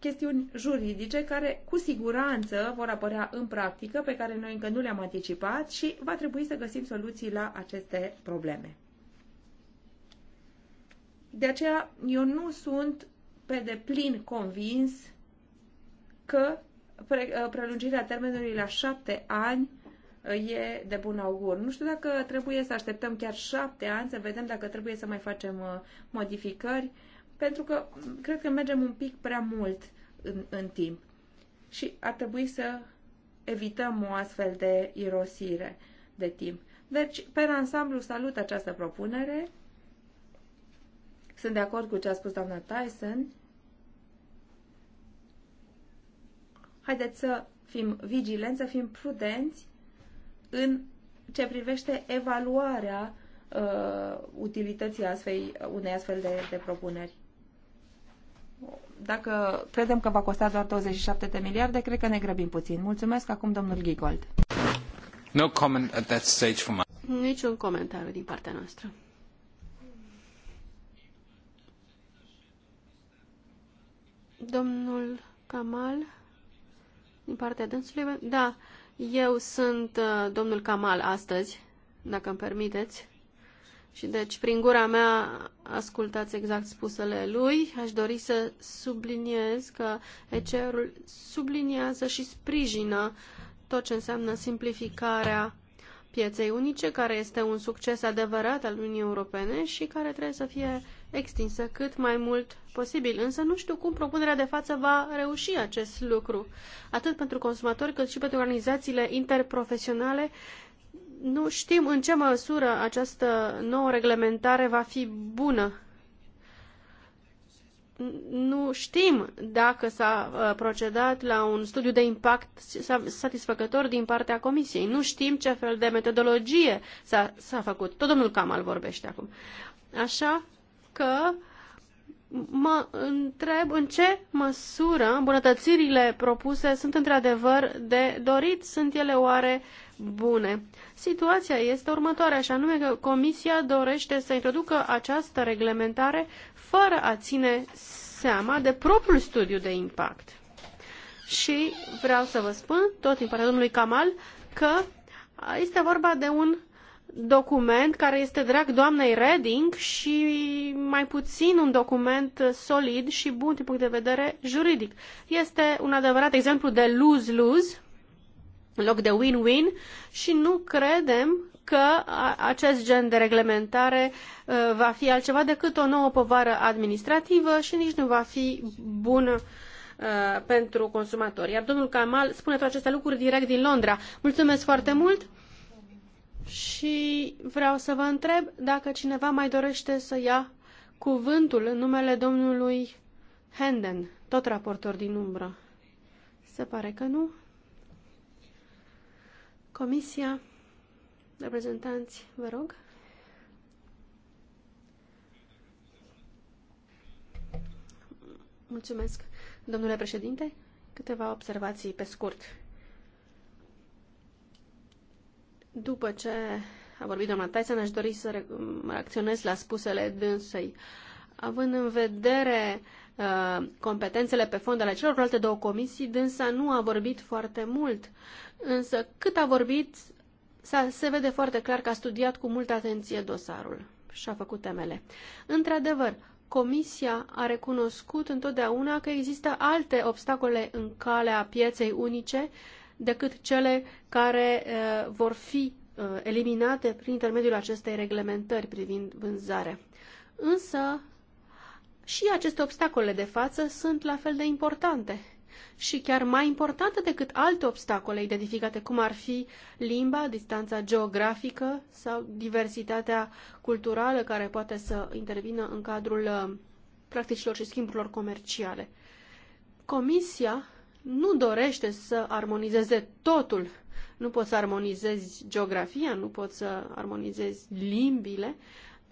chestiuni juridice care cu siguranță vor apărea în practică, pe care noi încă nu le-am anticipat și va trebui să găsim soluții la aceste probleme. De aceea, eu nu sunt pe deplin convins că pre, uh, prelungirea termenului la șapte ani uh, e de bun augur. Nu știu dacă trebuie să așteptăm chiar șapte ani, să vedem dacă trebuie să mai facem uh, modificări pentru că cred că mergem un pic prea mult în, în timp și ar trebui să evităm o astfel de irosire de timp. Deci, pe ansamblu, salut această propunere. Sunt de acord cu ce a spus doamna Tyson. Haideți să fim vigilenți, să fim prudenți în ce privește evaluarea uh, utilității astfel, unei astfel de, de propuneri dacă credem că va costa doar 27 de miliarde, cred că ne grăbim puțin. Mulțumesc acum domnul Gigold. No comment at that stage from Niciun comentariu din partea noastră. Domnul Kamal, din partea dânsului, da, eu sunt uh, domnul Kamal astăzi, dacă îmi permiteți. Și deci, prin gura mea, ascultați exact spusele lui. Aș dori să subliniez că ECR-ul subliniază și sprijină tot ce înseamnă simplificarea pieței unice, care este un succes adevărat al Uniunii Europene și care trebuie să fie extinsă cât mai mult posibil. Însă nu știu cum propunerea de față va reuși acest lucru, atât pentru consumatori cât și pentru organizațiile interprofesionale nu știm în ce măsură această nouă reglementare va fi bună. Nu știm dacă s-a uh, procedat la un studiu de impact satisfăcător din partea Comisiei. Nu știm ce fel de metodologie s-a, făcut. Tot domnul Camal vorbește acum. Așa că mă întreb în ce măsură îmbunătățirile propuse sunt într-adevăr de dorit. Sunt ele oare uh, bune. Situația este următoarea, și anume că Comisia dorește să introducă această reglementare fără a ține seama de propriul studiu de impact. Și vreau să vă spun, tot din partea domnului Kamal, că este vorba de un document care este drag doamnei Reding și mai puțin un document solid și bun din punct de vedere juridic. Este un adevărat exemplu de lose-lose în loc de win-win și nu credem că acest gen de reglementare uh, va fi altceva decât o nouă povară administrativă și nici nu va fi bună uh, pentru consumatori. Iar domnul Kamal spune toate aceste lucruri direct din Londra. Mulțumesc foarte mult și vreau să vă întreb dacă cineva mai dorește să ia cuvântul în numele domnului Henden, tot raportor din umbră. Se pare că nu. Comisia, reprezentanți, vă rog. Mulțumesc. Domnule președinte, câteva observații pe scurt. După ce a vorbit doamna Tyson, aș dori să reacționez la spusele dânsei. Având în vedere uh, competențele pe fond ale celorlalte două comisii, dânsa nu a vorbit foarte mult Însă, cât a vorbit, se vede foarte clar că a studiat cu multă atenție dosarul și a făcut temele. Într-adevăr, Comisia a recunoscut întotdeauna că există alte obstacole în calea pieței unice decât cele care uh, vor fi uh, eliminate prin intermediul acestei reglementări privind vânzare. Însă, și aceste obstacole de față sunt la fel de importante și chiar mai importantă decât alte obstacole identificate, cum ar fi limba, distanța geografică sau diversitatea culturală care poate să intervină în cadrul uh, practicilor și schimburilor comerciale. Comisia nu dorește să armonizeze totul. Nu poți să armonizezi geografia, nu poți să armonizezi limbile.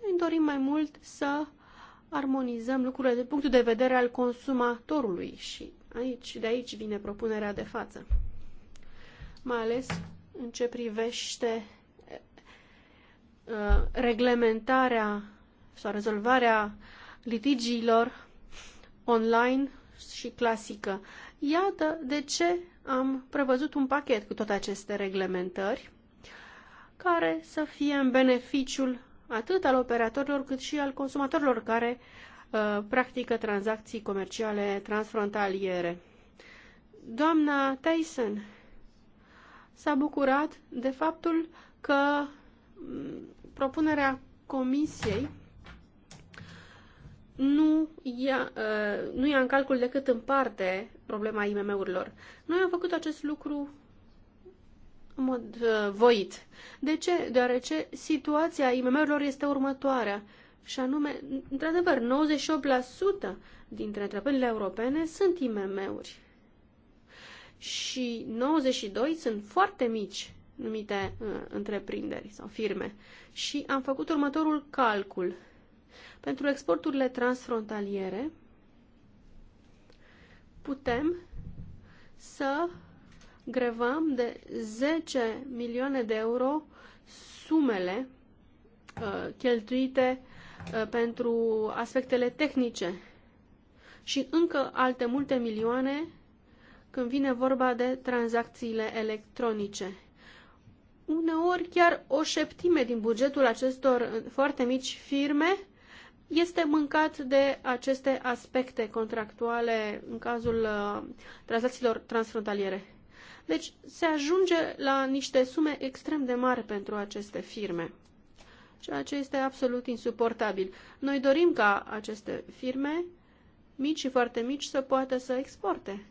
Noi dorim mai mult să armonizăm lucrurile de punctul de vedere al consumatorului și Aici, de aici vine propunerea de față. Mai ales în ce privește uh, reglementarea sau rezolvarea litigiilor online și clasică. Iată de ce am prevăzut un pachet cu toate aceste reglementări care să fie în beneficiul atât al operatorilor cât și al consumatorilor care Uh, practică tranzacții comerciale transfrontaliere. Doamna Tyson s-a bucurat de faptul că mm, propunerea comisiei nu ia, uh, nu ia în calcul decât în parte problema IMM-urilor. Noi am făcut acest lucru în mod uh, voit. De ce? Deoarece situația IMM-urilor este următoarea și anume, într-adevăr, 98% dintre întreprinderile europene sunt IMM-uri și 92 sunt foarte mici numite uh, întreprinderi sau firme. Și am făcut următorul calcul. Pentru exporturile transfrontaliere putem să grevăm de 10 milioane de euro sumele uh, cheltuite Uh, pentru aspectele tehnice și încă alte multe milioane când vine vorba de tranzacțiile electronice. Uneori chiar o șeptime din bugetul acestor foarte mici firme este mâncat de aceste aspecte contractuale în cazul uh, tranzacțiilor transfrontaliere. Deci se ajunge la niște sume extrem de mari pentru aceste firme ceea ce este absolut insuportabil. Noi dorim ca aceste firme, mici și foarte mici, să poată să exporte.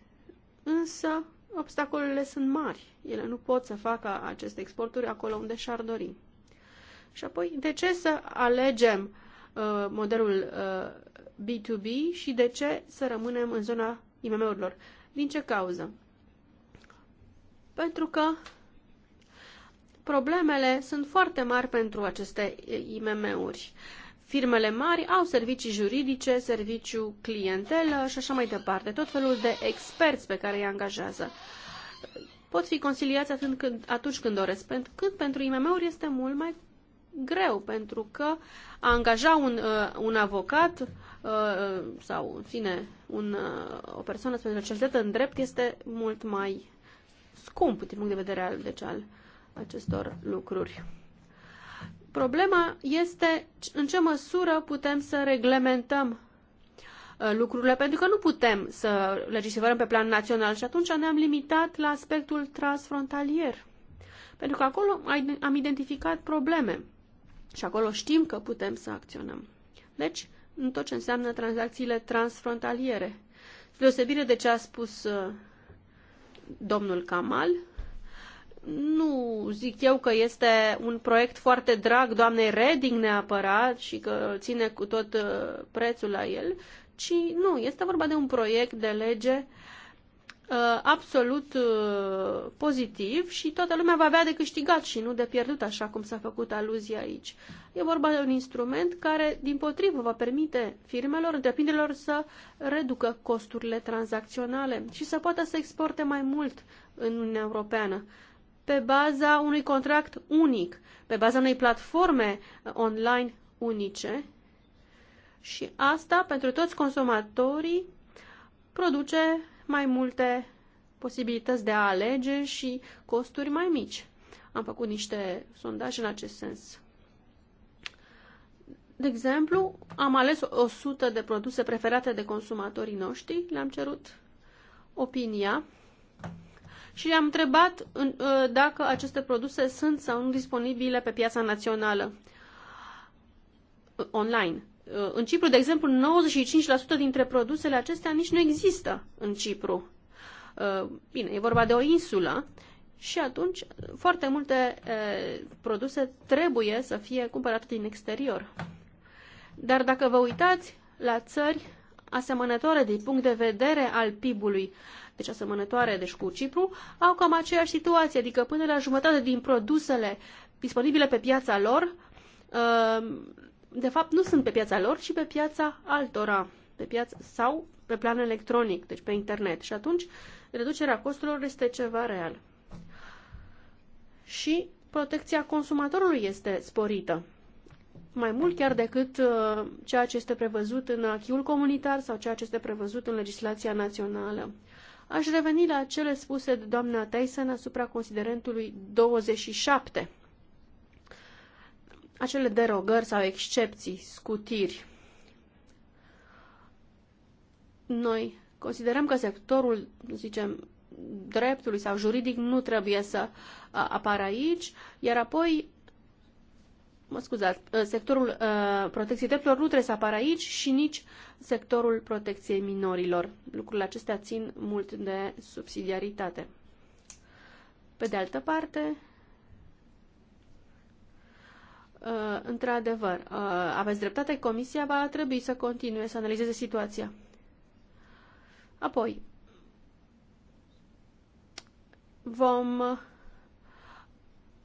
Însă, obstacolele sunt mari. Ele nu pot să facă aceste exporturi acolo unde și-ar dori. Și apoi, de ce să alegem uh, modelul uh, B2B și de ce să rămânem în zona IMM-urilor? Din ce cauză? Pentru că problemele sunt foarte mari pentru aceste IMM-uri. Firmele mari au servicii juridice, serviciu clientelă și așa mai departe, tot felul de experți pe care îi angajează. Pot fi conciliați atunci când, atunci când doresc, pentru, cât pentru IMM-uri este mult mai greu, pentru că a angaja un, uh, un avocat uh, sau, în fine, un, uh, o persoană specializată în drept este mult mai scump din punct de vedere al, deci, al acestor lucruri. Problema este în ce măsură putem să reglementăm uh, lucrurile, pentru că nu putem să legiferăm pe plan național și atunci ne-am limitat la aspectul transfrontalier. Pentru că acolo am identificat probleme și acolo știm că putem să acționăm. Deci, în tot ce înseamnă tranzacțiile transfrontaliere. Deosebire de ce a spus uh, domnul Kamal nu zic eu că este un proiect foarte drag doamnei Reding neapărat și că ține cu tot uh, prețul la el, ci nu, este vorba de un proiect de lege uh, absolut uh, pozitiv și toată lumea va avea de câștigat și nu de pierdut, așa cum s-a făcut aluzia aici. E vorba de un instrument care, din potrivă, va permite firmelor, întreprinderilor să reducă costurile tranzacționale și să poată să exporte mai mult în Uniunea Europeană. Uh, pe baza unui contract unic, pe baza unei platforme uh, online unice și asta pentru toți consumatorii produce mai multe posibilități de a alege și costuri mai mici. Am făcut niște sondaje în acest sens. De exemplu, am ales 100 de produse preferate de consumatorii noștri, le-am cerut opinia și le-am întrebat ă, dacă aceste produse sunt sau nu disponibile pe piața națională ă, online. Ă, în Cipru, de exemplu, 95% dintre produsele acestea nici nu există în Cipru. Bine, e vorba de o insulă și atunci foarte multe produse trebuie să fie cumpărate din exterior. Dar dacă vă uitați la țări asemănătoare din punct de vedere al PIB-ului, deci asemănătoare deci cu Cipru, au cam aceeași situație, adică până la jumătate din produsele disponibile pe piața lor, uh, de fapt nu sunt pe piața lor, ci pe piața altora, pe piața, sau pe plan electronic, deci pe internet. Și atunci reducerea costurilor este ceva real. Și protecția consumatorului este sporită. Mai mult chiar decât uh, ceea ce este prevăzut în achiul comunitar sau ceea ce este prevăzut în legislația națională. Aș reveni la cele spuse de doamna Tyson asupra considerentului 27. Acele derogări sau excepții, scutiri. Noi considerăm că sectorul, zicem, dreptului sau juridic nu trebuie să apară aici, iar apoi mă scuzați, uh, sectorul uh, protecției drepturilor nu trebuie să apară aici și nici sectorul protecției minorilor. Lucrurile acestea țin mult de subsidiaritate. Pe de altă parte, uh, într-adevăr, uh, aveți dreptate, Comisia va trebui să continue să analizeze situația. Apoi, vom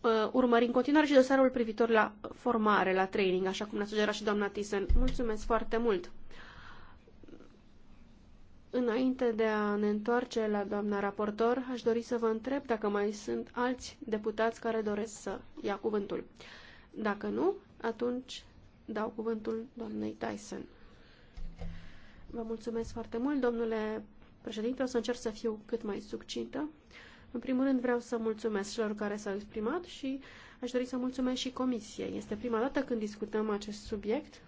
Uh, urmări în continuare și dosarul privitor la formare, la training, așa cum ne-a sugerat și doamna Thyssen. Mulțumesc foarte mult! Înainte de a ne întoarce la doamna raportor, aș dori să vă întreb dacă mai sunt alți deputați care doresc să ia cuvântul. Dacă nu, atunci dau cuvântul doamnei Tyson. Vă mulțumesc foarte mult, domnule președinte. O să încerc să fiu cât mai succintă. Uh, în primul rând vreau să mulțumesc celor care s-au exprimat și aș dori să mulțumesc și comisiei. Este prima dată când discutăm acest subiect.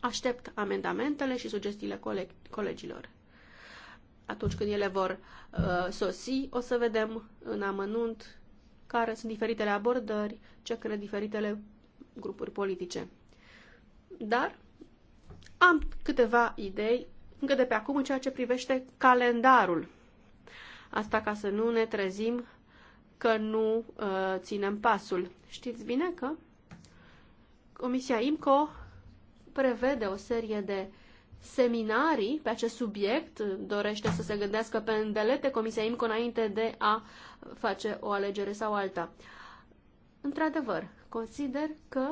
Aștept amendamentele și sugestiile coleg colegilor. Atunci când ele vor uh, sosi, o să vedem în amănunt care sunt diferitele abordări, ce cred diferitele grupuri politice. Dar am câteva idei încă de pe acum în ceea ce privește calendarul Asta ca să nu ne trezim că nu uh, ținem pasul. Știți bine că Comisia IMCO prevede o serie de seminarii pe acest subiect, dorește să se gândească pe îndelete Comisia IMCO înainte de a face o alegere sau alta. Într-adevăr, consider că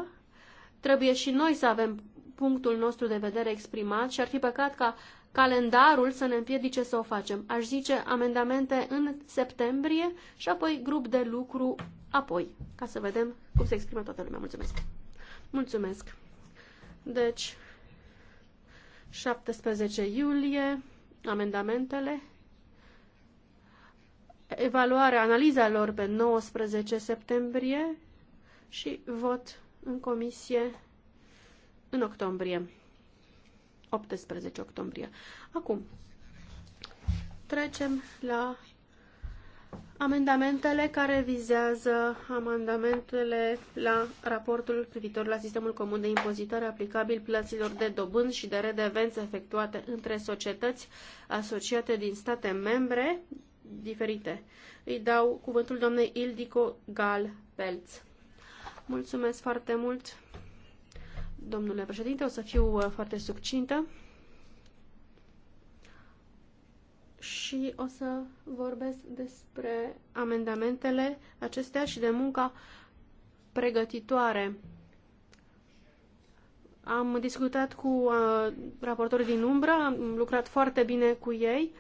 trebuie și noi să avem punctul nostru de vedere exprimat și ar fi păcat ca calendarul să ne împiedice să o facem. Aș zice amendamente în septembrie și apoi grup de lucru apoi, ca să vedem cum se exprimă toată lumea. Mulțumesc! Mulțumesc! Deci, 17 iulie, amendamentele, evaluarea, analiza lor pe 19 septembrie și vot în comisie în octombrie. 18 octombrie. Acum, trecem la amendamentele care vizează amendamentele la raportul privitor la sistemul comun de impozitare aplicabil plăților de dobând și de redevențe efectuate între societăți asociate din state membre diferite. Îi dau cuvântul doamnei Ildico Gal-Pelț. Mulțumesc foarte mult! domnule președinte, o să fiu uh, foarte succintă și o să vorbesc despre amendamentele acestea și de munca pregătitoare. Am discutat cu uh, raportori din umbră, am lucrat foarte bine cu ei.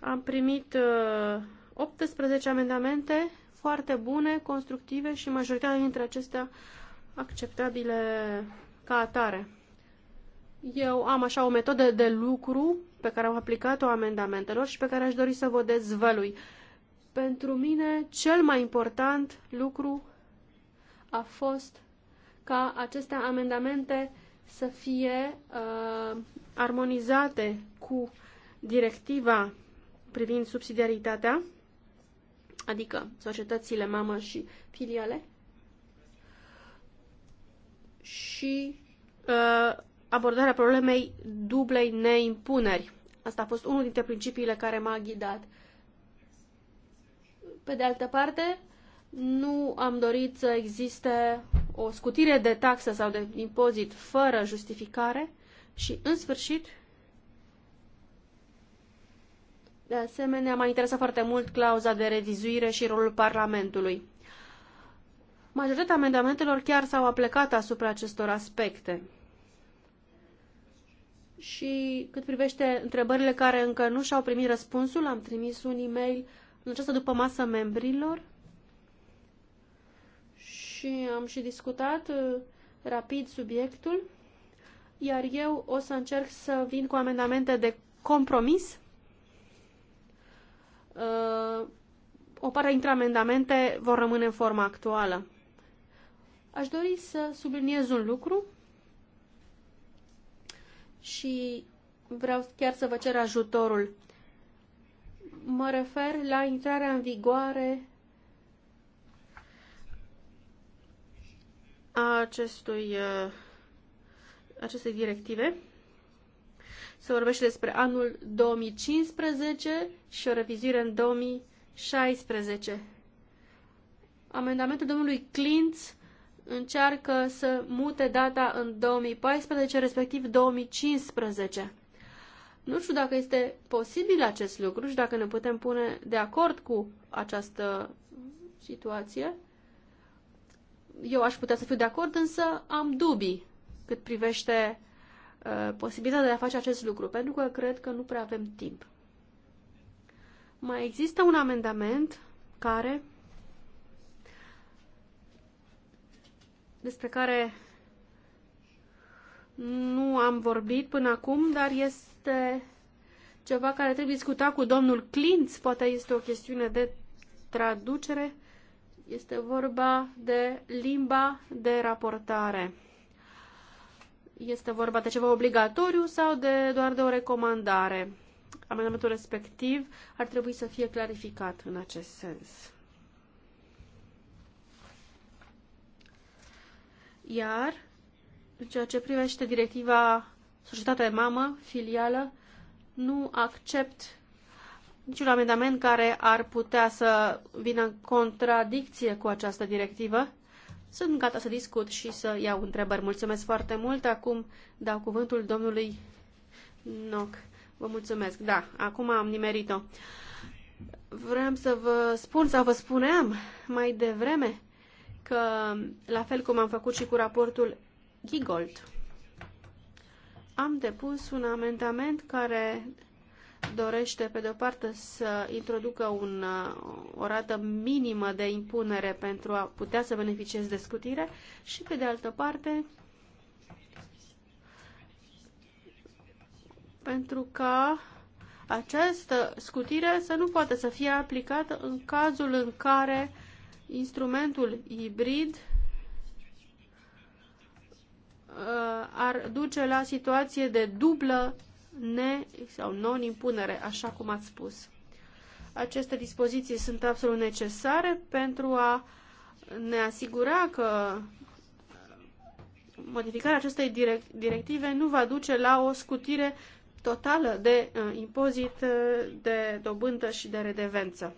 Am primit uh, 18 amendamente foarte bune, constructive și majoritatea dintre acestea uh, acceptabile ca atare. Eu am așa o metodă de lucru pe care am aplicat-o amendamentelor și pe care aș dori să vă dezvălui. Pentru mine, cel mai important lucru a fost ca aceste amendamente să fie uh, armonizate cu directiva privind subsidiaritatea, adică societățile mamă și filiale, și uh, abordarea problemei dublei neimpuneri. Asta a fost unul dintre principiile care m-a ghidat. Pe de altă parte, nu am dorit să existe o scutire de taxă sau de impozit fără justificare și, în sfârșit, de asemenea, m-a interesat foarte mult clauza de revizuire și rolul Parlamentului. Majoritatea amendamentelor chiar s-au aplecat asupra acestor aspecte. Și cât privește întrebările care încă nu și-au primit răspunsul, am trimis un e-mail în această după masă membrilor și am și discutat uh, rapid subiectul, iar eu o să încerc să vin cu amendamente de compromis. Uh, o parte dintre amendamente vor rămâne în forma actuală. Aș dori să subliniez un lucru și vreau chiar să vă cer ajutorul. Mă refer la intrarea în vigoare a acestui, uh, acestei directive. Se vorbește despre anul 2015 și o revizuire în 2016. Amendamentul domnului Clintz încearcă să mute data în 2014, respectiv 2015. Nu știu dacă este posibil acest lucru și dacă ne putem pune de acord cu această situație. Eu aș putea să fiu de acord, însă am dubii cât privește uh, posibilitatea de a face acest lucru, pentru că cred că nu prea avem timp. Mai există un amendament care despre care nu am vorbit până acum, dar este ceva care trebuie discutat cu domnul Clintz, poate este o chestiune de traducere, este vorba de limba de raportare. Este vorba de ceva obligatoriu sau de doar de o recomandare? Amendamentul respectiv ar trebui să fie clarificat în acest sens. Iar în ceea ce privește directiva societatea mamă, filială, nu accept niciun amendament care ar putea să vină în contradicție cu această directivă. Sunt gata să discut și să iau întrebări. Mulțumesc foarte mult. Acum dau cuvântul domnului Noc. Vă mulțumesc. Da, acum am nimerit-o. Vreau să vă spun sau vă spuneam mai devreme că, la fel cum am făcut și cu raportul Gigold, am depus un amendament care dorește, pe de-o parte, să introducă un, o rată minimă de impunere pentru a putea să beneficiezi de scutire și, pe de altă parte, pentru ca această scutire să nu poată să fie aplicată în cazul în care uh, instrumentul hibrid uh, ar duce la situație de dublă ne sau non-impunere, așa cum ați spus. Aceste dispoziții sunt absolut necesare pentru a ne asigura că modificarea acestei directive nu va duce la o scutire totală de uh, impozit, uh, de dobândă și de redevență.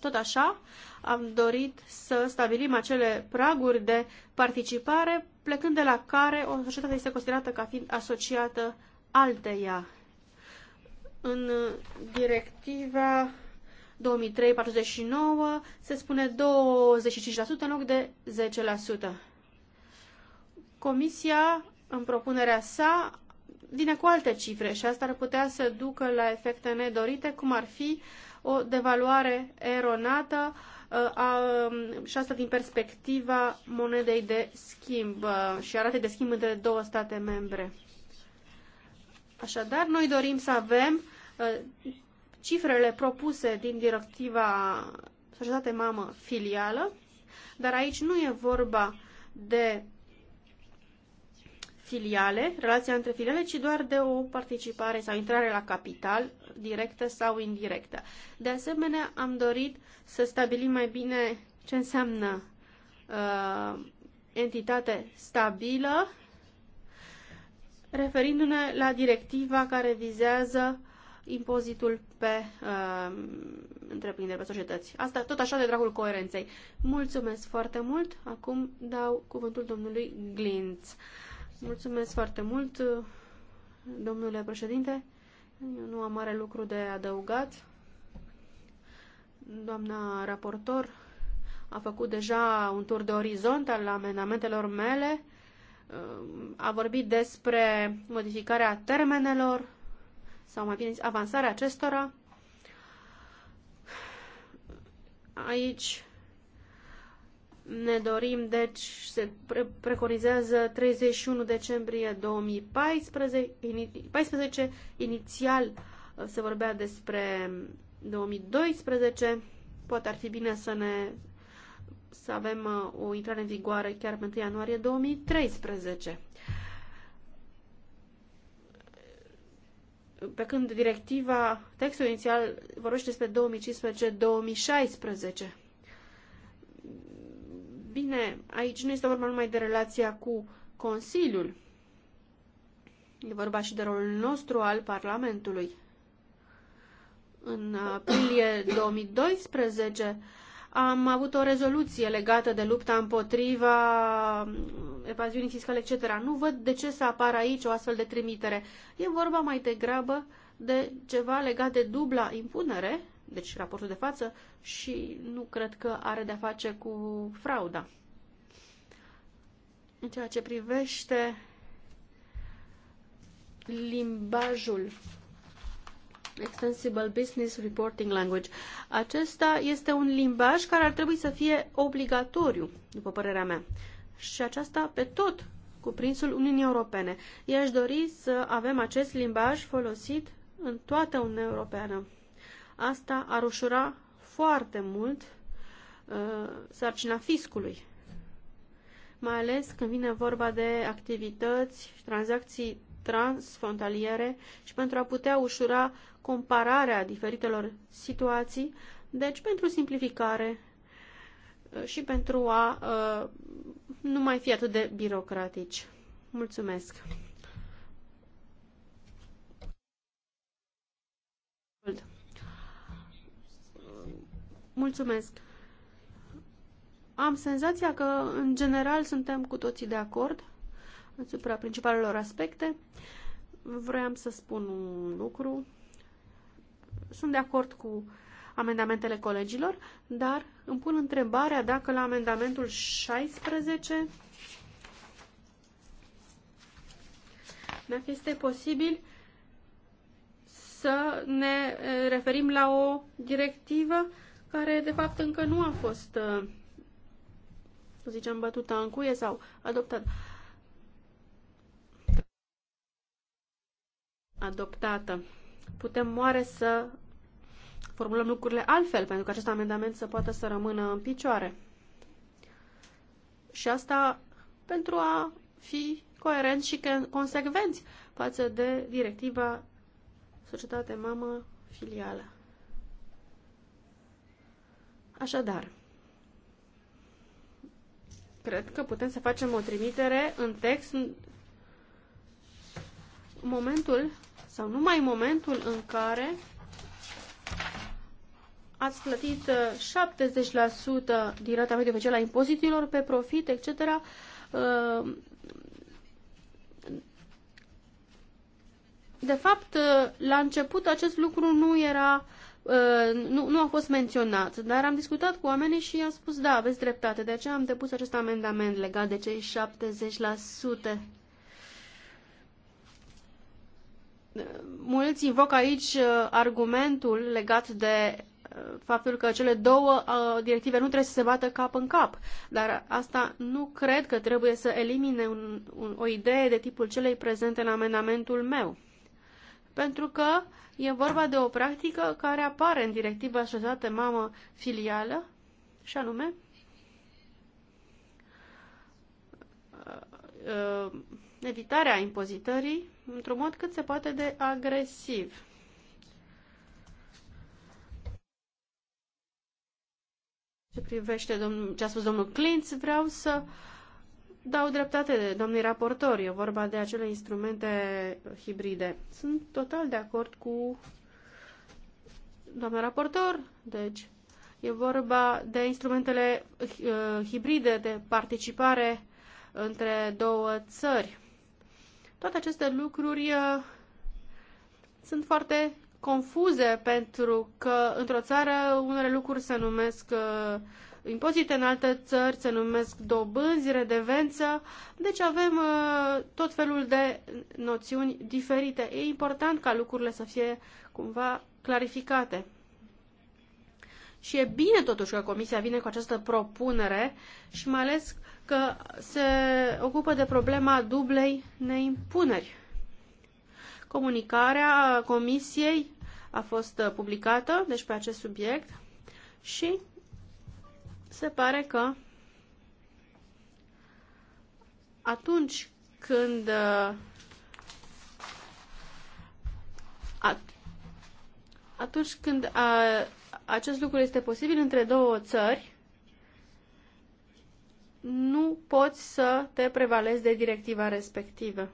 Tot așa, am dorit să stabilim acele praguri de participare, plecând de la care o societate este considerată ca fiind asociată alteia. În directiva 2003-49 se spune 25% în loc de 10%. Comisia, în propunerea sa, vine cu alte cifre și asta ar putea să ducă la efecte nedorite, cum ar fi uh, o devaluare eronată uh, um, și asta din perspectiva monedei de schimb uh, și arate de schimb între două state membre. Așadar, noi dorim să avem uh, cifrele propuse din directiva societate mamă filială, dar aici nu e vorba de filiale, relația între filiale, ci doar de o participare sau intrare la capital, directă sau indirectă. De asemenea, am dorit să stabilim mai bine ce înseamnă uh, entitate stabilă, referindu-ne la directiva care vizează impozitul pe uh, întreprinderi, pe societăți. Asta tot așa de dragul coerenței. Mulțumesc foarte mult. Acum dau cuvântul domnului Glintz. Mulțumesc foarte mult, domnule președinte. Eu nu am mare lucru de adăugat. Doamna raportor a făcut deja un tur de orizont al amendamentelor mele, a vorbit despre modificarea termenelor sau mai bine avansarea acestora. Aici ne dorim, deci, se pre preconizează 31 decembrie 2014, ini 14, inițial uh, se vorbea despre 2012, poate ar fi bine să ne să avem uh, o intrare în vigoare chiar pe 1 ianuarie 2013. Pe când directiva, textul inițial vorbește despre 2015-2016. Bine, aici nu este vorba numai de relația cu Consiliul. E vorba și de rolul nostru al Parlamentului. În aprilie 2012 am avut o rezoluție legată de lupta împotriva evaziunii fiscale, etc. Nu văd de ce să apară aici o astfel de trimitere. E vorba mai degrabă de ceva legat de dubla impunere deci raportul de față, și nu cred că are de-a face cu frauda. În ceea ce privește limbajul Extensible Business Reporting Language. Acesta este un limbaj care ar trebui să fie obligatoriu, după părerea mea. Și aceasta pe tot cuprinsul Uniunii Europene. I-aș dori să avem acest limbaj folosit în toată Uniunea Europeană. Asta ar ușura foarte mult uh, sarcina fiscului, mai ales când vine vorba de activități și tranzacții transfrontaliere și pentru a putea ușura compararea diferitelor situații, deci pentru simplificare uh, și pentru a uh, nu mai fi atât de birocratici. Mulțumesc! Mulțumesc. Am senzația că, în general, suntem cu toții de acord asupra principalelor aspecte. Vreau să spun un lucru. Sunt de acord cu amendamentele colegilor, dar îmi pun întrebarea dacă la amendamentul 16 dacă este posibil să ne referim la o directivă care de fapt încă nu a fost, să uh, zicem, bătută în cuie sau adoptată. adoptată. Putem moare să formulăm lucrurile altfel, pentru că acest amendament să poată să rămână în picioare. Și asta pentru a fi coerenți și consecvenți față de directiva societate mamă filială. Așadar, cred că putem să facem o trimitere în text în momentul sau numai în momentul în care ați plătit 70% uh, din rata medie oficială a impozitilor pe profit, etc. Uh, de fapt, uh, la început acest lucru nu era Uh, nu, nu a fost menționat, dar am discutat cu oamenii și i-am spus, da, aveți dreptate, de aceea am depus acest amendament legat de cei 70%. Mulți invoc aici uh, argumentul legat de uh, faptul că cele două directive nu trebuie să se bată cap în cap, dar asta nu cred că trebuie să elimine un, un, o idee de tipul celei prezente în amendamentul meu pentru că e vorba de o practică care apare în directiva așezată mamă-filială, și anume uh, uh, evitarea impozitării într-un mod cât se poate de agresiv. Ce privește domnul, ce a spus domnul Clint, vreau să uh, dau dreptate domnului raportor, e vorba de acele instrumente hibride. Sunt total de acord cu doamna raportor, deci e vorba de instrumentele uh, hibride de participare între două țări. Toate aceste lucruri uh, sunt foarte confuze pentru că într-o țară unele lucruri se numesc uh, impozite, în alte țări se numesc dobânzi, redevență, deci avem uh, tot felul de noțiuni diferite. E important ca lucrurile să fie cumva clarificate. Și e bine totuși că Comisia vine cu această propunere și mai ales că se ocupă de problema dublei neimpuneri. Comunicarea Comisiei a fost publicată, deci pe acest subiect, și se pare că atunci când uh, atunci când a, uh, acest lucru este posibil între două țări, nu poți să te prevalezi de directiva respectivă.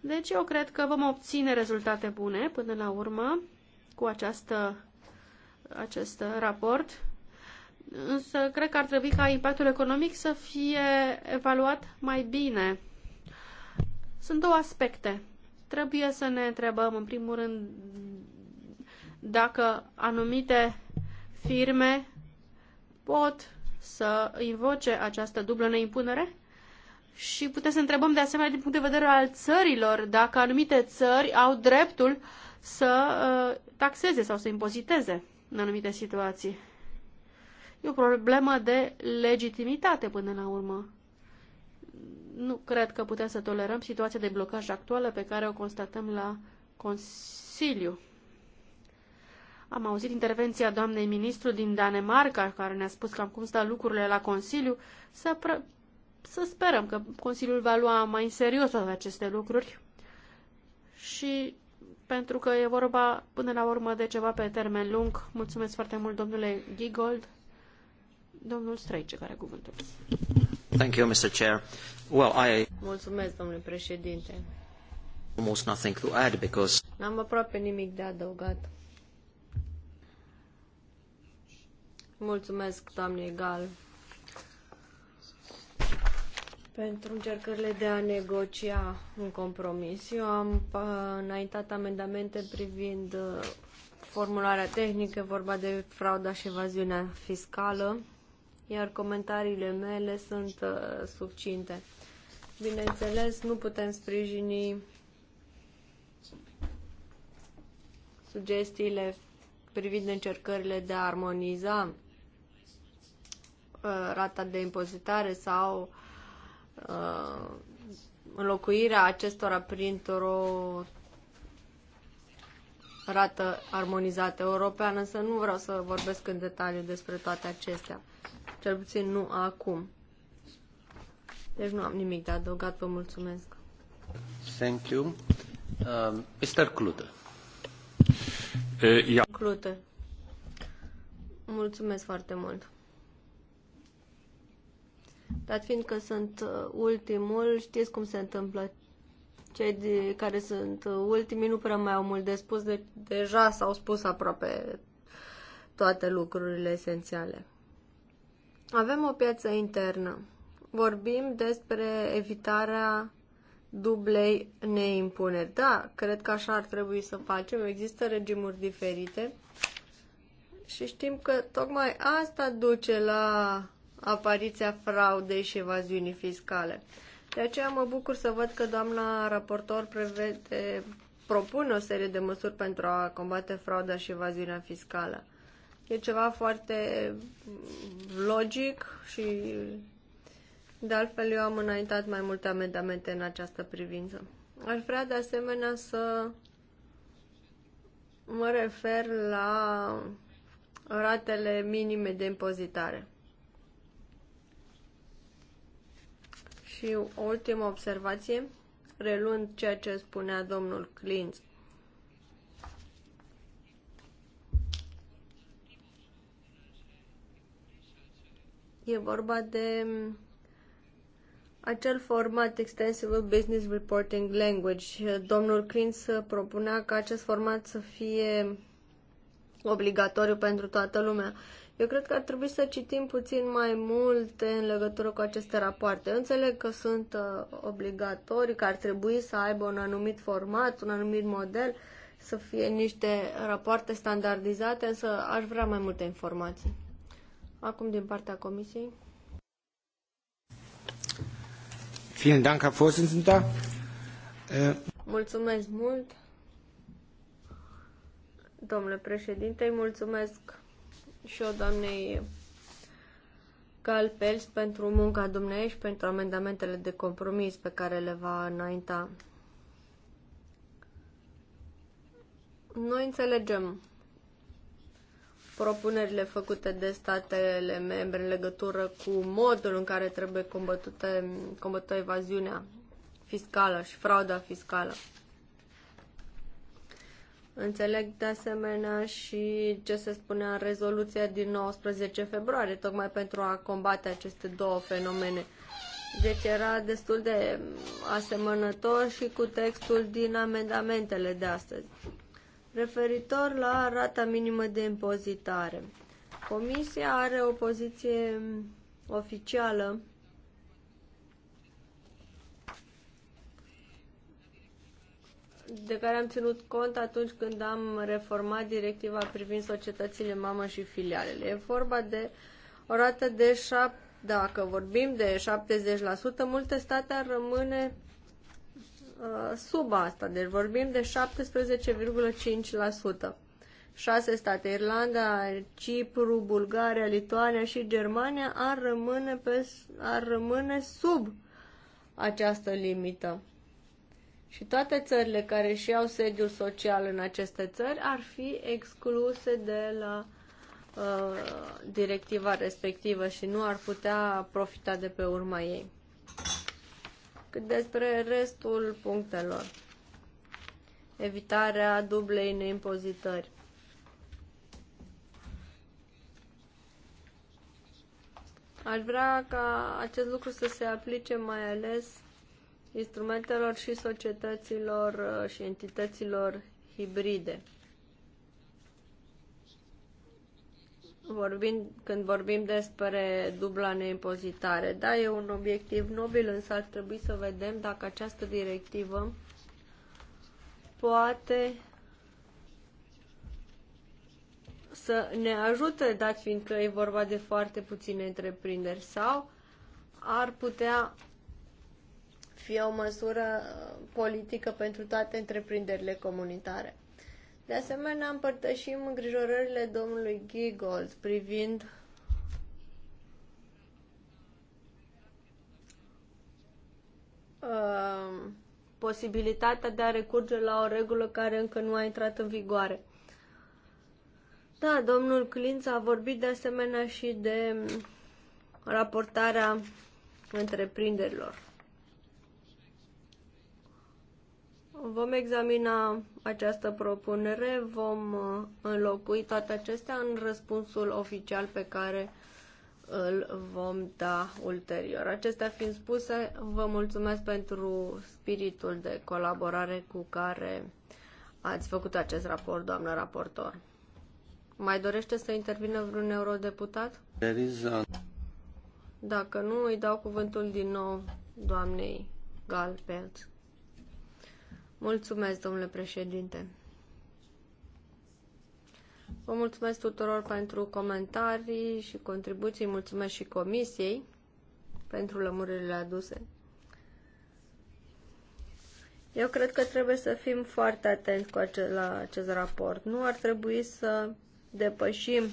Deci eu cred că vom obține rezultate bune până la urmă cu această, acest raport însă cred că ar trebui ca impactul economic să fie evaluat mai bine. Sunt două aspecte. Trebuie să ne întrebăm, în primul rând, dacă anumite firme pot să invoce această dublă neimpunere și putem să întrebăm de asemenea din punct de vedere al țărilor dacă anumite țări au dreptul să uh, taxeze sau să impoziteze în anumite situații. E o problemă de legitimitate până la urmă. Nu cred că putem să tolerăm situația de blocaj actuală pe care o constatăm la Consiliu. Am auzit intervenția doamnei ministru din Danemarca, care ne-a spus cam cum stau lucrurile la Consiliu, să, să sperăm că Consiliul va lua mai în serios toate aceste lucruri și pentru că e vorba până la urmă de ceva pe termen lung. Mulțumesc foarte mult, domnule Gigold. Domnul Străice, care cuvântul. Thank you, Mr. Chair. Well, I... Mulțumesc, domnule președinte. Almost nothing to add because... N-am aproape nimic de adăugat. Mulțumesc, doamne Gal, pentru încercările de a negocia un compromis. Eu am uh, înaintat amendamente privind uh, formularea tehnică, vorba de frauda și evaziunea fiscală iar comentariile mele sunt uh, subcinte. Bineînțeles, nu putem sprijini sugestiile privind încercările de a armoniza uh, rata de impozitare sau uh, înlocuirea acestora printr-o rată armonizată europeană, însă nu vreau să vorbesc în detaliu despre toate acestea. Cel puțin nu acum. Deci nu am nimic de adăugat. Vă mulțumesc. Thank you. Um, Mr. Clute. Uh, yeah. Clute. Mulțumesc foarte mult. Dar fiindcă sunt uh, ultimul, știți cum se întâmplă. Cei de, care sunt uh, ultimii nu prea mai au mult de spus, de, deja s-au spus aproape toate lucrurile esențiale. Avem o piață internă. Vorbim despre evitarea dublei neimpuneri. Da, cred că așa ar trebui să facem. Există regimuri diferite și știm că tocmai asta duce la apariția fraudei și evaziunii fiscale. De aceea mă bucur să văd că doamna raportor prevede, propune o serie de măsuri pentru a combate frauda și evaziunea fiscală. E ceva foarte logic și de altfel eu am înaintat mai multe amendamente în această privință. Aș vrea de asemenea să mă refer la ratele minime de impozitare. Și o ultimă observație, reluând ceea ce spunea domnul Clintz. E vorba de mm, acel format Extensible Business Reporting Language. Domnul Clins propunea ca acest format să fie obligatoriu pentru toată lumea. Eu cred că ar trebui să citim puțin mai multe în legătură cu aceste rapoarte. Eu înțeleg că sunt uh, obligatorii, că ar trebui să aibă un anumit format, un anumit model, să fie niște rapoarte standardizate, însă aș vrea mai multe informații. Acum din partea Comisiei. Vielen Dank, Herr Vorsitzender. Äh, mulțumesc mult, domnule președinte. Mulțumesc și eu, doamnei Calpels, pentru munca dumneavoastră și pentru amendamentele de compromis pe care le va înainta. Noi înțelegem propunerile făcute de statele membre în legătură cu modul în care trebuie combătută, combătută evaziunea fiscală și frauda fiscală. Înțeleg de asemenea și ce se spunea în rezoluția din 19 februarie, tocmai pentru a combate aceste două fenomene. Deci era destul de asemănător și cu textul din amendamentele de astăzi. Referitor la rata minimă de impozitare, Comisia are o poziție oficială de care am ținut cont atunci când am reformat directiva privind societățile mamă și filialele. E vorba de o rată de 7, dacă vorbim de 70%, multe state ar rămâne Uh, sub asta, deci vorbim de 17,5%. Șase state, Irlanda, Cipru, Bulgaria, Lituania și Germania, ar rămâne, pe, ar rămâne sub această limită. Și toate țările care și au sediul social în aceste țări ar fi excluse de la uh, directiva respectivă și nu ar putea profita de pe urma ei cât despre restul punctelor. Evitarea dublei neimpozitări. Aș vrea ca acest lucru să se aplice mai ales instrumentelor și societăților uh, și entităților hibride. vorbind, când vorbim despre dubla neimpozitare. Da, e un obiectiv nobil, însă ar trebui să vedem dacă această directivă poate să ne ajute, dat fiindcă e vorba de foarte puține întreprinderi, sau ar putea fi o măsură uh, politică pentru toate întreprinderile comunitare. De asemenea, împărtășim îngrijorările domnului Giggold privind uh, posibilitatea de a recurge la o regulă care încă nu a intrat în vigoare. Da, domnul Clinț a vorbit de asemenea și de raportarea întreprinderilor. Vom examina această propunere, vom uh, înlocui toate acestea în răspunsul oficial pe care îl vom da ulterior. Acestea fiind spuse, vă mulțumesc pentru spiritul de colaborare cu care ați făcut acest raport, doamnă raportor. Mai dorește să intervină vreun eurodeputat? Dacă nu, îi dau cuvântul din nou doamnei Galpelț. Mulțumesc, domnule președinte. Vă mulțumesc tuturor pentru comentarii și contribuții, mulțumesc și comisiei pentru lămuririle aduse. Eu cred că trebuie să fim foarte atenți cu acest, la acest raport. Nu ar trebui să depășim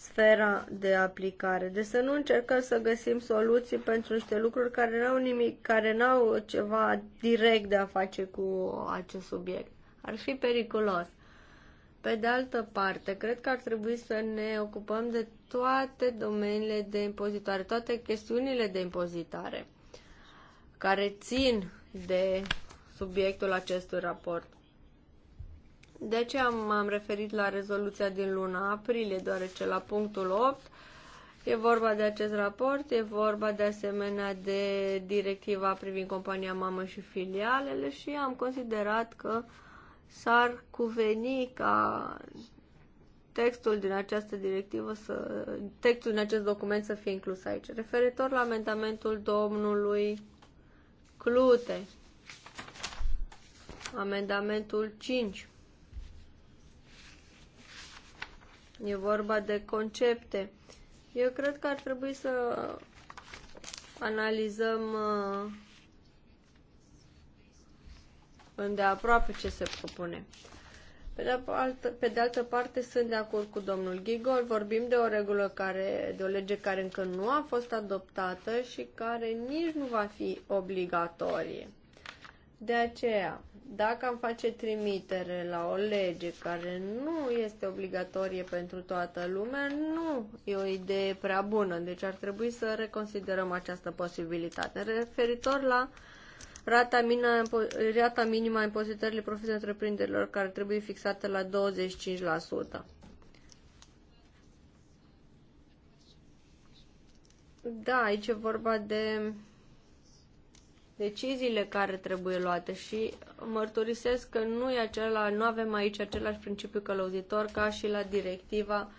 sfera de aplicare. Deci să nu încercăm să găsim soluții pentru niște lucruri care n-au nimic, care n-au ceva direct de a face cu acest subiect. Ar fi periculos. Pe de altă parte, cred că ar trebui să ne ocupăm de toate domeniile de impozitare, toate chestiunile de impozitare care țin de subiectul acestui raport. De aceea m-am referit la rezoluția din luna aprilie, deoarece la punctul 8 e vorba de acest raport, e vorba de asemenea de directiva privind compania mamă și filialele și am considerat că s-ar cuveni ca textul din această directivă să, textul din acest document să fie inclus aici. Referitor la amendamentul domnului Clute, amendamentul 5, E vorba de concepte. Eu cred că ar trebui să analizăm uh, îndeaproape ce se propune. Pe de, altă, pe de altă parte, sunt de acord cu domnul Gigol. Vorbim de o regulă care, de o lege care încă nu a fost adoptată și care nici nu va fi obligatorie. De aceea, dacă am face trimitere la o lege care nu este obligatorie pentru toată lumea, nu e o idee prea bună, deci ar trebui să reconsiderăm această posibilitate. Referitor la rata, mina, rata minimă a impozitării profitului întreprinderilor care trebuie fixată la 25%. Da, aici e vorba de deciziile care trebuie luate și mărturisesc că nu, e acela, nu avem aici același principiu călăuzitor ca și la directiva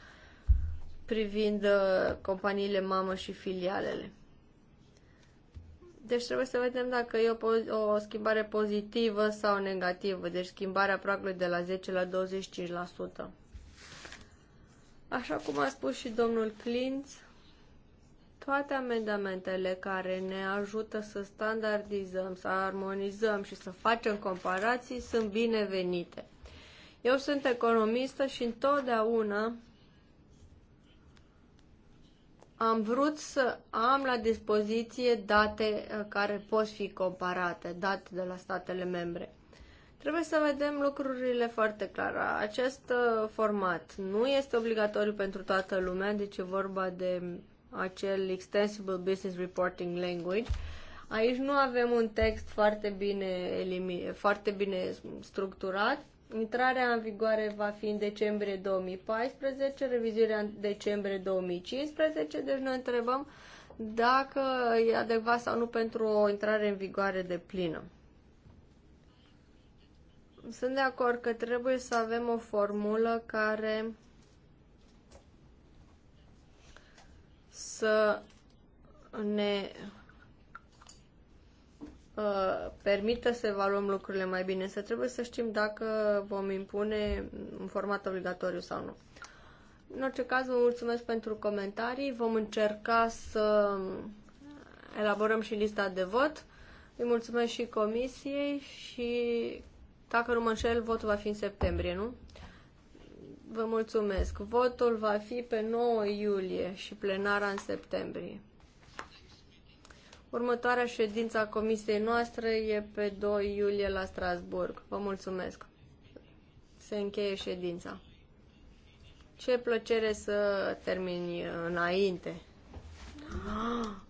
privind uh, companiile mamă și filialele. Deci trebuie să vedem dacă e o, o schimbare pozitivă sau negativă, deci schimbarea pragului de la 10 la 25%. Așa cum a spus și domnul Clintz, toate amendamentele care ne ajută să standardizăm, să armonizăm și să facem comparații sunt binevenite. Eu sunt economistă și întotdeauna am vrut să am la dispoziție date uh, care pot fi comparate, date de la statele membre. Trebuie să vedem lucrurile foarte clar. Acest uh, format nu este obligatoriu pentru toată lumea, deci e vorba de acel Extensible Business Reporting Language. Aici nu avem un text foarte bine, foarte bine structurat. Intrarea în vigoare va fi în decembrie 2014, revizuirea în decembrie 2015, deci noi întrebăm dacă e adecvat sau nu pentru o intrare în vigoare de plină. Sunt de acord că trebuie să avem o formulă care să ne uh, permită să evaluăm lucrurile mai bine, să trebuie să știm dacă vom impune un format obligatoriu sau nu. În orice caz, vă mulțumesc pentru comentarii. Vom încerca să elaborăm și lista de vot. Îi mulțumesc și comisiei și, dacă nu mă înșel, votul va fi în septembrie, nu? Vă mulțumesc. Votul va fi pe 9 iulie și plenara în septembrie. Următoarea ședință a comisiei noastre e pe 2 iulie la Strasburg. Vă mulțumesc. Se încheie ședința. Ce plăcere să termini înainte. Ah!